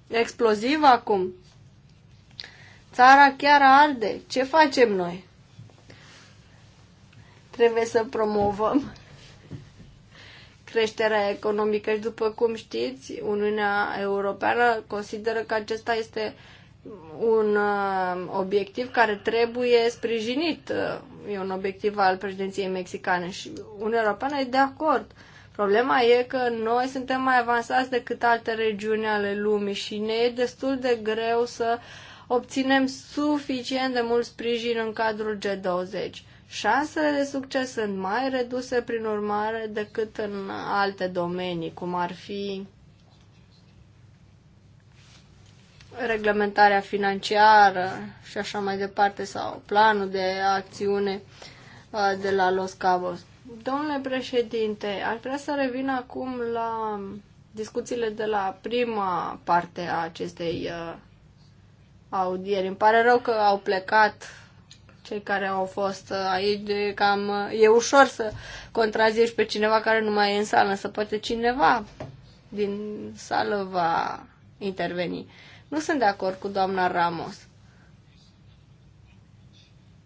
S1: explozivă acum. Țara chiar arde. Ce facem noi? Trebuie să promovăm creșterea economică și după cum știți, Uniunea Europeană consideră că acesta este un uh, obiectiv care trebuie sprijinit. Uh, e un obiectiv al președinției mexicane și Uniunea Europeană e de acord. Problema e că noi suntem mai avansați decât alte regiuni ale lumii și ne e destul de greu să obținem suficient de mult sprijin în cadrul G20. Șansele de succes sunt mai reduse, prin urmare, decât în alte domenii, cum ar fi reglementarea financiară și așa mai departe, sau planul de acțiune uh, de la Los Cabos. Domnule președinte, aș vrea să revin acum la discuțiile de la prima parte a acestei uh, audieri. Îmi pare rău că au plecat cei care au fost uh, aici de cam... Uh, e ușor să contrazici pe cineva care nu mai e în sală, să poate cineva din sală va interveni. Nu sunt de acord cu doamna Ramos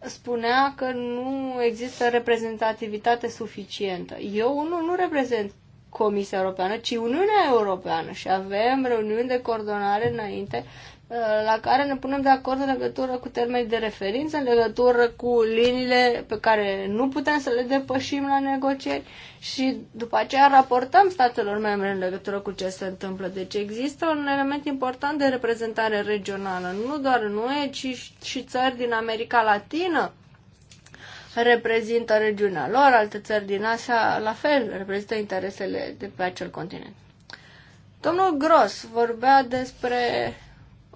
S1: spunea că nu există reprezentativitate suficientă. Eu unul nu reprezent Comisia Europeană, ci Uniunea Europeană și avem reuniuni de coordonare înainte la care ne punem de acord în legătură cu termenii de referință, în legătură cu liniile pe care nu putem să le depășim la negocieri și după aceea raportăm statelor membre în legătură cu ce se întâmplă. Deci există un element important de reprezentare regională, nu doar în UE, ci și țări din America Latină reprezintă regiunea lor, alte țări din Asia la fel reprezintă interesele de pe acel continent. Domnul Gros vorbea despre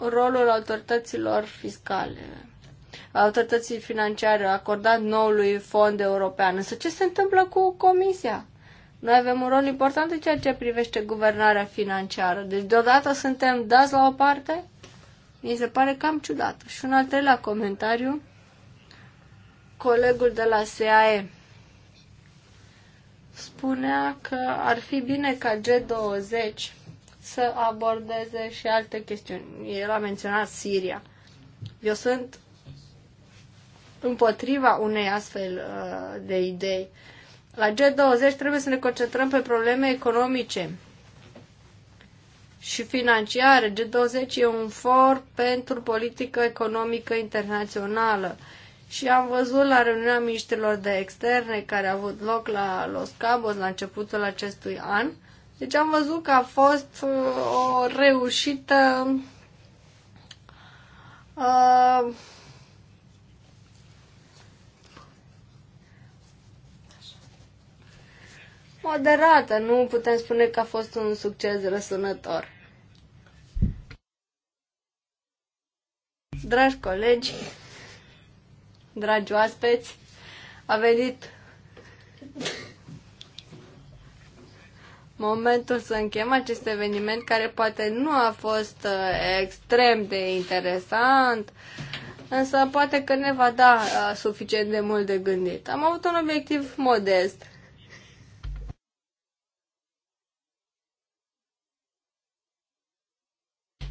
S1: rolul autorităților fiscale, autorității financiare acordat noului fond european. Însă ce se întâmplă cu Comisia? Noi avem un rol important în ceea ce privește guvernarea financiară. Deci deodată suntem dați la o parte? Mi se pare cam ciudat. Și un al treilea comentariu. Colegul de la SAE spunea că ar fi bine ca G20 să abordeze și alte chestiuni. El a menționat Siria. Eu sunt împotriva unei astfel uh, de idei. La G20 trebuie să ne concentrăm pe probleme economice și financiare. G20 e un for pentru politică economică internațională. Și am văzut la reuniunea ministrilor de externe care a avut loc la Los Cabos la începutul acestui an uh, deci am văzut că a fost uh, o reușită uh, moderată. Nu putem spune că a fost un succes răsunător. Dragi colegi, dragi oaspeți, a venit momentul să încheiem acest eveniment care poate nu a fost uh, extrem de interesant, însă poate că ne va da uh, suficient de mult de gândit. Am avut un obiectiv modest.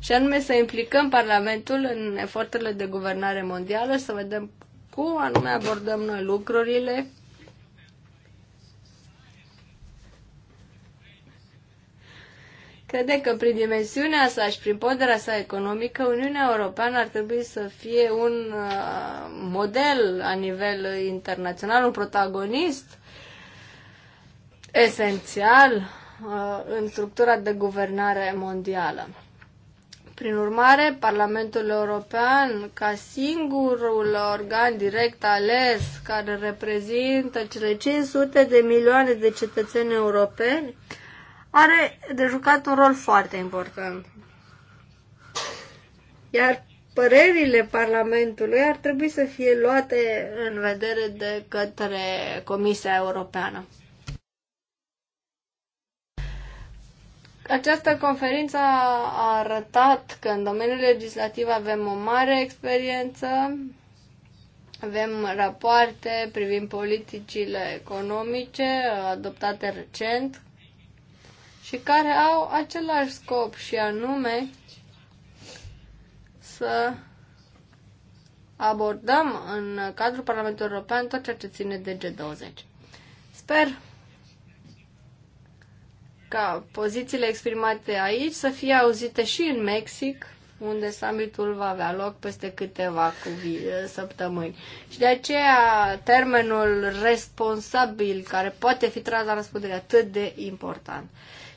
S1: Și anume să implicăm Parlamentul în eforturile de guvernare mondială, să vedem cum anume abordăm noi lucrurile, crede că prin dimensiunea sa și prin ponderea sa economică, Uniunea Europeană ar trebui să fie un uh, model la nivel internațional, un protagonist esențial uh, în structura de guvernare mondială. Prin urmare, Parlamentul European, ca singurul organ direct ales care reprezintă cele 500 de milioane de cetățeni europeni, are de jucat un rol foarte important. Iar părerile Parlamentului ar trebui să fie luate în vedere de către Comisia Europeană. Această conferință a arătat că în domeniul legislativ avem o mare experiență, avem rapoarte privind politicile economice adoptate recent, și care au același scop și anume să abordăm în cadrul Parlamentului European tot ceea ce ține de G20. Sper ca pozițiile exprimate aici să fie auzite și în Mexic, unde summitul va avea loc peste câteva săptămâni. Și de aceea termenul responsabil, care poate fi tras la răspundere, atât de important.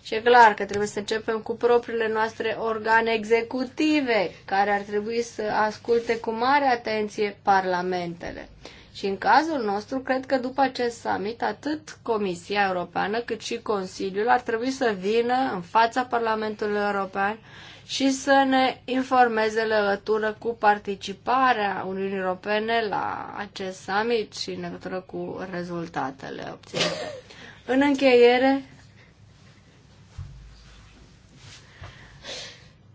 S1: Și e clar că trebuie să începem cu propriile noastre organe executive, care ar trebui să asculte cu mare atenție parlamentele. Și în cazul nostru, cred că după acest summit, atât Comisia Europeană cât și Consiliul ar trebui să vină în fața Parlamentului European și să ne informeze legătură cu participarea Uniunii Europene la acest summit și în legătură cu rezultatele obținute. În încheiere,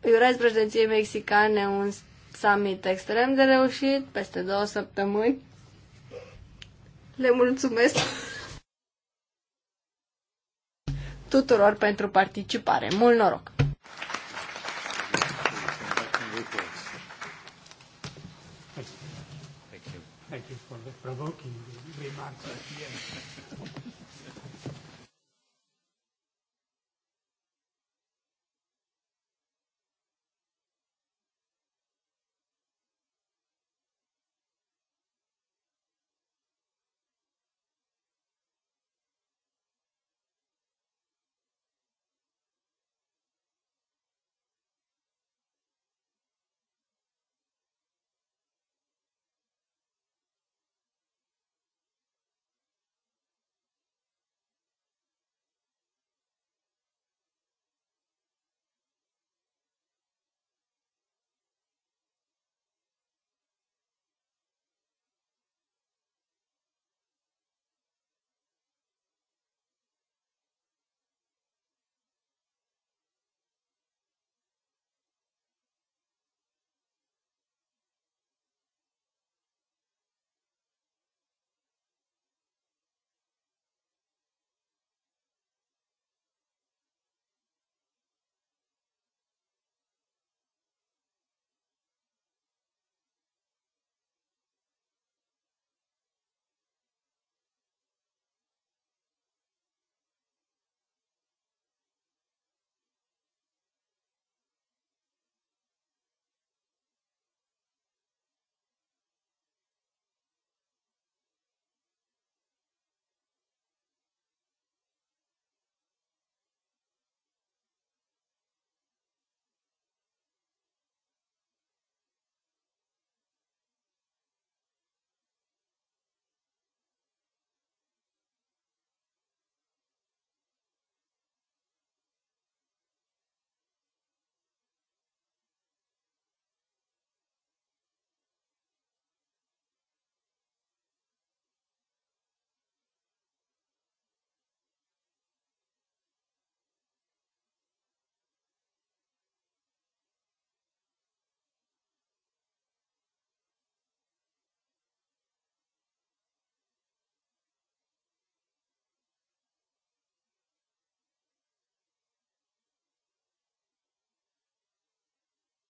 S1: iurez președinției mexicane un summit extrem de reușit, peste două săptămâni. Le mulțumesc tuturor pentru participare. Mult noroc!
S3: Thank you for the provoking remarks at the end.